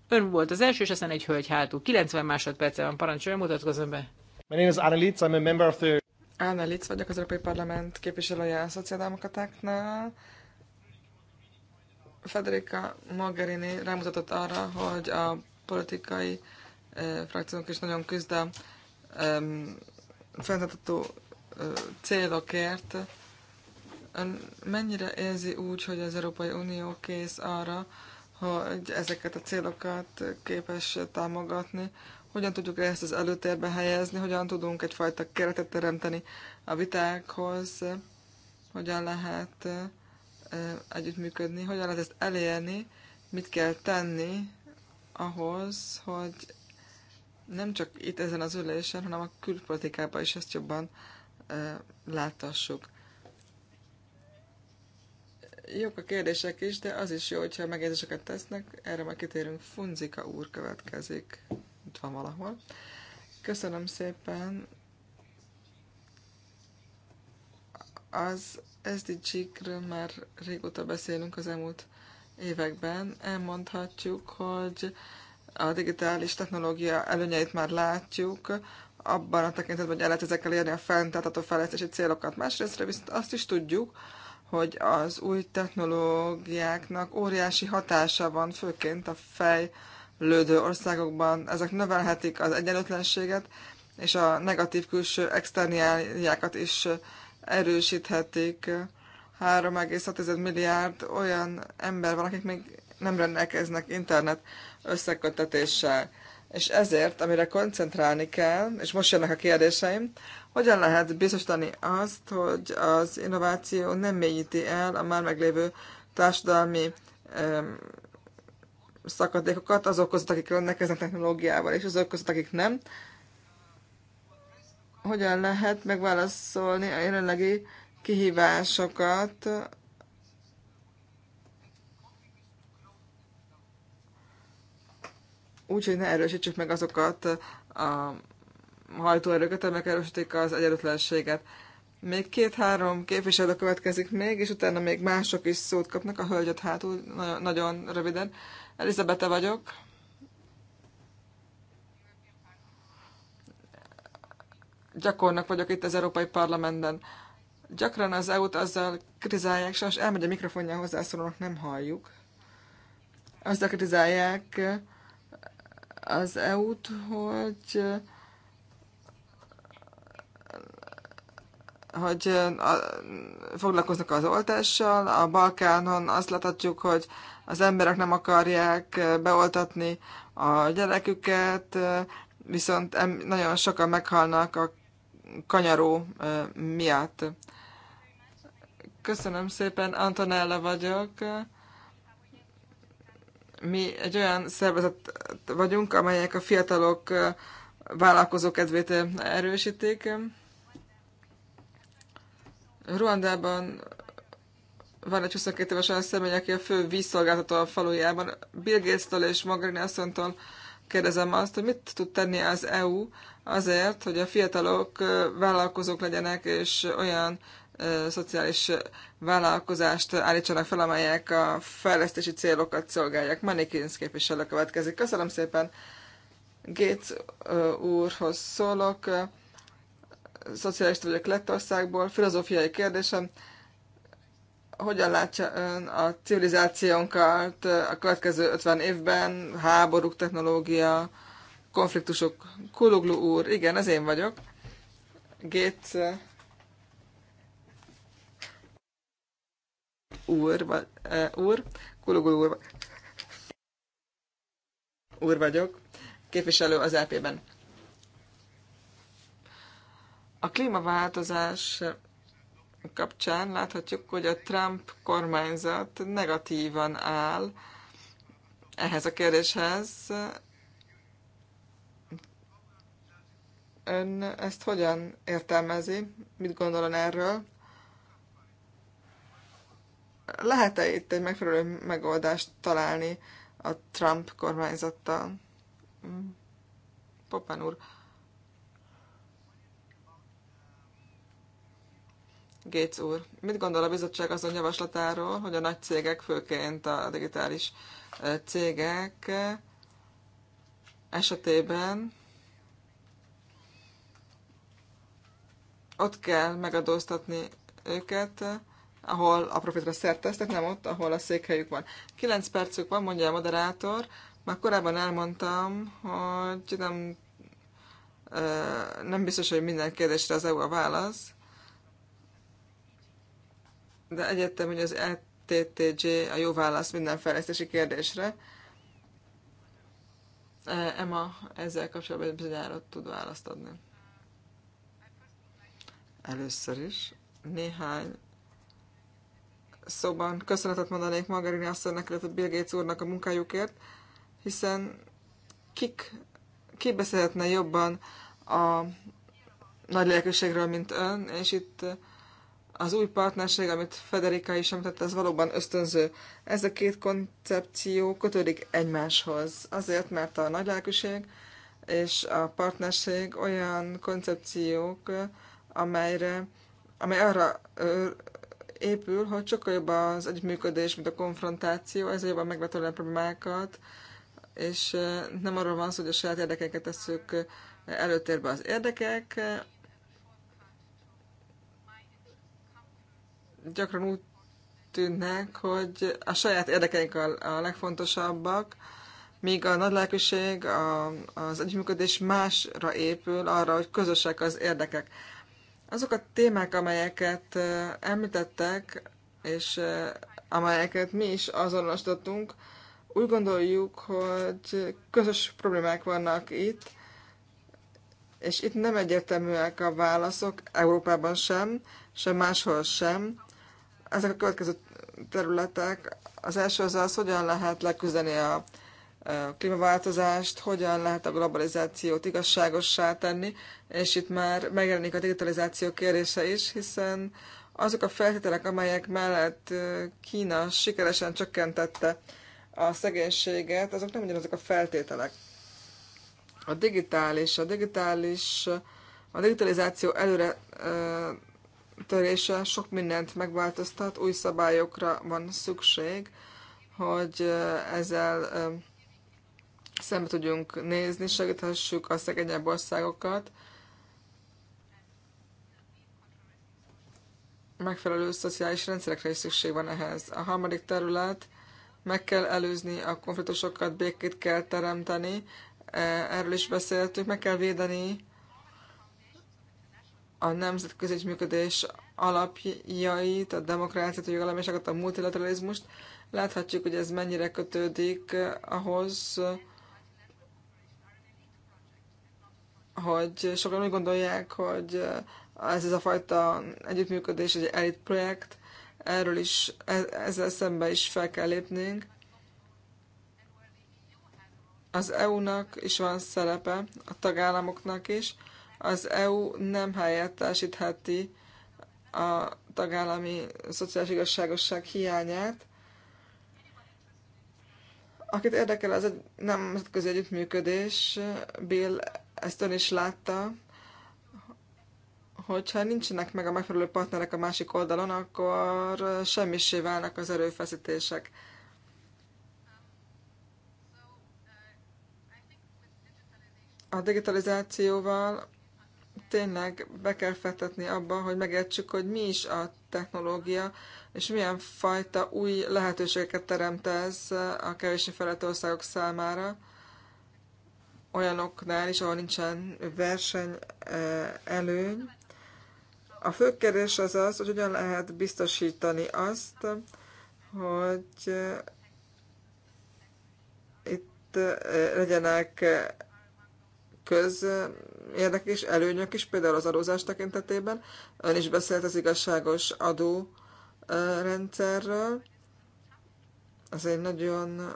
Ön volt az első, és aztán egy hölgy hátul. 90 másodperce van, parancsolja, mutatkozom be. My name is Anna Litz, I'm a member of the... Anna Litz vagyok az Európai Parlament képviselője a szociáldemokratáknál. Federica Mogherini rámutatott arra, hogy a politikai eh, frakciók is nagyon küzd a eh, fenntartató eh, célokért, Ön mennyire érzi úgy, hogy az Európai Unió kész arra, hogy ezeket a célokat képes támogatni? Hogyan tudjuk ezt az előtérbe helyezni? Hogyan tudunk egyfajta keretet teremteni a vitákhoz? Hogyan lehet együttműködni? Hogyan lehet ezt elérni? Mit kell tenni ahhoz, hogy nem csak itt ezen az ülésen, hanem a külpolitikában is ezt jobban látassuk. Jók a kérdések is, de az is jó, hogyha megjegyzéseket tesznek. Erre majd kitérünk. Funzika úr következik. Itt van valahol. Köszönöm szépen. Az SDG-kről már régóta beszélünk az elmúlt években. Elmondhatjuk, hogy a digitális technológia előnyeit már látjuk, abban a tekintetben, hogy el lehet ezekkel érni a fenntartható fejlesztési célokat. Másrészt viszont azt is tudjuk, hogy az új technológiáknak óriási hatása van, főként a fejlődő országokban. Ezek növelhetik az egyenlőtlenséget, és a negatív külső externiáliákat is erősíthetik. 3,6 milliárd olyan ember van, akik még nem rendelkeznek internet összekötetéssel. És ezért, amire koncentrálni kell, és most jönnek a kérdéseim, hogyan lehet biztosítani azt, hogy az innováció nem mélyíti el a már meglévő társadalmi um, szakadékokat azok között, akik rendelkeznek technológiával, és azok között, akik nem? Hogyan lehet megválaszolni a jelenlegi kihívásokat úgy, hogy ne erősítsük meg azokat a hajtóerőket, amelyek erősítik az egyenlőtlenséget. Még két-három képviselő következik még, és utána még mások is szót kapnak, a hölgyet hátul, nagyon, nagyon röviden. Elizabete vagyok. Gyakornak vagyok itt az Európai Parlamentben. Gyakran az EU-t azzal kritizálják, sajnos elmegy a mikrofonja hozzászólónak, nem halljuk. Azzal kritizálják az EU-t, hogy hogy foglalkoznak az oltással. A Balkánon azt láthatjuk, hogy az emberek nem akarják beoltatni a gyereküket, viszont nagyon sokan meghalnak a kanyaró miatt. Köszönöm szépen, Antonella vagyok. Mi egy olyan szervezet vagyunk, amelyek a fiatalok vállalkozó kedvét erősítik. Ruandában van egy 22 éves olyan személy, aki a fő vízszolgáltató a falujában. Bill Gates-től és Magrini asszonytól kérdezem azt, hogy mit tud tenni az EU azért, hogy a fiatalok vállalkozók legyenek, és olyan szociális vállalkozást állítsanak fel, amelyek a fejlesztési célokat szolgálják. Manikins képviselő következik. Köszönöm szépen Gates úrhoz szólok szocialista vagyok Lettországból, filozófiai kérdésem, hogyan látja ön a civilizációnkat a következő 50 évben, háborúk, technológia, konfliktusok, Kuluglu úr, igen, ez én vagyok, Gates úr, vagy, uh, úr, Kuluglu úr, úr vagyok, képviselő az lp e ben a klímaváltozás kapcsán láthatjuk, hogy a Trump kormányzat negatívan áll ehhez a kérdéshez. Ön ezt hogyan értelmezi? Mit gondol erről? Lehet-e itt egy megfelelő megoldást találni a Trump kormányzattal? Popán úr. Gates úr, mit gondol a bizottság azon javaslatáról, hogy a nagy cégek, főként a digitális cégek esetében ott kell megadóztatni őket, ahol a profitra szertesztek, nem ott, ahol a székhelyük van. 9 percük van, mondja a moderátor. Már korábban elmondtam, hogy nem, nem biztos, hogy minden kérdésre az EU a válasz, de egyetem, hogy az LTTG e a jó válasz minden fejlesztési kérdésre. E, Emma ezzel kapcsolatban bizonyára tud választ adni. Először is néhány szóban köszönetet mondanék Margarini asszonynak, illetve Bill Gates úrnak a munkájukért, hiszen kik, ki beszélhetne jobban a nagy lelkőségről, mint ön, és itt az új partnerség, amit Federica is említett, ez valóban ösztönző. Ez a két koncepció kötődik egymáshoz, azért, mert a nagylelkűség és a partnerség olyan koncepciók, amelyre, amely arra épül, hogy sokkal jobb az együttműködés, mint a konfrontáció, ez jobban megvetően a problémákat, és nem arról van szó, hogy a saját érdekeket tesszük előtérbe az érdekek, gyakran úgy tűnnek, hogy a saját érdekeink a, a legfontosabbak, míg a nagylelkűség, a, az együttműködés másra épül, arra, hogy közösek az érdekek. Azok a témák, amelyeket említettek, és amelyeket mi is azonosítottunk, úgy gondoljuk, hogy közös problémák vannak itt, és itt nem egyértelműek a válaszok, Európában sem, sem máshol sem ezek a következő területek. Az első az az, hogyan lehet leküzdeni a klímaváltozást, hogyan lehet a globalizációt igazságossá tenni, és itt már megjelenik a digitalizáció kérdése is, hiszen azok a feltételek, amelyek mellett Kína sikeresen csökkentette a szegénységet, azok nem ugyanazok a feltételek. A digitális, a digitális, a digitalizáció előre törése sok mindent megváltoztat, új szabályokra van szükség, hogy ezzel szembe tudjunk nézni, segíthessük a szegényebb országokat, megfelelő szociális rendszerekre is szükség van ehhez. A harmadik terület, meg kell előzni a konfliktusokat, békét kell teremteni, e, erről is beszéltük, meg kell védeni a nemzetközi működés alapjait, a demokráciát, a jogállamiságot, a multilateralizmust. Láthatjuk, hogy ez mennyire kötődik ahhoz, hogy sokan úgy gondolják, hogy ez, ez a fajta együttműködés egy elit projekt, erről is, e, ezzel szembe is fel kell lépnünk. Az EU-nak is van szerepe, a tagállamoknak is, az EU nem helyettesítheti a tagállami szociális igazságosság hiányát. Akit érdekel, az egy nemzetközi együttműködés. Bill ezt ön is látta, hogyha nincsenek meg a megfelelő partnerek a másik oldalon, akkor semmisé válnak az erőfeszítések. A digitalizációval tényleg be kell fektetni abba, hogy megértsük, hogy mi is a technológia, és milyen fajta új lehetőségeket teremt ez a kevési felett országok számára, olyanoknál is, ahol nincsen verseny eh, előny. A fő kérdés az az, hogy hogyan lehet biztosítani azt, hogy eh, itt eh, legyenek érdek és előnyök is, például az adózás tekintetében. Ön is beszélt az igazságos rendszerről. Ez egy nagyon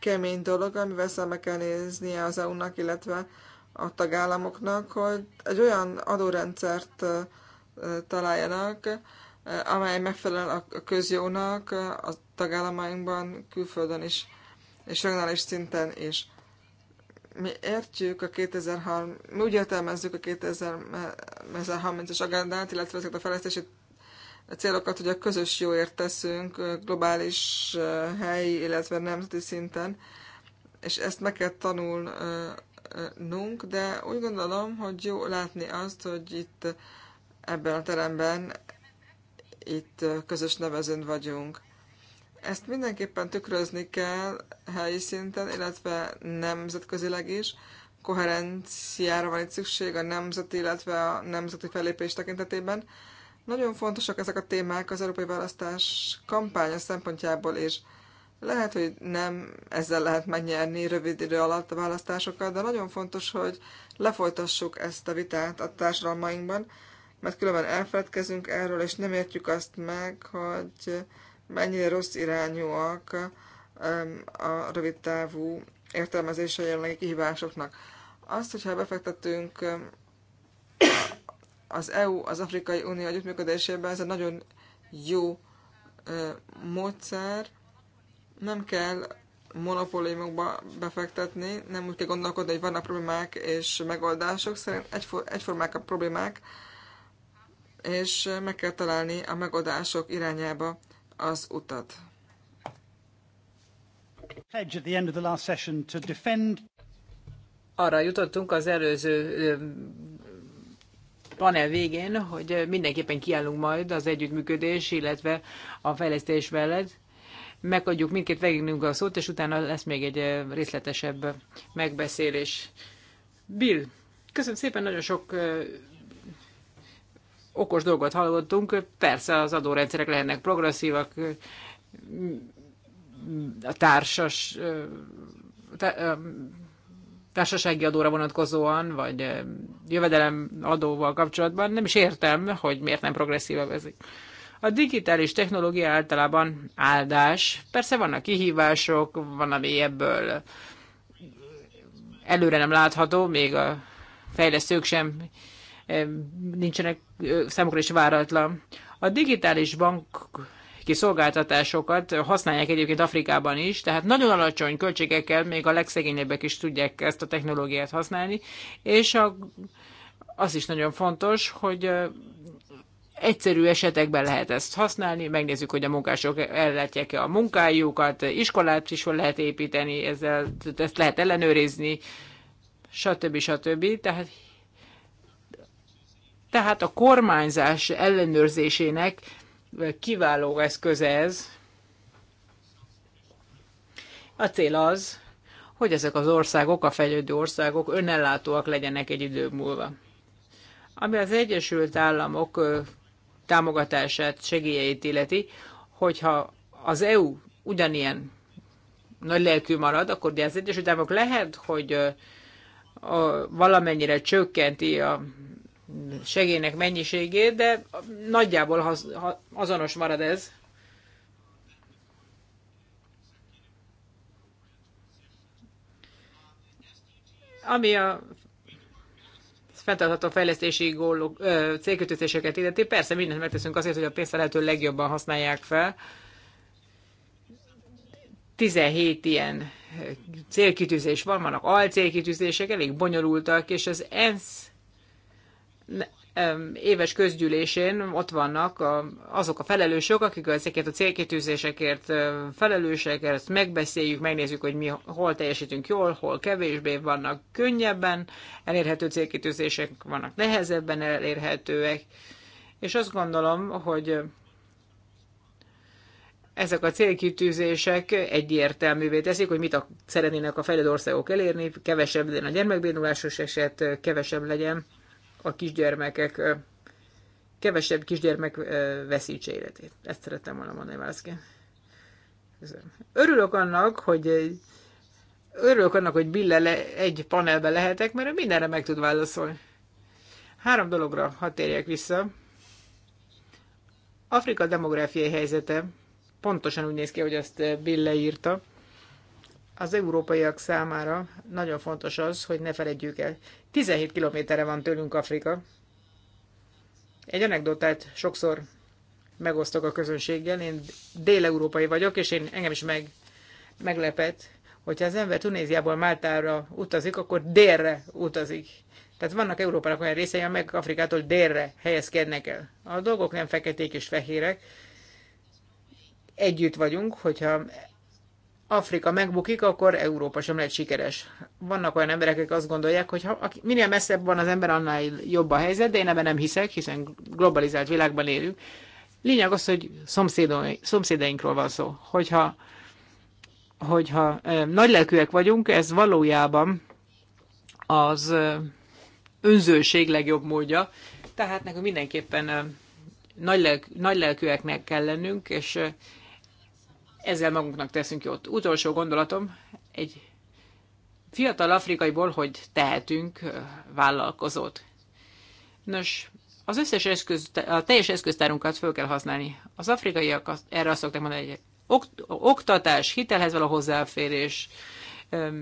kemény dolog, amivel szembe kell néznie az EU-nak, illetve a tagállamoknak, hogy egy olyan adórendszert találjanak, amely megfelel a közjónak a tagállamainkban, külföldön is, és regionális szinten is mi értjük a 2030, mi úgy értelmezzük a 2030-as agendát, illetve ezeket a fejlesztési célokat, hogy a közös jóért teszünk globális, helyi, illetve nemzeti szinten, és ezt meg kell tanulnunk, de úgy gondolom, hogy jó látni azt, hogy itt ebben a teremben itt közös nevezőn vagyunk. Ezt mindenképpen tükrözni kell helyi szinten, illetve nemzetközileg is. Koherenciára van itt szükség a nemzeti, illetve a nemzeti fellépés tekintetében. Nagyon fontosak ezek a témák az európai választás kampánya szempontjából is. Lehet, hogy nem ezzel lehet megnyerni rövid idő alatt a választásokat, de nagyon fontos, hogy lefolytassuk ezt a vitát a társadalmainkban, mert különben elfeledkezünk erről, és nem értjük azt meg, hogy mennyire rossz irányúak a rövid távú értelmezése jelenlegi kihívásoknak. Azt, hogyha befektetünk az EU, az Afrikai Unió együttműködésében, ez egy nagyon jó módszer. Nem kell monopóliumokba befektetni, nem úgy kell gondolkodni, hogy vannak problémák és megoldások, szerint egyformák a problémák, és meg kell találni a megoldások irányába az utat. Arra jutottunk az előző panel végén, hogy mindenképpen kiállunk majd az együttműködés, illetve a fejlesztés mellett. Megadjuk mindkét végignünk a szót, és utána lesz még egy részletesebb megbeszélés. Bill, köszönöm szépen, nagyon sok okos dolgot hallottunk, persze az adórendszerek lehetnek progresszívak, a társas, társasági adóra vonatkozóan, vagy jövedelem adóval kapcsolatban, nem is értem, hogy miért nem progresszívebb ezek. A digitális technológia általában áldás. Persze vannak kihívások, van, ami ebből előre nem látható, még a fejlesztők sem nincsenek számukra is váratlan. A digitális bank kiszolgáltatásokat használják egyébként Afrikában is, tehát nagyon alacsony költségekkel még a legszegényebbek is tudják ezt a technológiát használni, és a, az is nagyon fontos, hogy egyszerű esetekben lehet ezt használni, megnézzük, hogy a munkások ellátják-e a munkájukat, iskolát is lehet építeni, ezzel ezt lehet ellenőrizni, stb. stb. Tehát tehát a kormányzás ellenőrzésének kiváló eszköze ez. A cél az, hogy ezek az országok, a fejlődő országok önellátóak legyenek egy idő múlva. Ami az Egyesült Államok támogatását, segélyeit illeti, hogyha az EU ugyanilyen nagy lelkű marad, akkor de az Egyesült Államok lehet, hogy valamennyire csökkenti a segélynek mennyiségét, de nagyjából haz, ha, azonos marad ez. Ami a fenntartható fejlesztési gólok, célkötőzéseket illeti, persze mindent megteszünk azért, hogy a pénzt a lehető legjobban használják fel. 17 ilyen célkitűzés van, vannak alcélkitűzések, elég bonyolultak, és az ENSZ éves közgyűlésén ott vannak a, azok a felelősök, akik ezeket a célkitűzésekért felelősek, ezt megbeszéljük, megnézzük, hogy mi hol teljesítünk jól, hol kevésbé vannak könnyebben elérhető célkitűzések, vannak nehezebben elérhetőek, és azt gondolom, hogy ezek a célkitűzések egyértelművé teszik, hogy mit a, szeretnének a fejlődő országok elérni, kevesebb legyen a gyermekbénulásos eset, kevesebb legyen a kisgyermekek, kevesebb kisgyermek veszítse életét. Ezt szerettem volna mondani válaszként. Örülök annak, hogy örülök annak, hogy le egy panelbe lehetek, mert mindenre meg tud válaszolni. Három dologra hadd térjek vissza. Afrika demográfiai helyzete pontosan úgy néz ki, hogy azt Bill leírta az európaiak számára nagyon fontos az, hogy ne feledjük el. 17 kilométerre van tőlünk Afrika. Egy anekdotát sokszor megosztok a közönséggel. Én déleurópai vagyok, és én engem is meg, meglepett, hogyha az ember Tunéziából Máltára utazik, akkor délre utazik. Tehát vannak Európának olyan részei, amelyek Afrikától délre helyezkednek el. A dolgok nem feketék és fehérek. Együtt vagyunk, hogyha Afrika megbukik, akkor Európa sem lehet sikeres. Vannak olyan emberek, akik azt gondolják, hogy ha, aki, minél messzebb van az ember, annál jobb a helyzet, de én ebben nem hiszek, hiszen globalizált világban élünk. Lényeg az, hogy szomszédainkról van szó. Hogyha, hogyha eh, nagylelkűek vagyunk, ez valójában az eh, önzőség legjobb módja. Tehát nekünk mindenképpen eh, nagylelkűeknek kell lennünk, és eh, ezzel magunknak teszünk jót. Utolsó gondolatom, egy fiatal afrikaiból, hogy tehetünk vállalkozót. Nos, az összes eszköz, a teljes eszköztárunkat föl kell használni. Az afrikaiak erre azt szokták mondani, hogy oktatás, hitelhez való hozzáférés,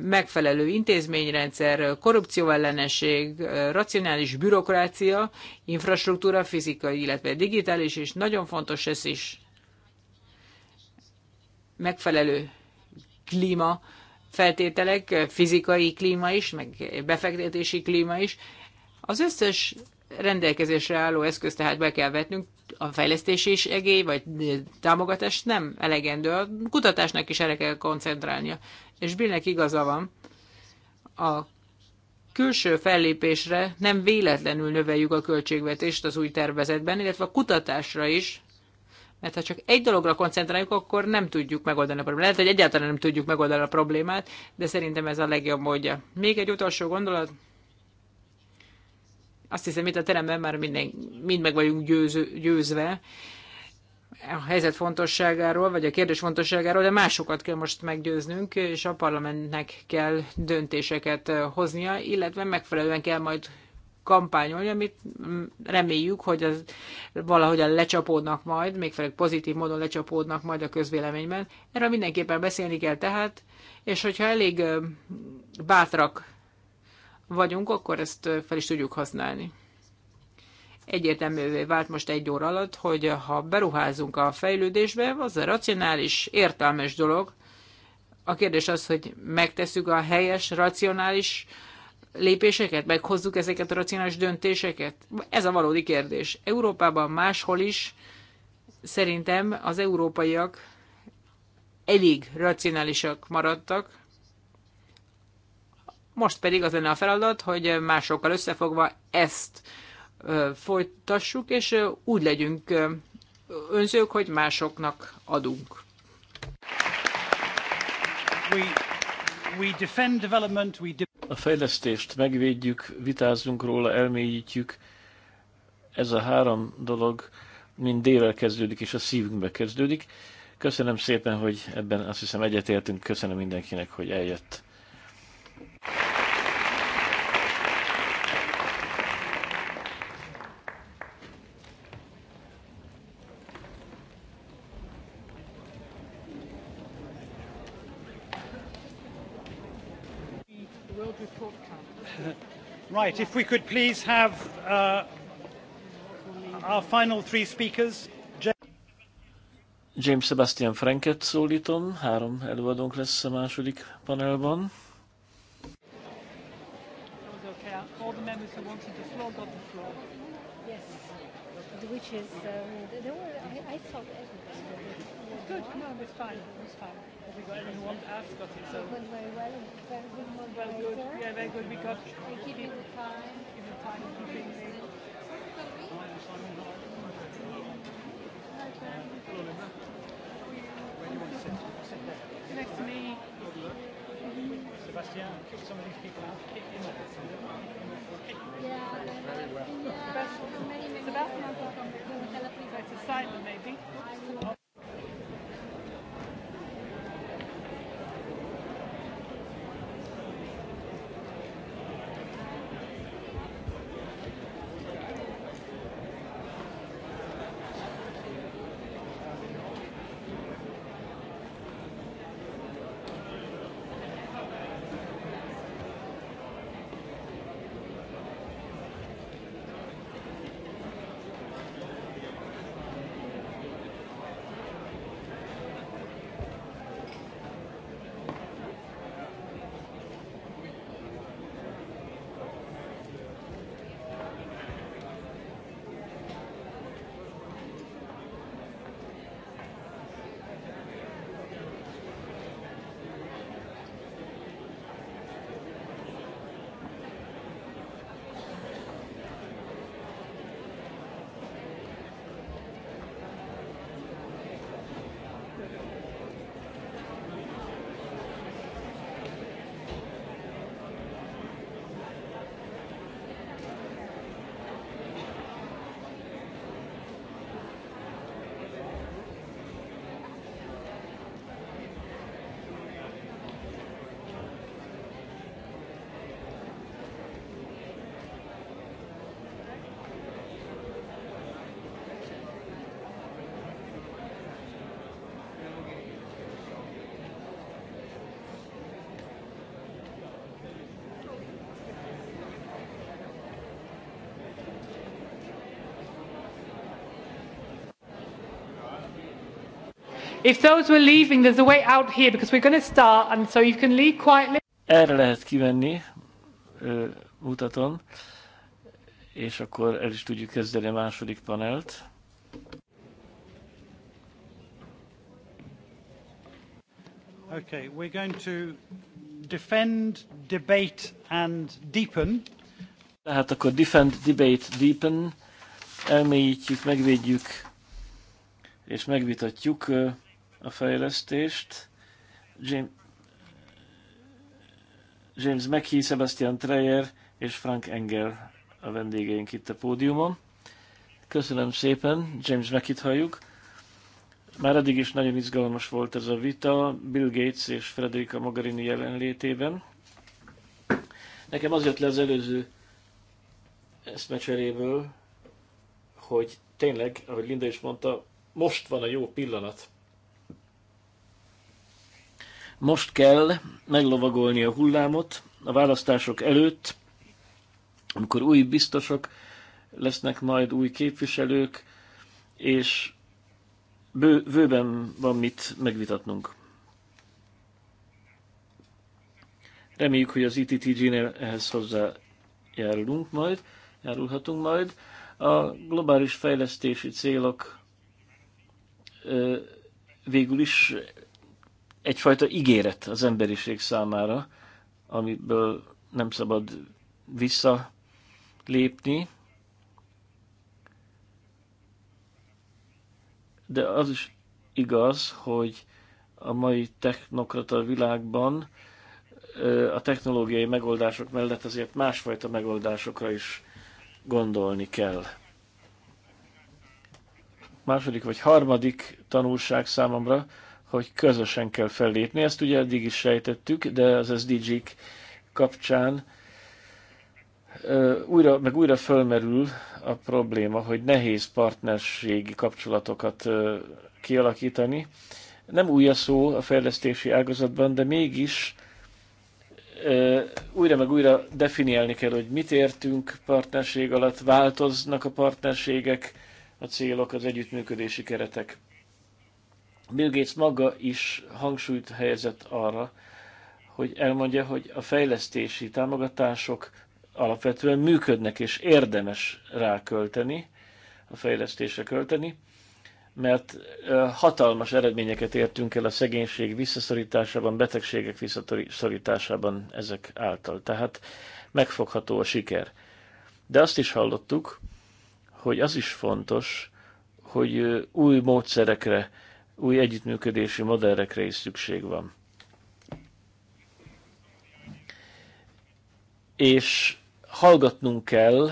megfelelő intézményrendszer, korrupcióellenesség, racionális bürokrácia, infrastruktúra, fizikai, illetve digitális, és nagyon fontos ez is, megfelelő klíma feltételek, fizikai klíma is, meg befektetési klíma is. Az összes rendelkezésre álló eszközt tehát be kell vetnünk, a fejlesztés is egély, vagy támogatás nem elegendő, a kutatásnak is erre kell koncentrálnia. És Billnek igaza van, a külső fellépésre nem véletlenül növeljük a költségvetést az új tervezetben, illetve a kutatásra is mert ha csak egy dologra koncentráljuk, akkor nem tudjuk megoldani a problémát. Lehet, hogy egyáltalán nem tudjuk megoldani a problémát, de szerintem ez a legjobb módja. Még egy utolsó gondolat. Azt hiszem, itt a teremben már minden, mind meg vagyunk győző, győzve a helyzet fontosságáról, vagy a kérdés fontosságáról, de másokat kell most meggyőznünk, és a parlamentnek kell döntéseket hoznia, illetve megfelelően kell majd kampányolni, amit mm, reméljük, hogy az valahogyan lecsapódnak majd, még főleg pozitív módon lecsapódnak majd a közvéleményben. Erről mindenképpen beszélni kell tehát, és hogyha elég bátrak vagyunk, akkor ezt fel is tudjuk használni. Egyértelművé vált most egy óra alatt, hogy ha beruházunk a fejlődésbe, az a racionális, értelmes dolog. A kérdés az, hogy megteszük a helyes, racionális, lépéseket, meghozzuk ezeket a racionális döntéseket? Ez a valódi kérdés. Európában máshol is szerintem az európaiak elég racionálisak maradtak, most pedig az lenne a feladat, hogy másokkal összefogva ezt folytassuk, és úgy legyünk önzők, hogy másoknak adunk. We a fejlesztést megvédjük, vitázunk róla, elmélyítjük. Ez a három dolog mind délel kezdődik, és a szívünkbe kezdődik. Köszönöm szépen, hogy ebben azt hiszem egyetértünk. Köszönöm mindenkinek, hogy eljött. Right, if we could please have uh, our final three speakers. James Sebastian Franket szólítom, három előadónk lesz a második panelban. Yes, which is, um, there were, I, I Good. No, it's fine. it's fine. Have we got anyone to ask us? So. went very well. Very good moderator. Well, good. Yeah, very good. We got. We give you the time. Give the time for being there. Where Next to me. Sebastian, kick some of these people out. Kick him off. Yeah, very well. Yeah, Sebastian, Sebastian, Sebastian, maybe. If those were leaving, there's a way out here because we're going to start and so you can leave quietly. Erre lehet kivenni, mutatom, és akkor el is tudjuk kezdeni a második panelt. Okay, we're going to defend, debate and deepen. Tehát akkor defend, debate, deepen. Elmélyítjük, megvédjük és megvitatjuk Uh, a fejlesztést. James, James McKee, Sebastian Treyer és Frank Engel a vendégeink itt a pódiumon. Köszönöm szépen, James McKee-t halljuk. Már eddig is nagyon izgalmas volt ez a vita Bill Gates és Frederica Mogherini jelenlétében. Nekem az jött le az előző eszmecseréből, hogy tényleg, ahogy Linda is mondta, most van a jó pillanat most kell meglovagolni a hullámot a választások előtt, amikor új biztosok lesznek majd új képviselők, és bő, bőven van mit megvitatnunk. Reméljük, hogy az ITTG-nél ehhez hozzájárulunk majd, járulhatunk majd. A globális fejlesztési célok végül is egyfajta ígéret az emberiség számára, amiből nem szabad visszalépni, de az is igaz, hogy a mai technokrata világban a technológiai megoldások mellett azért másfajta megoldásokra is gondolni kell. Második vagy harmadik tanulság számomra, hogy közösen kell fellépni. Ezt ugye eddig is sejtettük, de az SDG-k kapcsán újra, meg újra fölmerül a probléma, hogy nehéz partnerségi kapcsolatokat kialakítani. Nem új a szó a fejlesztési ágazatban, de mégis újra meg újra definiálni kell, hogy mit értünk partnerség alatt, változnak a partnerségek, a célok, az együttműködési keretek. Bill Gates maga is hangsúlyt helyezett arra, hogy elmondja, hogy a fejlesztési támogatások alapvetően működnek, és érdemes rákölteni, a fejlesztésre költeni, mert hatalmas eredményeket értünk el a szegénység visszaszorításában, betegségek visszaszorításában ezek által. Tehát megfogható a siker. De azt is hallottuk, hogy az is fontos, hogy új módszerekre új együttműködési modellekre is szükség van. És hallgatnunk kell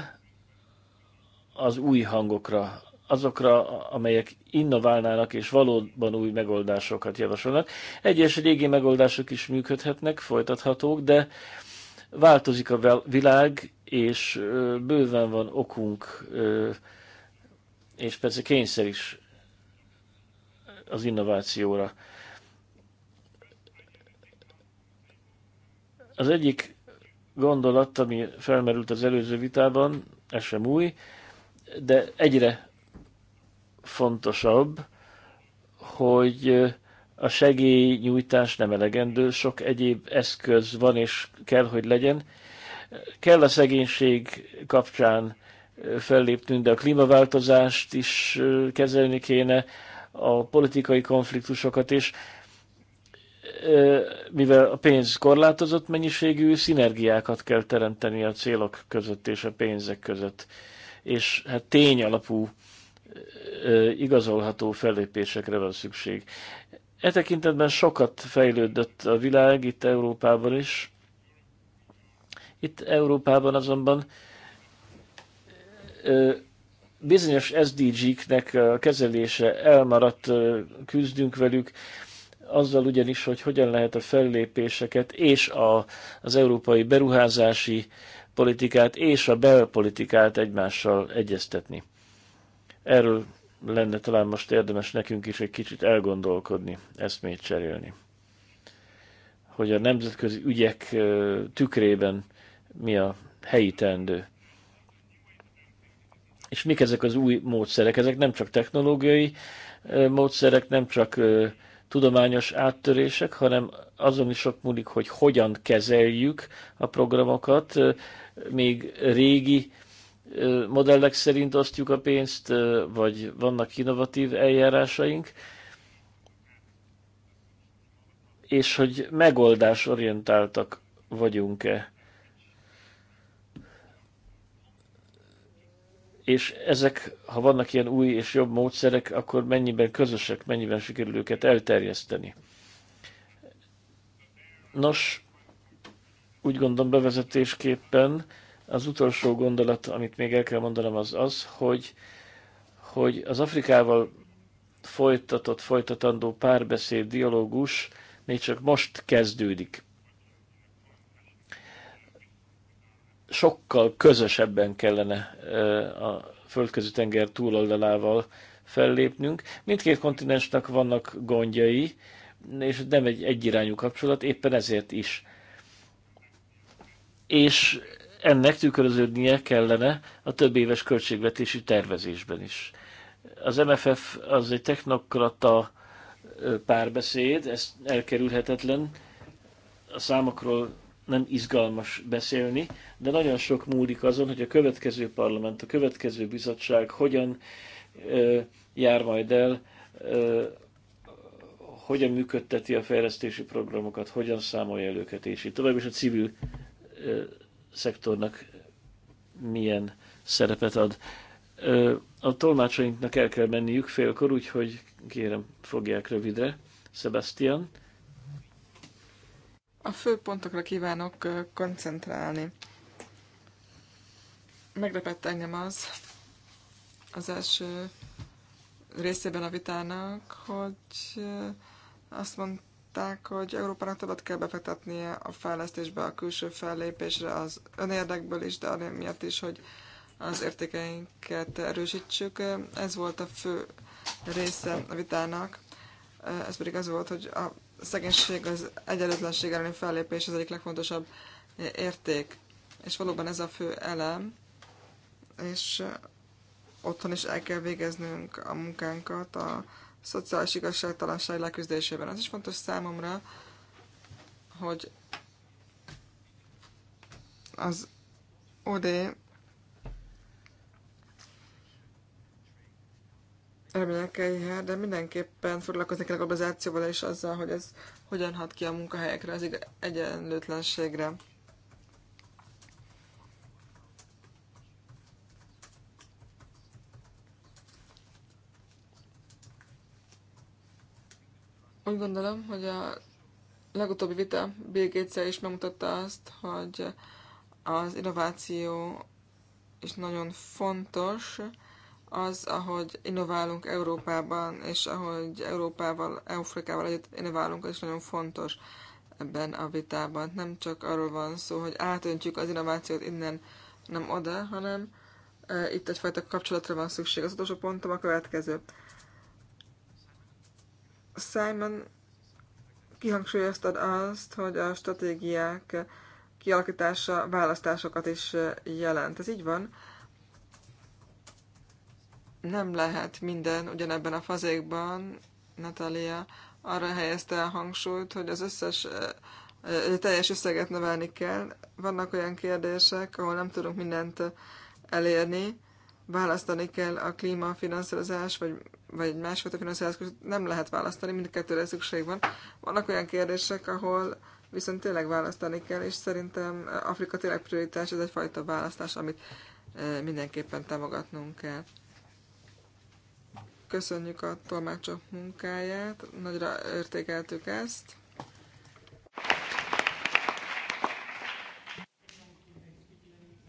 az új hangokra, azokra, amelyek innoválnának és valóban új megoldásokat javasolnak. Egyes régi megoldások is működhetnek, folytathatók, de változik a világ, és bőven van okunk, és persze kényszer is az innovációra. Az egyik gondolat, ami felmerült az előző vitában, ez sem új, de egyre fontosabb, hogy a segélynyújtás nem elegendő, sok egyéb eszköz van és kell, hogy legyen. Kell a szegénység kapcsán fellépnünk, de a klímaváltozást is kezelni kéne, a politikai konfliktusokat, és mivel a pénz korlátozott mennyiségű, szinergiákat kell teremteni a célok között és a pénzek között. És hát tény alapú igazolható fellépésekre van szükség. E tekintetben sokat fejlődött a világ, itt Európában is. Itt Európában azonban bizonyos SDG-knek a kezelése elmaradt, küzdünk velük, azzal ugyanis, hogy hogyan lehet a fellépéseket és a, az európai beruházási politikát és a belpolitikát egymással egyeztetni. Erről lenne talán most érdemes nekünk is egy kicsit elgondolkodni, eszmét cserélni. Hogy a nemzetközi ügyek tükrében mi a helyi tendő. És mik ezek az új módszerek? Ezek nem csak technológiai módszerek, nem csak tudományos áttörések, hanem azon is sok múlik, hogy hogyan kezeljük a programokat. Még régi modellek szerint osztjuk a pénzt, vagy vannak innovatív eljárásaink, és hogy megoldásorientáltak vagyunk-e. és ezek, ha vannak ilyen új és jobb módszerek, akkor mennyiben közösek, mennyiben sikerül őket elterjeszteni. Nos, úgy gondolom bevezetésképpen az utolsó gondolat, amit még el kell mondanom, az az, hogy, hogy az Afrikával folytatott, folytatandó párbeszéd, dialógus még csak most kezdődik. sokkal közösebben kellene a földközi tenger túloldalával fellépnünk. Mindkét kontinensnek vannak gondjai, és nem egy egyirányú kapcsolat, éppen ezért is. És ennek tükröződnie kellene a több éves költségvetési tervezésben is. Az MFF az egy technokrata párbeszéd, ez elkerülhetetlen. A számokról nem izgalmas beszélni, de nagyon sok múlik azon, hogy a következő parlament, a következő bizottság hogyan ö, jár majd el, ö, hogyan működteti a fejlesztési programokat, hogyan számolja el őket, és így tovább, és a civil ö, szektornak milyen szerepet ad. Ö, a tolmácsainknak el kell menniük félkor, úgyhogy kérem, fogják rövidre. Sebastian. A fő pontokra kívánok koncentrálni. Meglepett engem az az első részében a vitának, hogy azt mondták, hogy Európának többet kell befektetnie a fejlesztésbe, a külső fellépésre, az önérdekből is, de miatt is, hogy az értékeinket erősítsük. Ez volt a fő része a vitának. Ez pedig az volt, hogy a szegénység, az egyenlőtlenség elleni fellépés az egyik legfontosabb eh, érték. És valóban ez a fő elem, és eh, otthon is el kell végeznünk a munkánkat a szociális igazságtalanság leküzdésében. Az is fontos számomra, hogy az OD reményekeihez, de mindenképpen foglalkozni kell a globalizációval és azzal, hogy ez hogyan hat ki a munkahelyekre, az egyenlőtlenségre. Úgy gondolom, hogy a legutóbbi vita Bill gates is megmutatta azt, hogy az innováció is nagyon fontos, az, ahogy innoválunk Európában, és ahogy Európával, Afrikával együtt innoválunk, és nagyon fontos ebben a vitában. Nem csak arról van szó, hogy átöntjük az innovációt innen, nem oda, hanem e, itt egyfajta kapcsolatra van szükség. Az utolsó pontom a következő. Simon kihangsúlyoztad azt, hogy a stratégiák kialakítása választásokat is e, jelent. Ez így van nem lehet minden ugyanebben a fazékban, Natalia arra helyezte a hangsúlyt, hogy az összes teljes összeget növelni kell. Vannak olyan kérdések, ahol nem tudunk mindent elérni, választani kell a klímafinanszírozás, vagy, vagy egy másfajta finanszírozás nem lehet választani, mindkettőre szükség van. Vannak olyan kérdések, ahol viszont tényleg választani kell, és szerintem Afrika tényleg prioritás, ez egyfajta választás, amit mindenképpen támogatnunk kell. Köszönjük a tolmácsok munkáját, nagyra értékeltük ezt.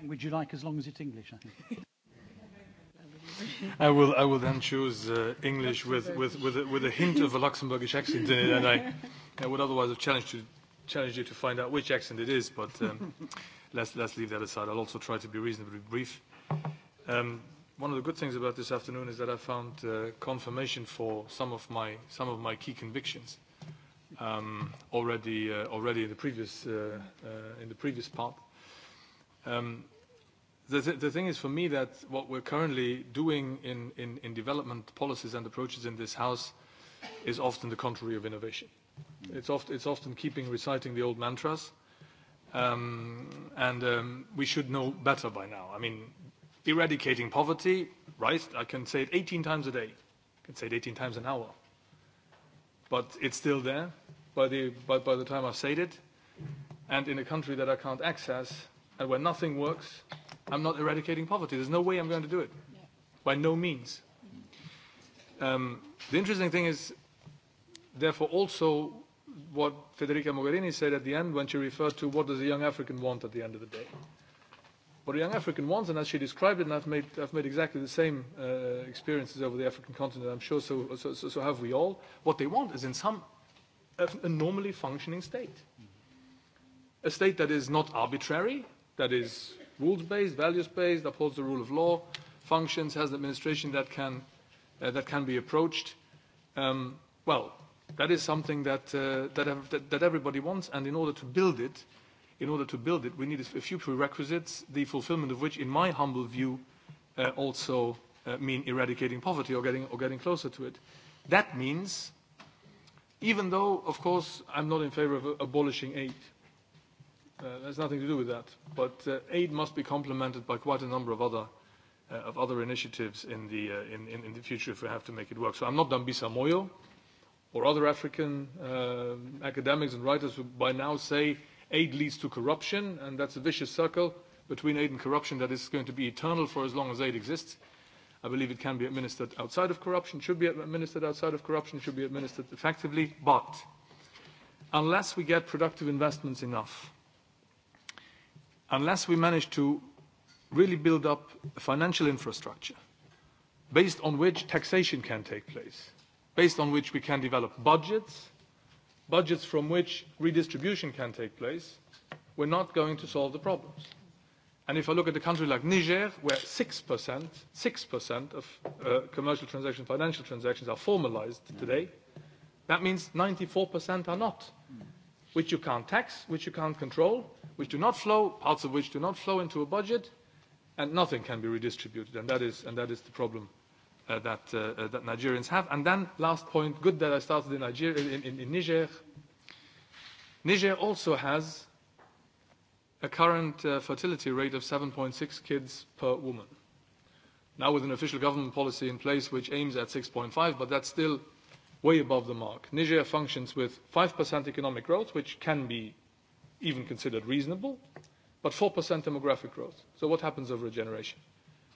Would you like as long as it's English, I think? I will I will then choose uh, English with with with a, with a hint of a Luxembourgish accent in it, and I, I would otherwise have challenged you challenged you to find out which accent it is. But um, let's let's leave that aside. I'll also try to be reasonably brief. Um, one of the good things about this afternoon is that I found uh, confirmation for some of my some of my key convictions um, already uh, already in the previous uh, uh, in the previous part. Um, the, th the thing is for me that what we're currently doing in, in, in development policies and approaches in this house is often the contrary of innovation. It's, oft, it's often keeping reciting the old mantras, um, and um, we should know better by now. I mean, eradicating poverty, right? I can say it 18 times a day. I can say it 18 times an hour. But it's still there by the, by, by the time I've said it. And in a country that I can't access and where nothing works, I'm not eradicating poverty. There's no way I'm going to do it. Yeah. By no means. Um, the interesting thing is, therefore, also what Federica Mogherini said at the end when she referred to what does a young African want at the end of the day but a young African wants, and as she described it, and I've made, I've made exactly the same uh, experiences over the African continent, I'm sure, so, so, so, so have we all, what they want is in some, a normally functioning state. A state that is not arbitrary, that is rules-based, values-based, upholds the rule of law, functions, has an administration that can, uh, that can be approached. Um, well, that is something that, uh, that, that, that everybody wants, and in order to build it, in order to build it, we need a few prerequisites, the fulfillment of which, in my humble view, uh, also uh, mean eradicating poverty or getting, or getting closer to it. That means, even though, of course, I'm not in favor of uh, abolishing aid, uh, there's nothing to do with that, but uh, aid must be complemented by quite a number of other uh, of other initiatives in the, uh, in, in, in the future if we have to make it work. So I'm not Dambisa Moyo or other African uh, academics and writers who by now say Aid leads to corruption, and that's a vicious circle between aid and corruption that is going to be eternal for as long as aid exists. I believe it can be administered outside of corruption, should be administered outside of corruption, should be administered effectively, but unless we get productive investments enough, unless we manage to really build up a financial infrastructure based on which taxation can take place, based on which we can develop budgets, budgets from which redistribution can take place, we're not going to solve the problems. And if I look at a country like Niger, where 6%, 6% of uh, commercial transactions, financial transactions are formalized today, that means 94% are not, which you can't tax, which you can't control, which do not flow, parts of which do not flow into a budget, and nothing can be redistributed. And that is, and that is the problem uh, that, uh, uh, that Nigerians have. And then last point, good that I started in, Nigeria, in, in, in Niger. Niger also has a current uh, fertility rate of 7.6 kids per woman. Now with an official government policy in place which aims at 6.5, but that's still way above the mark. Niger functions with 5% economic growth, which can be even considered reasonable, but 4% demographic growth. So what happens over a generation?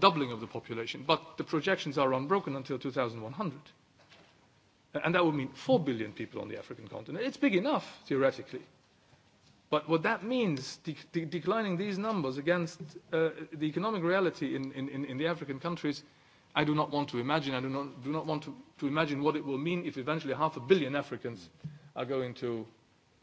doubling of the population, but the projections are unbroken until 2100. And that would mean 4 billion people on the African continent. It's big enough, theoretically. But what that means, de- de- declining these numbers against uh, the economic reality in, in, in the African countries, I do not want to imagine. I do not, do not want to, to imagine what it will mean if eventually half a billion Africans are going to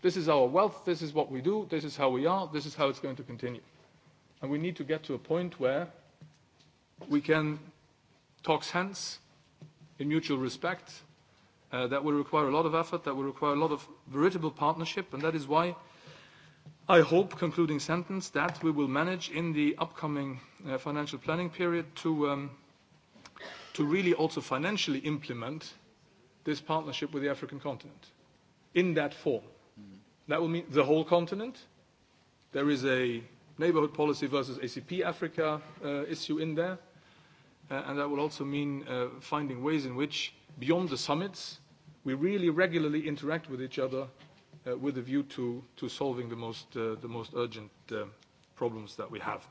This is our wealth, this is what we do, this is how we are, this is how it's going to continue. And we need to get to a point where we can talk sense in mutual respect. Uh, that will require a lot of effort, that will require a lot of veritable partnership, and that is why I hope, concluding sentence, that we will manage in the upcoming uh, financial planning period to, um, to really also financially implement this partnership with the African continent in that form. That will mean the whole continent. There is a neighborhood policy versus ACP Africa uh, issue in there. Uh, and that will also mean uh, finding ways in which, beyond the summits, we really regularly interact with each other uh, with a view to, to solving the most, uh, the most urgent uh, problems that we have.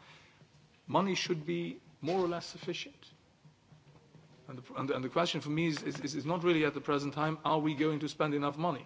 Money should be more or less sufficient. And the, and the, and the question for me is, is, is not really at the present time, are we going to spend enough money?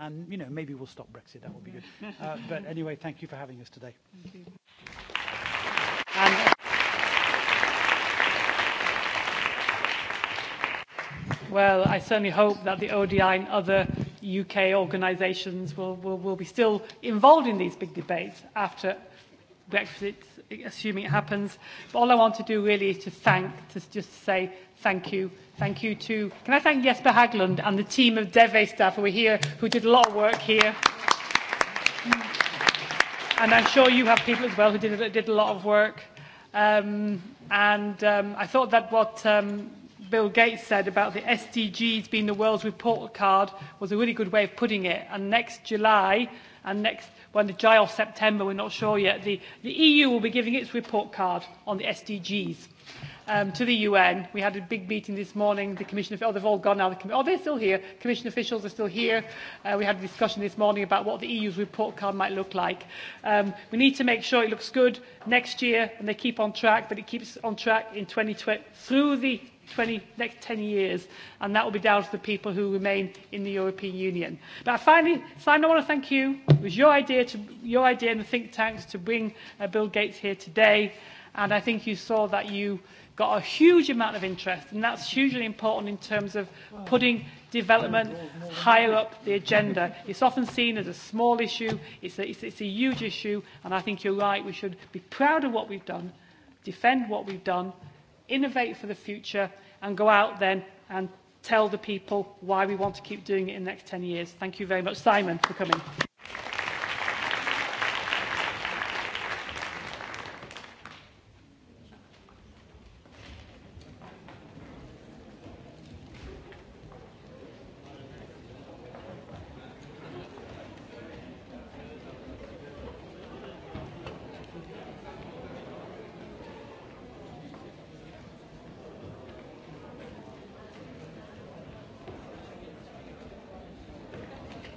And, you know, maybe we'll stop Brexit. That would be good. Uh, but anyway, thank you for having us today. Thank you. And, Well, I certainly hope that the ODI and other UK organisations will, will, will be still involved in these big debates after Brexit assuming it happens. But all I want to do really is to thank, to just say thank you. Thank you to, can I thank Jesper Haglund and the team of DEVE staff who were here, who did a lot of work here. And I'm sure you have people as well who did, did a lot of work. Um, and um, I thought that what um, Bill Gates said about the SDGs being the world's report card was a really good way of putting it. And next July and next when the July or September, we're not sure yet, the, the EU will be giving its report card on the SDGs um, to the UN. We had a big meeting this morning. The commission, oh, they've all gone now. The, oh, they're still here. Commission officials are still here. Uh, we had a discussion this morning about what the EU's report card might look like. Um, we need to make sure it looks good next year, and they keep on track, but it keeps on track in 2020 through the 20, next 10 years, and that will be down to the people who remain in the European Union. But finally, Simon, I want to thank you. It was your idea, to, your idea and the think tanks to bring uh, Bill Gates here today, and I think you saw that you got a huge amount of interest, and that's hugely important in terms of putting development higher up the agenda. It's often seen as a small issue, it's a, it's, it's a huge issue, and I think you're right, we should be proud of what we've done, defend what we've done, innovate for the future and go out then and tell the people why we want to keep doing it in the next 10 years. Thank you very much, Simon, for coming.